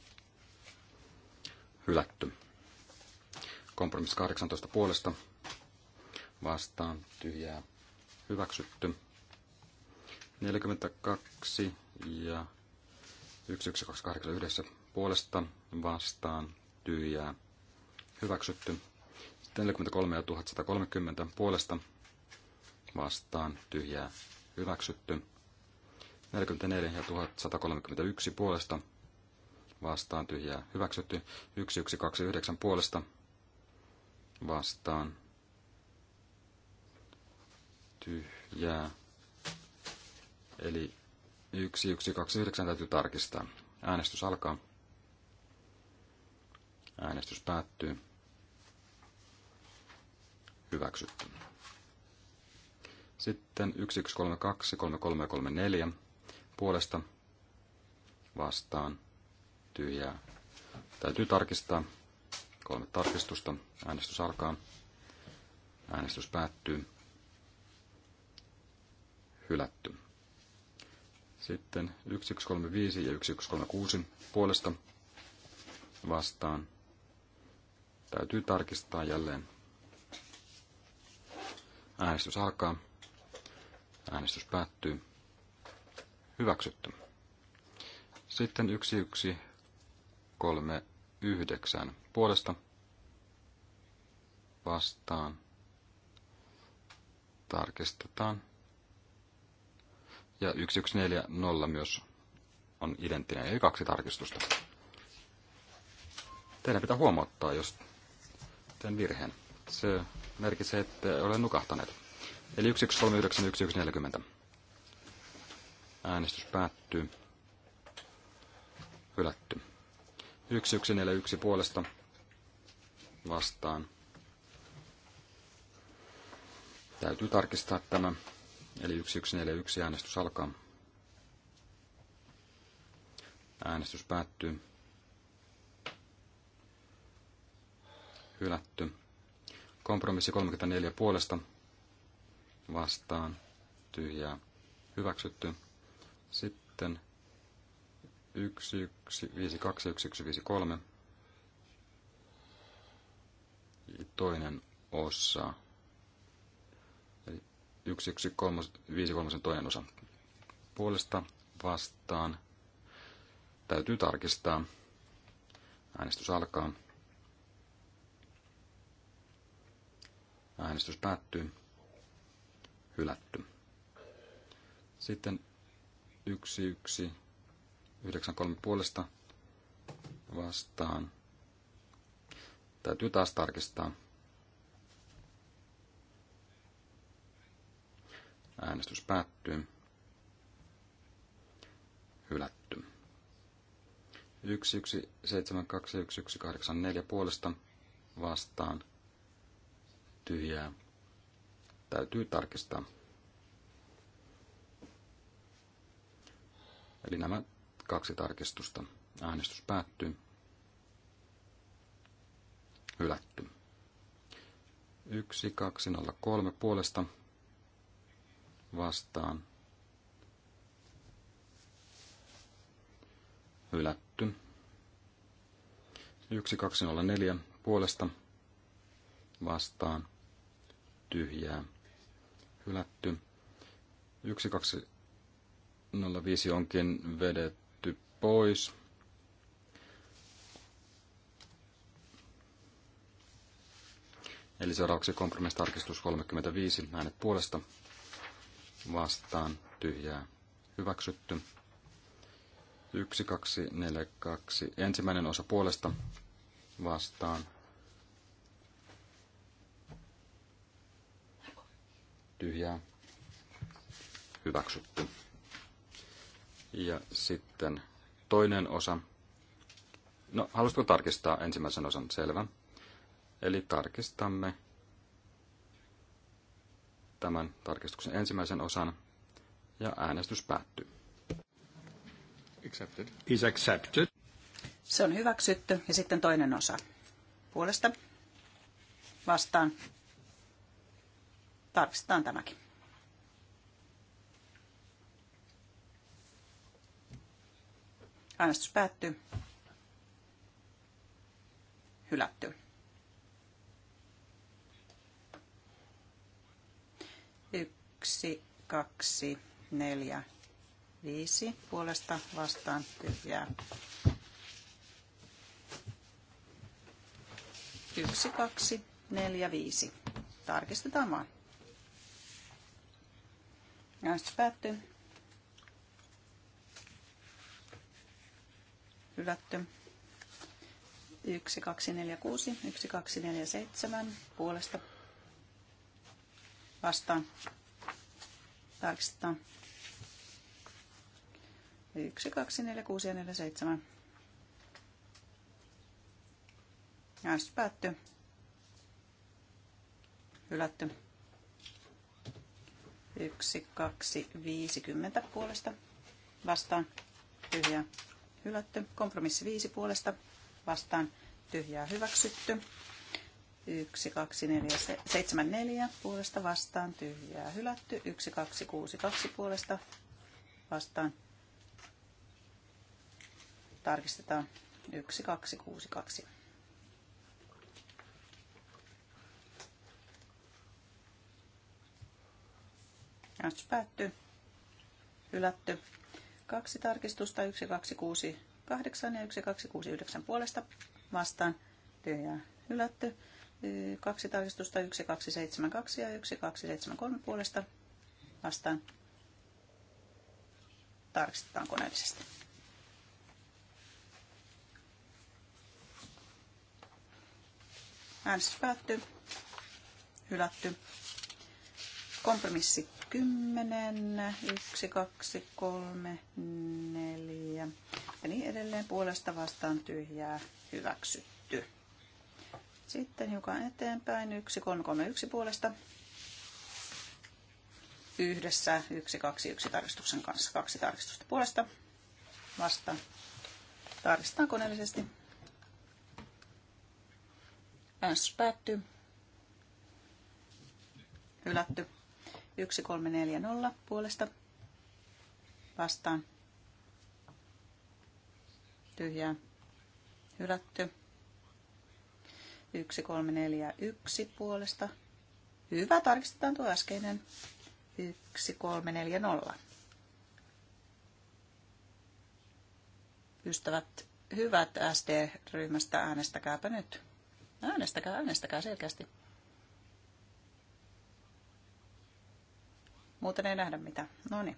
Hylätty. Kompromiss 18 puolesta. Vastaan tyhjää. Hyväksytty. 42 ja 1128 yhdessä puolesta vastaan tyhjää. Hyväksytty. 43 ja 1130 puolesta vastaan tyhjää hyväksytty. 44 ja 1131 puolesta vastaan tyhjää hyväksytty. 1129 puolesta vastaan tyhjää. Eli 1129 täytyy tarkistaa. Äänestys alkaa. Äänestys päättyy. Hyväksytty. Sitten 1132, 3334 puolesta vastaan tyhjää. Täytyy tarkistaa kolme tarkistusta. Äänestys alkaa. Äänestys päättyy. Hylätty. Sitten 1135 ja 1136 puolesta vastaan. Täytyy tarkistaa jälleen. Äänestys alkaa. Äänestys päättyy. Hyväksytty. Sitten 1139 puolesta vastaan. Tarkistetaan. Ja 1140 myös on identtinen, eli kaksi tarkistusta. Teidän pitää huomauttaa, jos teen virheen. Se merkitsee, että olen nukahtaneet. Eli 1139 Äänestys päättyy. Hylätty. 1141 puolesta vastaan. Täytyy tarkistaa tämä. Eli 1141 äänestys alkaa. Äänestys päättyy. Hylätty. Kompromissi 34 puolesta vastaan tyhjää hyväksytty. Sitten ja toinen osa. Eli 1153 toinen osa. Puolesta vastaan täytyy tarkistaa. Äänestys alkaa. Äänestys päättyy hylätty. Sitten 1193 puolesta vastaan. Täytyy taas tarkistaa. Äänestys päättyy. Hylätty. 1172 1184 puolesta vastaan. Tyhjää täytyy tarkistaa. Eli nämä kaksi tarkistusta. Äänestys päättyy. Hylätty. 3 puolesta vastaan. Hylätty. 4 puolesta vastaan. Tyhjää hylätty. 1205 onkin vedetty pois. Eli seuraavaksi kompromissitarkistus 35, äänet puolesta, vastaan, tyhjää, hyväksytty. 1, 2, 4, 2, ensimmäinen osa puolesta, vastaan, tyhjää hyväksytty. Ja sitten toinen osa. No, haluaisitko tarkistaa ensimmäisen osan? Selvä. Eli tarkistamme tämän tarkistuksen ensimmäisen osan ja äänestys päättyy. Accepted. Is accepted. Se on hyväksytty. Ja sitten toinen osa. Puolesta vastaan tarkistetaan tämäkin. Äänestys päättyy. Hylätty. Yksi, kaksi, neljä, viisi puolesta vastaan tyhjää. Yksi, kaksi, neljä, viisi. Tarkistetaan vaan. Äänestys päättyy. 2, 4, 7. puolesta vastaan. Tarkistetaan. 6 ja 47. Äänestys päättyy. Hylätty. 1, 2, 50 puolesta vastaan tyhjää hylätty. Kompromissi 5 puolesta vastaan tyhjää hyväksytty. 1, 2, 4, 7, 4 puolesta vastaan tyhjää hylätty. 1, 2, 6, 2 puolesta vastaan tarkistetaan 1, 2, 6, 2. Äänestys päättyy. Hylätty. Kaksi tarkistusta, 8 ja 9 puolesta vastaan. Tyhjää hylätty. Kaksi tarkistusta, 2 ja 3 puolesta vastaan. Tarkistetaan koneellisesti. Äänestys päättyy. Hylätty. Kompromissi 10, 1, 2, 3, 4 ja niin edelleen puolesta vastaan tyhjää hyväksytty. Sitten hiukan eteenpäin 1, 3, 3, 1 puolesta yhdessä 1, 2, 1 tarkistuksen kanssa. Kaksi tarkistusta puolesta vasta Tarkistetaan koneellisesti. Äänestys päättyy. Hylätty. 1340 puolesta vastaan. Tyhjää. Hylätty. 1341 puolesta. Hyvä, tarkistetaan tuo äskeinen. 1340. Ystävät, hyvät SD-ryhmästä, äänestäkääpä nyt. Äänestäkää, äänestäkää selkeästi. Muuten ei nähdä mitä. No niin.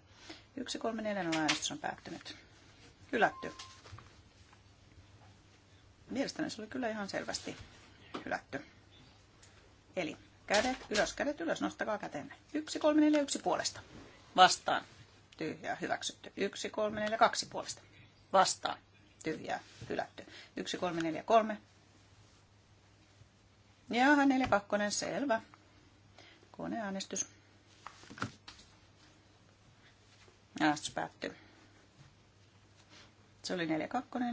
1, 3, 1.3.4 äänestys on päättynyt. Hylätty. Mielestäni se oli kyllä ihan selvästi hylätty. Eli kädet ylös, kädet ylös, nostakaa kätenne. 1, 3, 4, 1 puolesta. Vastaan. Tyhjää, hyväksytty. 1, 3, 4, 2 puolesta. Vastaan. Tyhjää, hylätty. 1, 3, 4, 3. Jaha, 4, 2, selvä. Koneäänestys. Äänestys päättyy. Se oli 4-2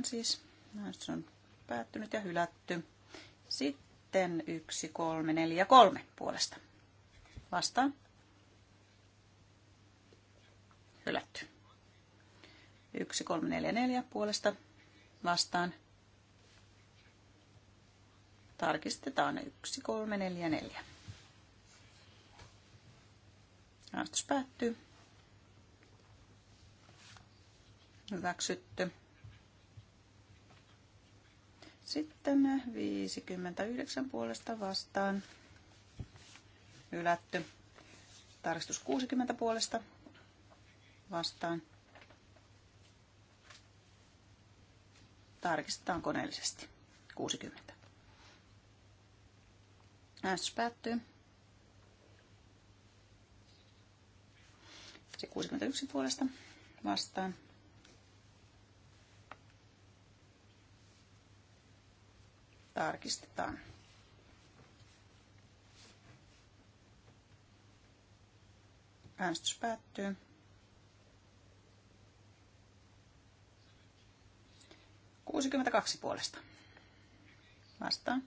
siis. Äänestys on päättynyt ja hylätty. Sitten 1, 3, 4 3 puolesta. Vastaan. Hylätty. 1, 3, 4, 4 puolesta. Vastaan. Tarkistetaan 1, 3, 4, 4. Äänestys päättyy. Hyväksytty. Sitten 59 puolesta vastaan. Hylätty. Tarkistus 60 puolesta vastaan. Tarkistetaan koneellisesti. 60. Äänestys päättyy. Se 61 puolesta vastaan. tarkistetaan. Äänestys päättyy. kaksi puolesta. Vastaan.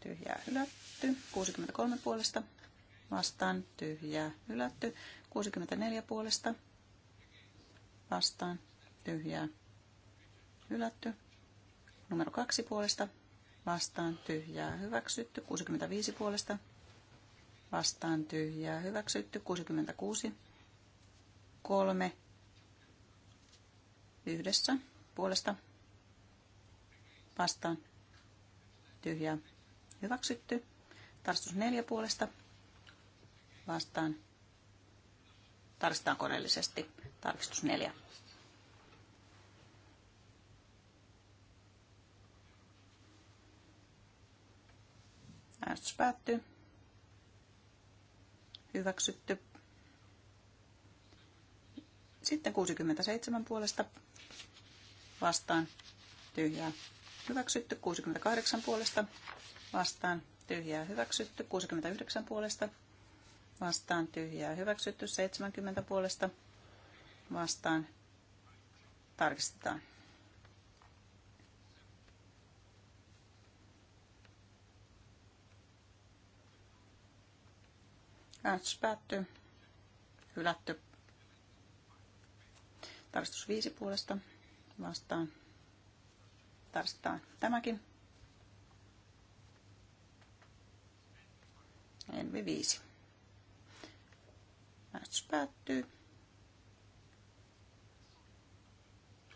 Tyhjää hylätty. 63 puolesta. Vastaan. Tyhjää hylätty. 64 puolesta. Vastaan. Tyhjää hylätty. Numero 2 puolesta vastaan tyhjää hyväksytty. 65 puolesta vastaan tyhjää hyväksytty. 66 3, yhdessä puolesta vastaan tyhjää hyväksytty. Tarkistus 4 puolesta vastaan. Tarkistetaan koneellisesti. Tarkistus 4. Äänestys päättyy. Hyväksytty. Sitten 67 puolesta vastaan tyhjää hyväksytty. 68 puolesta vastaan tyhjää hyväksytty. 69 puolesta vastaan tyhjää hyväksytty. 70 puolesta vastaan tarkistetaan. Äänestys päättyy. Hylätty. Tarkistus 5 puolesta vastaan. Tarkistetaan tämäkin. Envi 5. Äänestys päättyy.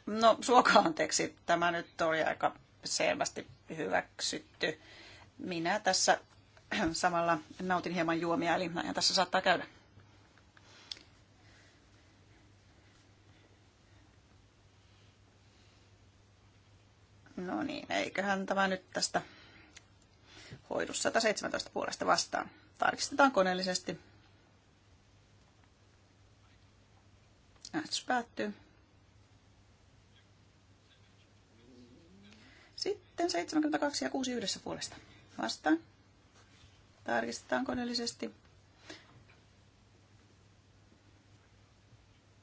No, suoka anteeksi. Tämä nyt oli aika selvästi hyväksytty. Minä tässä samalla nautin hieman juomia, eli näin tässä saattaa käydä. No niin, eiköhän tämä nyt tästä hoidu 117 puolesta vastaan. Tarkistetaan koneellisesti. Äänestys päättyy. Sitten 72 ja 6 yhdessä puolesta. Vastaan. Tarkistetaan koneellisesti.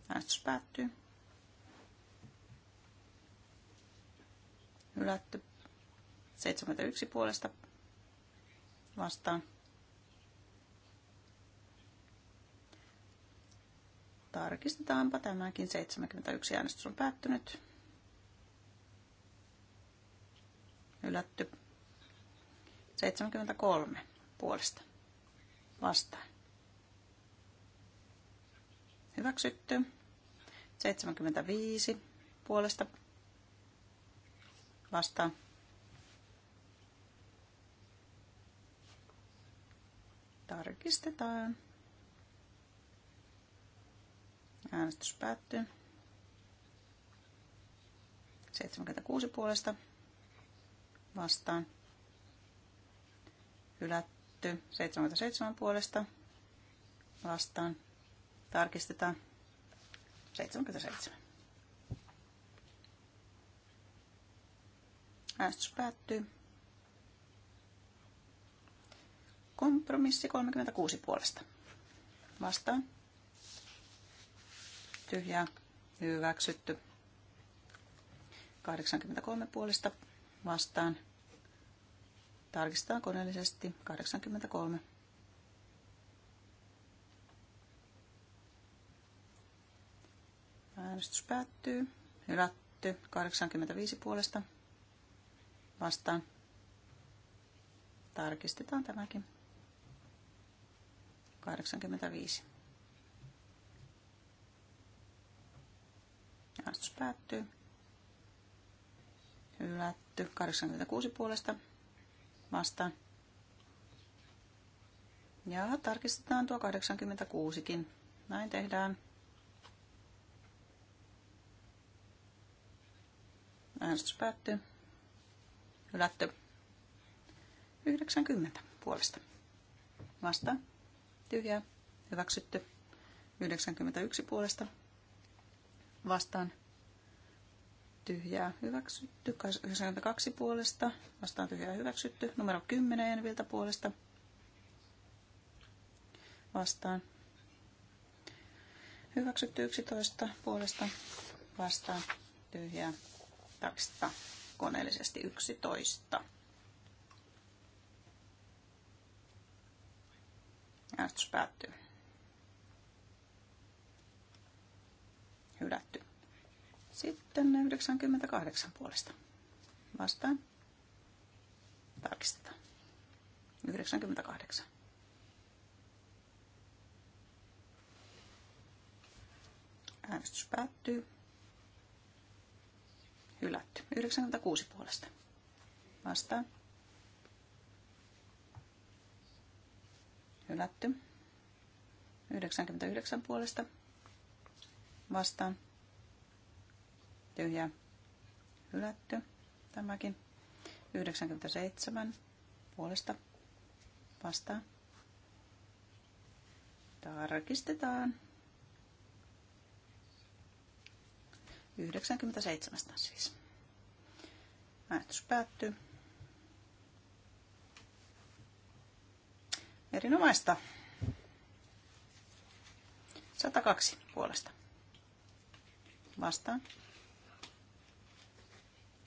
Äänestys päättyy. Hylätty. 71 puolesta vastaan. Tarkistetaanpa tämäkin. 71 äänestys on päättynyt. Hylätty. 73 puolesta vastaan. Hyväksytty. 75 puolesta vastaan. Tarkistetaan. Äänestys päättyy. 76 puolesta vastaan. Hylätty hylätty. 77 puolesta vastaan. Tarkistetaan. 77. Äänestys päättyy. Kompromissi 36 puolesta. Vastaan. Tyhjää. Hyväksytty. 83 puolesta vastaan. Tarkistetaan koneellisesti 83. Äänestys päättyy. Hylätty 85 puolesta. Vastaan. Tarkistetaan tämäkin. 85. Äänestys päättyy. Hylätty 86 puolesta vastaan. Ja tarkistetaan tuo 86kin. Näin tehdään. Äänestys päättyy. Hylätty. 90 puolesta. Vasta. Tyhjää. Hyväksytty. 91 puolesta. Vastaan tyhjää hyväksytty. 92 puolesta vastaan tyhjää hyväksytty. Numero 10 Enviltä puolesta vastaan. Hyväksytty 11 puolesta vastaan tyhjää tarkistaa koneellisesti 11. Äänestys päättyy. Hylätty. Sitten 98 puolesta. Vastaan. Tarkistetaan. 98. Äänestys päättyy. Hylätty. 96 puolesta. Vastaan. Hylätty. 99 puolesta. Vastaan tyhjä. hylätty tämäkin. 97 puolesta vastaan. Tarkistetaan. 97 siis. Äänestys päättyy. Erinomaista. 102 puolesta. Vastaan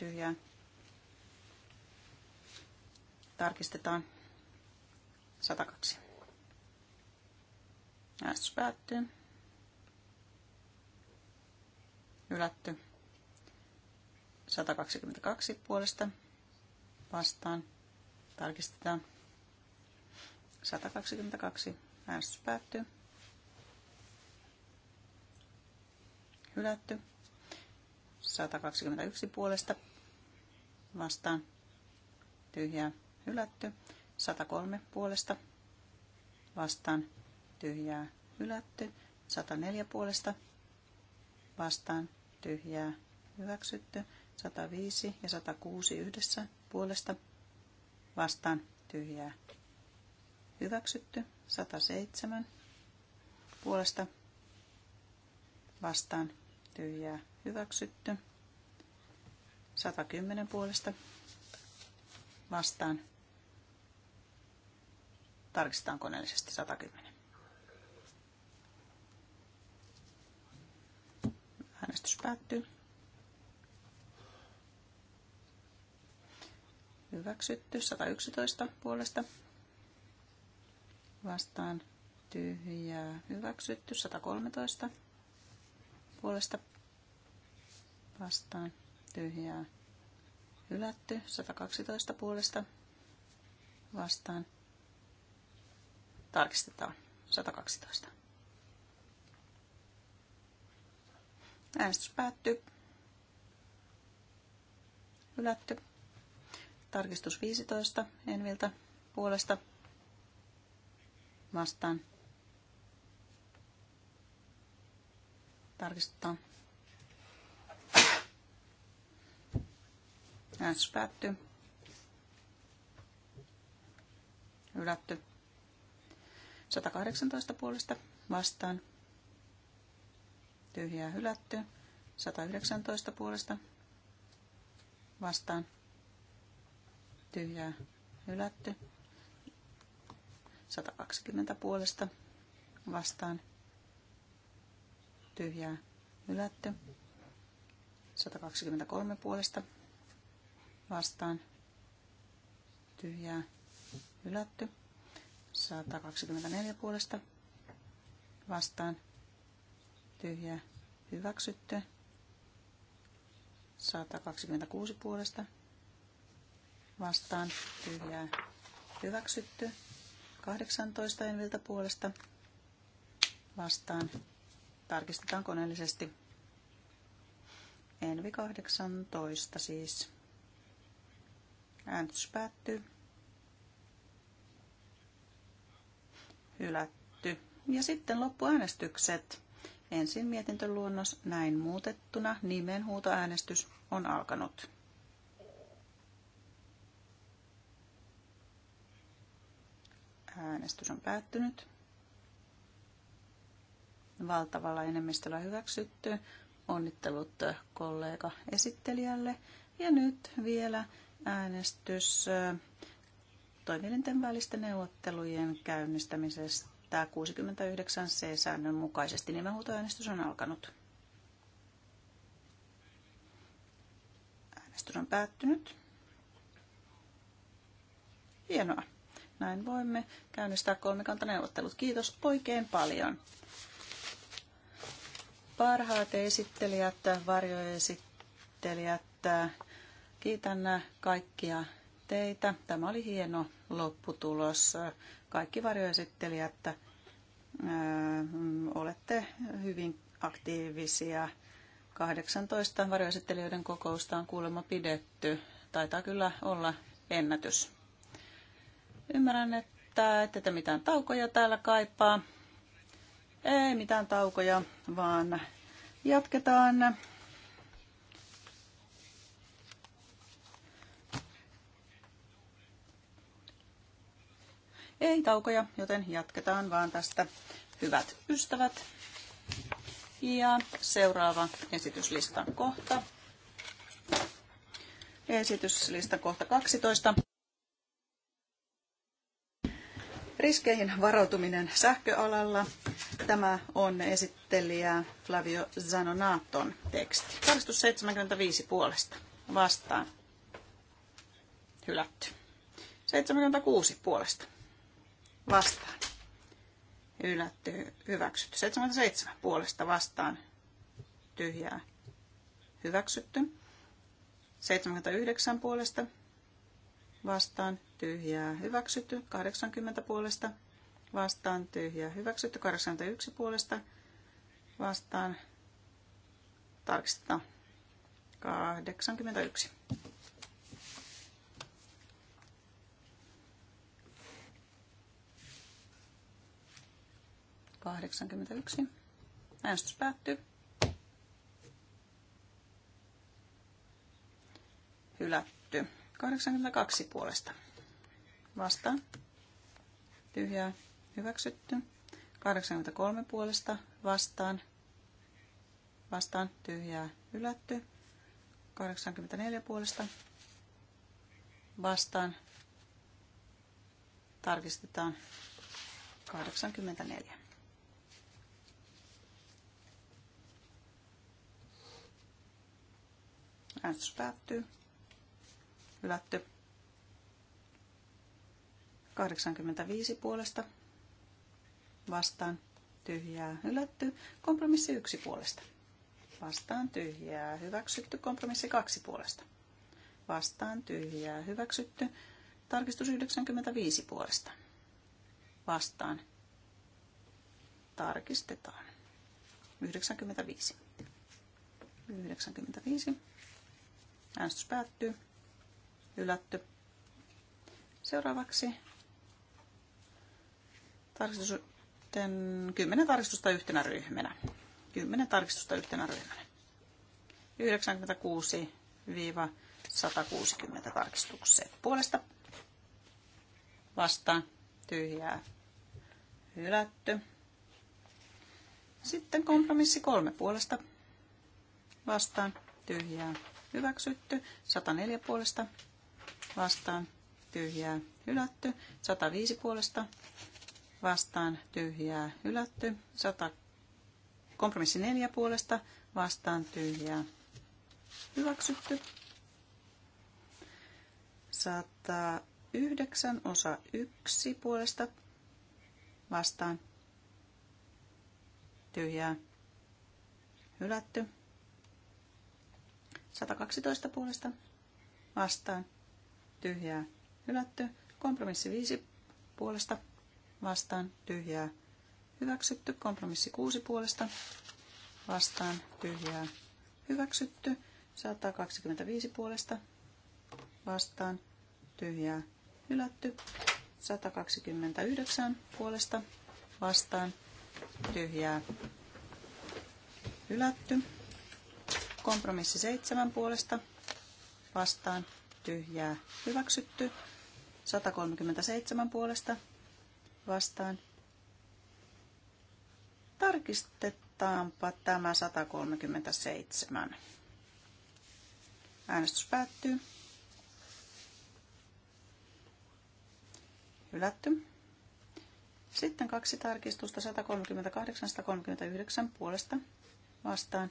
tyhjää. Tarkistetaan 102. Äänestys päättyy. Ylätty. 122 puolesta vastaan. Tarkistetaan. 122. Äänestys päättyy. Hylätty. 121 puolesta vastaan tyhjää hylätty. 103 puolesta vastaan tyhjää hylätty. 104 puolesta vastaan tyhjää hyväksytty. 105 ja 106 yhdessä puolesta vastaan tyhjää hyväksytty. 107 puolesta vastaan tyhjää hyväksytty. 110 puolesta vastaan. Tarkistetaan koneellisesti 110. Äänestys päättyy. Hyväksytty 111 puolesta. Vastaan tyhjää. Hyväksytty 113 puolesta. Vastaan tyhjää hylätty. 112 puolesta vastaan. Tarkistetaan. 112. Äänestys päättyy. Hylätty. Tarkistus 15 Enviltä puolesta vastaan. Tarkistetaan. Äänestys päättyy. ylätty 118 puolesta vastaan. Tyhjää hylätty. 119 puolesta vastaan. Tyhjää hylätty. 120 puolesta vastaan. Tyhjää hylätty. 123 puolesta vastaan tyhjää hylätty. 124 puolesta vastaan tyhjää hyväksytty. 126 puolesta vastaan tyhjää hyväksytty. 18 enviltä puolesta vastaan tarkistetaan koneellisesti. Envi 18 siis. Äänestys päättyy. Hylätty. Ja sitten loppuäänestykset. Ensin mietintöluonnos näin muutettuna. Nimenhuutoäänestys on alkanut. Äänestys on päättynyt. Valtavalla enemmistöllä hyväksytty. Onnittelut kollega esittelijälle. Ja nyt vielä äänestys toimielinten välisten neuvottelujen käynnistämisestä 69 C-säännön mukaisesti. Nimenhuutoäänestys on alkanut. Äänestys on päättynyt. Hienoa. Näin voimme käynnistää kolmikantaneuvottelut. Kiitos oikein paljon. Parhaat esittelijät, varjoesittelijät, Kiitän kaikkia teitä. Tämä oli hieno lopputulos. Kaikki varjoesittelijät, että äh, olette hyvin aktiivisia. 18 varjoesittelijöiden kokousta on kuulemma pidetty. Taitaa kyllä olla ennätys. Ymmärrän, että ette te mitään taukoja täällä kaipaa. Ei mitään taukoja, vaan jatketaan Ei taukoja, joten jatketaan vaan tästä, hyvät ystävät. Ja seuraava esityslistan kohta. Esityslista kohta 12. Riskeihin varautuminen sähköalalla. Tämä on esittelijä Flavio Zanonaton teksti. 275 puolesta vastaan. Hylätty. 76 puolesta vastaan. Ylätty, hyväksytty. 77 puolesta vastaan. Tyhjää. Hyväksytty. 79 puolesta vastaan. Tyhjää. Hyväksytty. 80 puolesta vastaan. Tyhjää. Hyväksytty. 81 puolesta vastaan. Tarkistetaan. 81. 81. Äänestys päättyy. Hylätty. 82 puolesta. Vastaan. Tyhjää. Hyväksytty. 83 puolesta. Vastaan. Vastaan. Tyhjää. Hylätty. 84 puolesta. Vastaan. Tarkistetaan. 84. Äänestys päättyy. Hylätty. 85 puolesta vastaan tyhjää hylätty. Kompromissi 1 puolesta vastaan tyhjää hyväksytty. Kompromissi 2 puolesta vastaan tyhjää hyväksytty. Tarkistus 95 puolesta vastaan tarkistetaan. 95. 95. Äänestys päättyy. Hylätty. Seuraavaksi tarkistus, ten, 10 tarkistusta yhtenä ryhmänä. 10 tarkistusta yhtenä ryhmänä. 96-160 tarkistukset puolesta. Vasta tyhjää hylätty. Sitten kompromissi kolme puolesta. Vastaan tyhjää hyväksytty. 104 puolesta vastaan tyhjää hylätty. 105 puolesta vastaan tyhjää hylätty. 100, kompromissi 4 puolesta vastaan tyhjää hyväksytty. 109 osa 1 puolesta vastaan tyhjää hylätty. 112 puolesta vastaan. Tyhjää hylätty. Kompromissi 5 puolesta vastaan. Tyhjää hyväksytty. Kompromissi 6 puolesta vastaan. Tyhjää hyväksytty. 125 puolesta vastaan. Tyhjää hylätty. 129 puolesta vastaan. Tyhjää hylätty. Kompromissi seitsemän puolesta vastaan tyhjää hyväksytty. 137 puolesta vastaan. Tarkistetaanpa tämä 137. Äänestys päättyy. Hylätty. Sitten kaksi tarkistusta 138-139 puolesta vastaan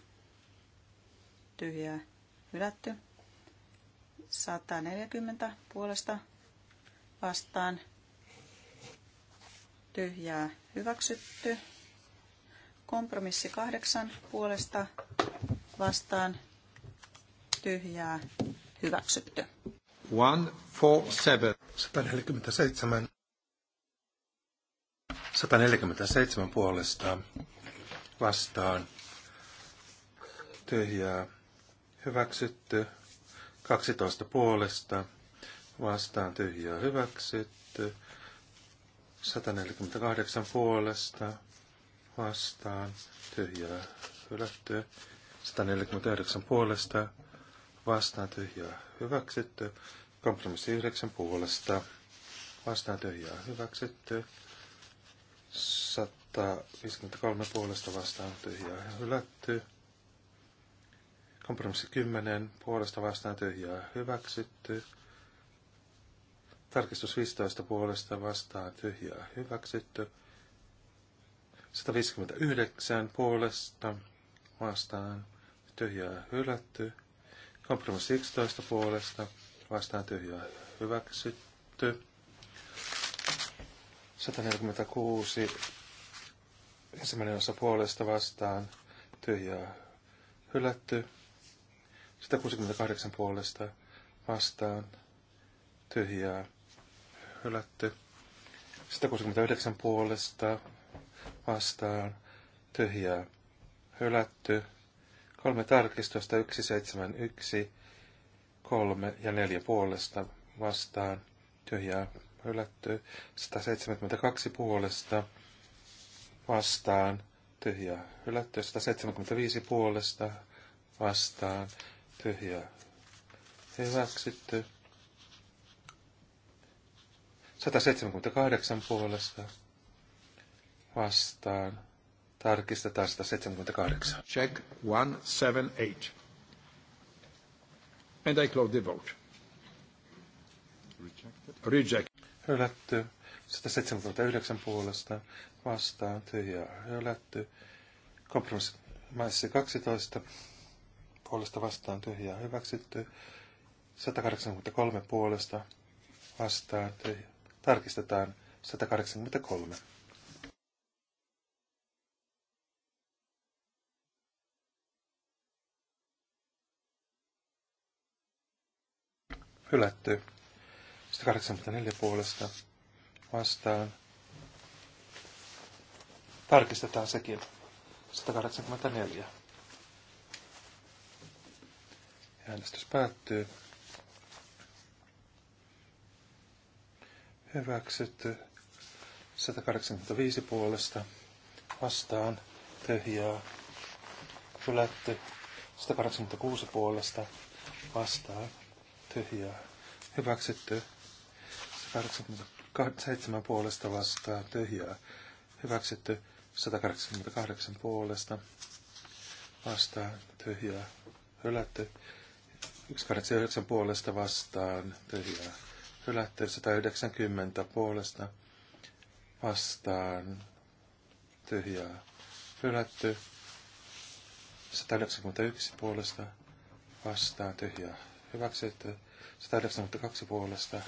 tyhjää hylätty. 140 puolesta vastaan tyhjää hyväksytty. Kompromissi 8 puolesta vastaan tyhjää hyväksytty. 147. 147. 147 puolesta vastaan tyhjää hyväksytty. 12 puolesta vastaan tyhjää hyväksytty. 148 puolesta vastaan tyhjää hylätty. 149 puolesta vastaan tyhjää hyväksytty. Kompromissi 9 puolesta vastaan tyhjää hyväksytty. 153 puolesta vastaan tyhjää hylätty. Kompromissi 10, puolesta vastaan tyhjää hyväksytty. Tarkistus 15, puolesta vastaan tyhjää hyväksytty. 159 puolesta vastaan tyhjää hylätty. Kompromissi 11 puolesta vastaan tyhjää hyväksytty. 146 ensimmäinen osa puolesta vastaan tyhjää hylätty. 168 puolesta vastaan tyhjää hylätty. 169 puolesta vastaan tyhjää hylätty. Kolme tarkistusta 171, 3 ja 4 puolesta vastaan tyhjää hylätty. 172 puolesta vastaan tyhjää hylätty. 175 puolesta vastaan tyhjää hyväksytty. 178 puolesta vastaan. Tarkistetaan 178. Check 178. And I close the vote. Rejected. Reject. Hylätty. 179 puolesta vastaan tyhjää hylätty. Kompromissi 12 puolesta vastaan tyhjää hyväksytty. 183 puolesta vastaan tyhjää. Tarkistetaan 183. Hylätty. 184 puolesta vastaan. Tarkistetaan sekin. 184. Äänestys päättyy. Hyväksytty 185 puolesta vastaan tyhjää. Hylätty 186 puolesta vastaan tyhjää. Hyväksytty 187 puolesta vastaan tyhjää. Hyväksytty 188 puolesta vastaan tyhjää. Hylätty 189 puolesta vastaan tyhjää. Hylätty 190 puolesta vastaan tyhjää. Hylätty 191 puolesta vastaan tyhjää. Hyväksytty 192 puolesta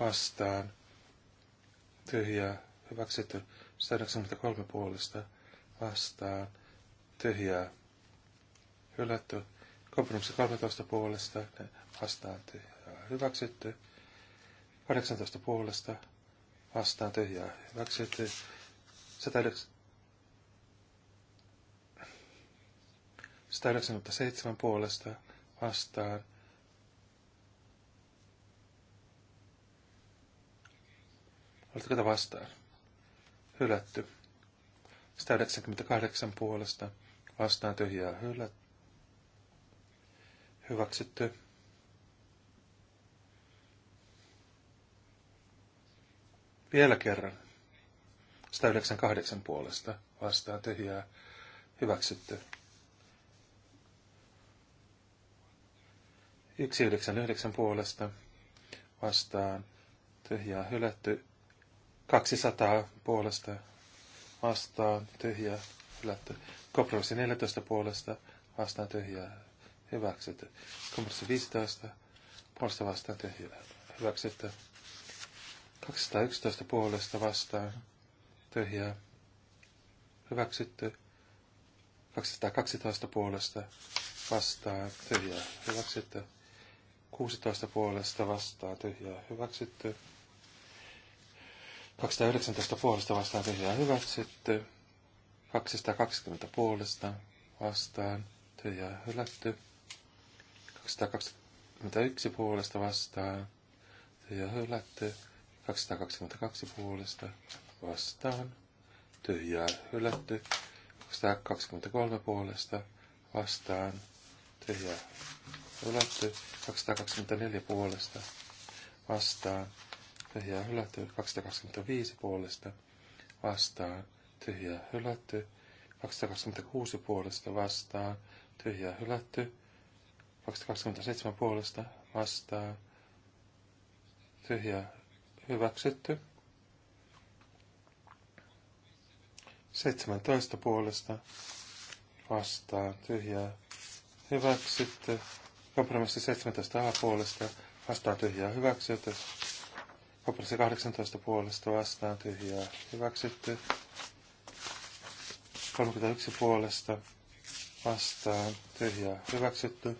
vastaan tyhjää. Hyväksytty 193 puolesta vastaan tyhjää. Hylätty Kompromissi 13 puolesta vastaan tyhjää hyväksytty. 18 puolesta vastaan tyhjää hyväksytty. 197 puolesta vastaan Oletko tätä vastaan? Hylätty. 198 puolesta vastaan tyhjää hylätty. Hyväksytty. Vielä kerran. 198 puolesta vastaan tyhjää. Hyväksytty. 199 puolesta vastaan tyhjää hylätty. 200 puolesta vastaan tyhjää hylätty. Koprosi 14 puolesta vastaan tyhjää hyväksytty. Kompressi 15, puolesta vastaan tyhjää, hyväksytty. 211 puolesta vastaan tyhjää, hyväksytty. 212 puolesta vastaan tyhjää, hyväksytty. 16 puolesta vastaan tyhjää, hyväksytty. 219 puolesta vastaan tyhjää hyväksytty. 220 puolesta vastaan tyhjää hylätty. 221 puolesta vastaan. Tyhjä hylätty. 222 puolesta vastaan. Tyhjää hylätty. 223 puolesta vastaan. Tyhjää hylätty. 224 puolesta vastaan. Tyhjää hylätty. 225 puolesta vastaan. Tyhjää hylätty. 226 puolesta vastaan. Tyhjää hylätty. 2027 puolesta vastaa tyhjää hyväksytty. 17 puolesta vastaa tyhjää hyväksytty. Kompromissi 17a puolesta vastaa tyhjää hyväksytty. Kompromissi 18 puolesta vastaa tyhjää hyväksytty. 31 puolesta vastaan tyhjää hyväksytty.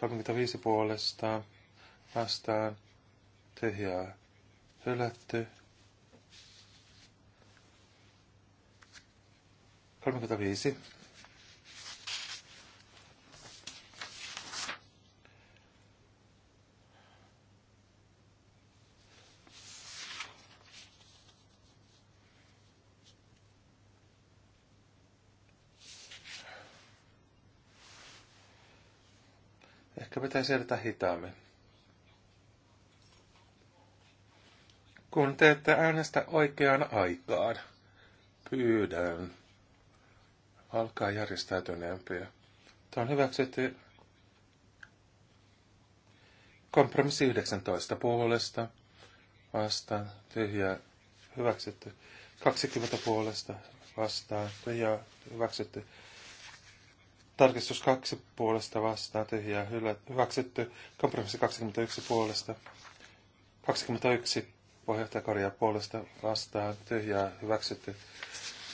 35 puolesta vastaan tyhjää hylätty. 35 pitäisi edetä hitaammin. Kun teette äänestä oikeaan aikaan, pyydän, alkaa järjestäytyneempiä. Tämä on hyväksytty kompromissi 19 puolesta, vastaan, tyhjä hyväksytty. 20 puolesta, vastaan, tyhjä, hyväksytty. Tarkistus 2 puolesta vastaan tyhjää hylä, hyväksytty. Kompromissi 21 puolesta. 21 korjaa puolesta vastaan tyhjää hyväksytty.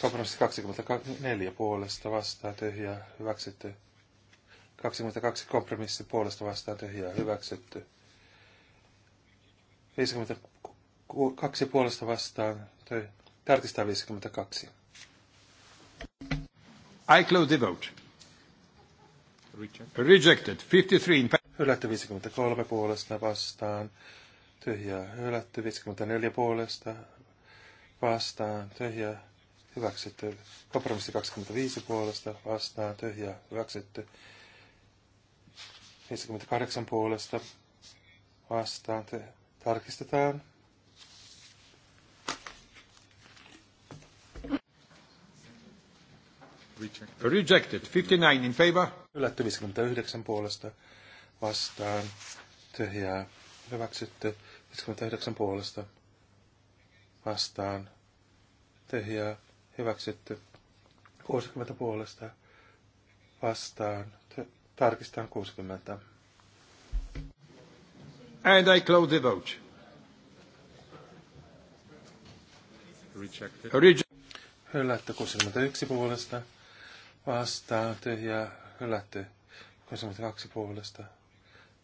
Kompromissi 24 puolesta vastaan tyhjää hyväksytty. 22 kompromissi puolesta vastaan tyhjää hyväksytty. 52 puolesta vastaan tyhjää. Tarkistaa 52. I close the vote. Rejected. 53. Hylätty 53 puolesta vastaan. Tyhjää. Hylätty 54 puolesta vastaan. Tyhjää. Hyväksytty. Kompromissi 25 puolesta vastaan. Tyhjää. Hyväksytty. 58 puolesta vastaan. Te tarkistetaan. Rejected. 59 in favor. Hylätty 59 puolesta vastaan. Tyhjää. Hyväksytty 59 puolesta vastaan. Tyhjää. Hyväksytty 60 puolesta vastaan. Tarkistan 60. And I close the vote. Rejected. Rejected. Hylätty 61 puolesta Vastaan tyhjää hylätty. kaksi puolesta.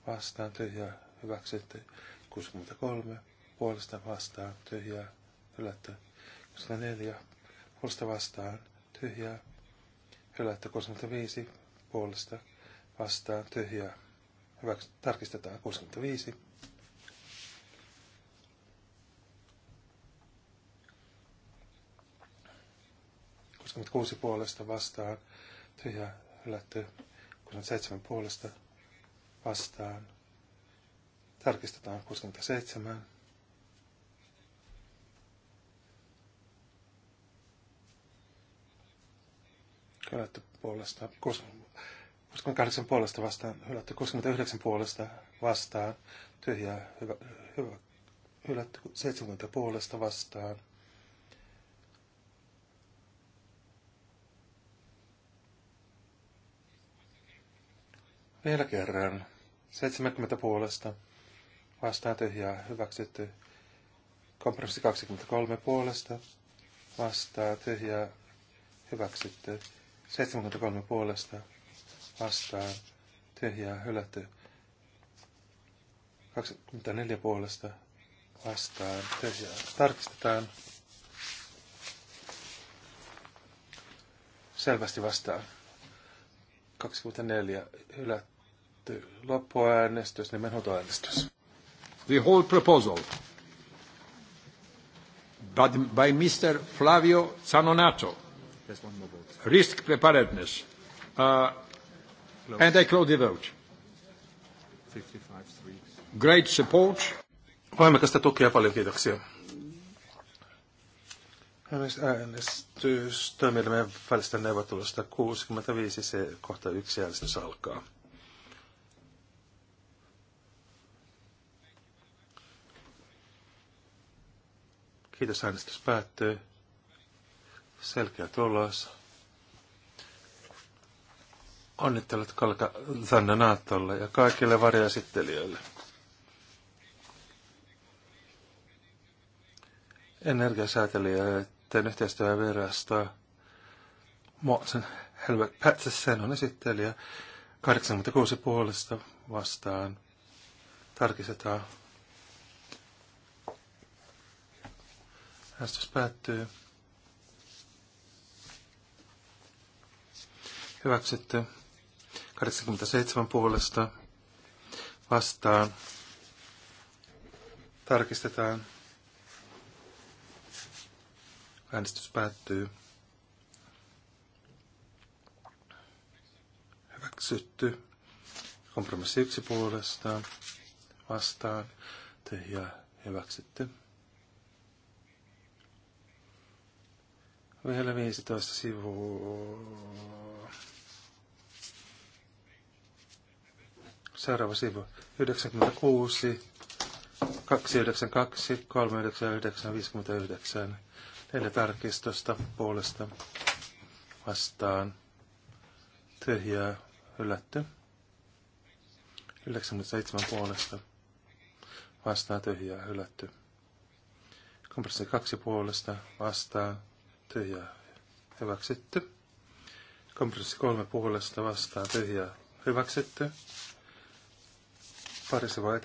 Vastaan tyhjää hyväksytty. 63 puolesta vastaan tyhjää hylätty. 64 puolesta vastaan tyhjää hylätty. 65 puolesta vastaan tyhjää hyväksytty. Tarkistetaan 65. 26 puolesta vastaan, Tyhjä hylätty. 67 puolesta vastaan. Tarkistetaan 67. hylätty puolesta, 68 puolesta vastaan, hylätty 69 puolesta vastaan, tyhjää hyvä, hyvä, hylätty 70 puolesta vastaan, Vielä kerran. 70 puolesta. Vastaan tyhjää. Hyväksytty. Kompromissi 23 puolesta. Vastaan tyhjää. Hyväksytty. 73 puolesta. Vastaan tyhjää. Hylätty. 24 puolesta. Vastaan tyhjää. Tarkistetaan. Selvästi vastaan. 24 hylätty Päättyy loppuäänestys, nimenhuutoäänestys. The whole proposal. But by Mr. Flavio Zanonato. Risk preparedness. Uh, and I close the vote. Great support. Voimakasta tukea, paljon kiitoksia. Äänestys toimielimen välistä neuvottelusta 65, se kohta yksi äänestys alkaa. Kiitos, äänestys päättyy. Selkeä tulos. Onnittelut Kalka Sanna Naattolle ja kaikille varjaesittelijöille. Energiasäätelijöiden yhteistyövirasto Morten Helvet Patterson on esittelijä 86 puolesta vastaan. Tarkistetaan Äänestys päättyy. Hyväksytty. 87 puolesta vastaan. Tarkistetaan. Äänestys päättyy. Hyväksytty. Kompromissi yksi puolestaan. Vastaan. Tyhjää. Hyväksytty. Vielä 15 sivua. Seuraava sivu. 96, 292, 399, 59. Neljä tarkistosta puolesta vastaan. Tyhjää hylätty. 97 puolesta vastaan tyhjää hylätty. Kompressi kaksi puolesta vastaan tyhjää hyväksytty. kompressi kolme puolesta vastaan tyhjää hyväksytty. Pari sivua eteenpäin.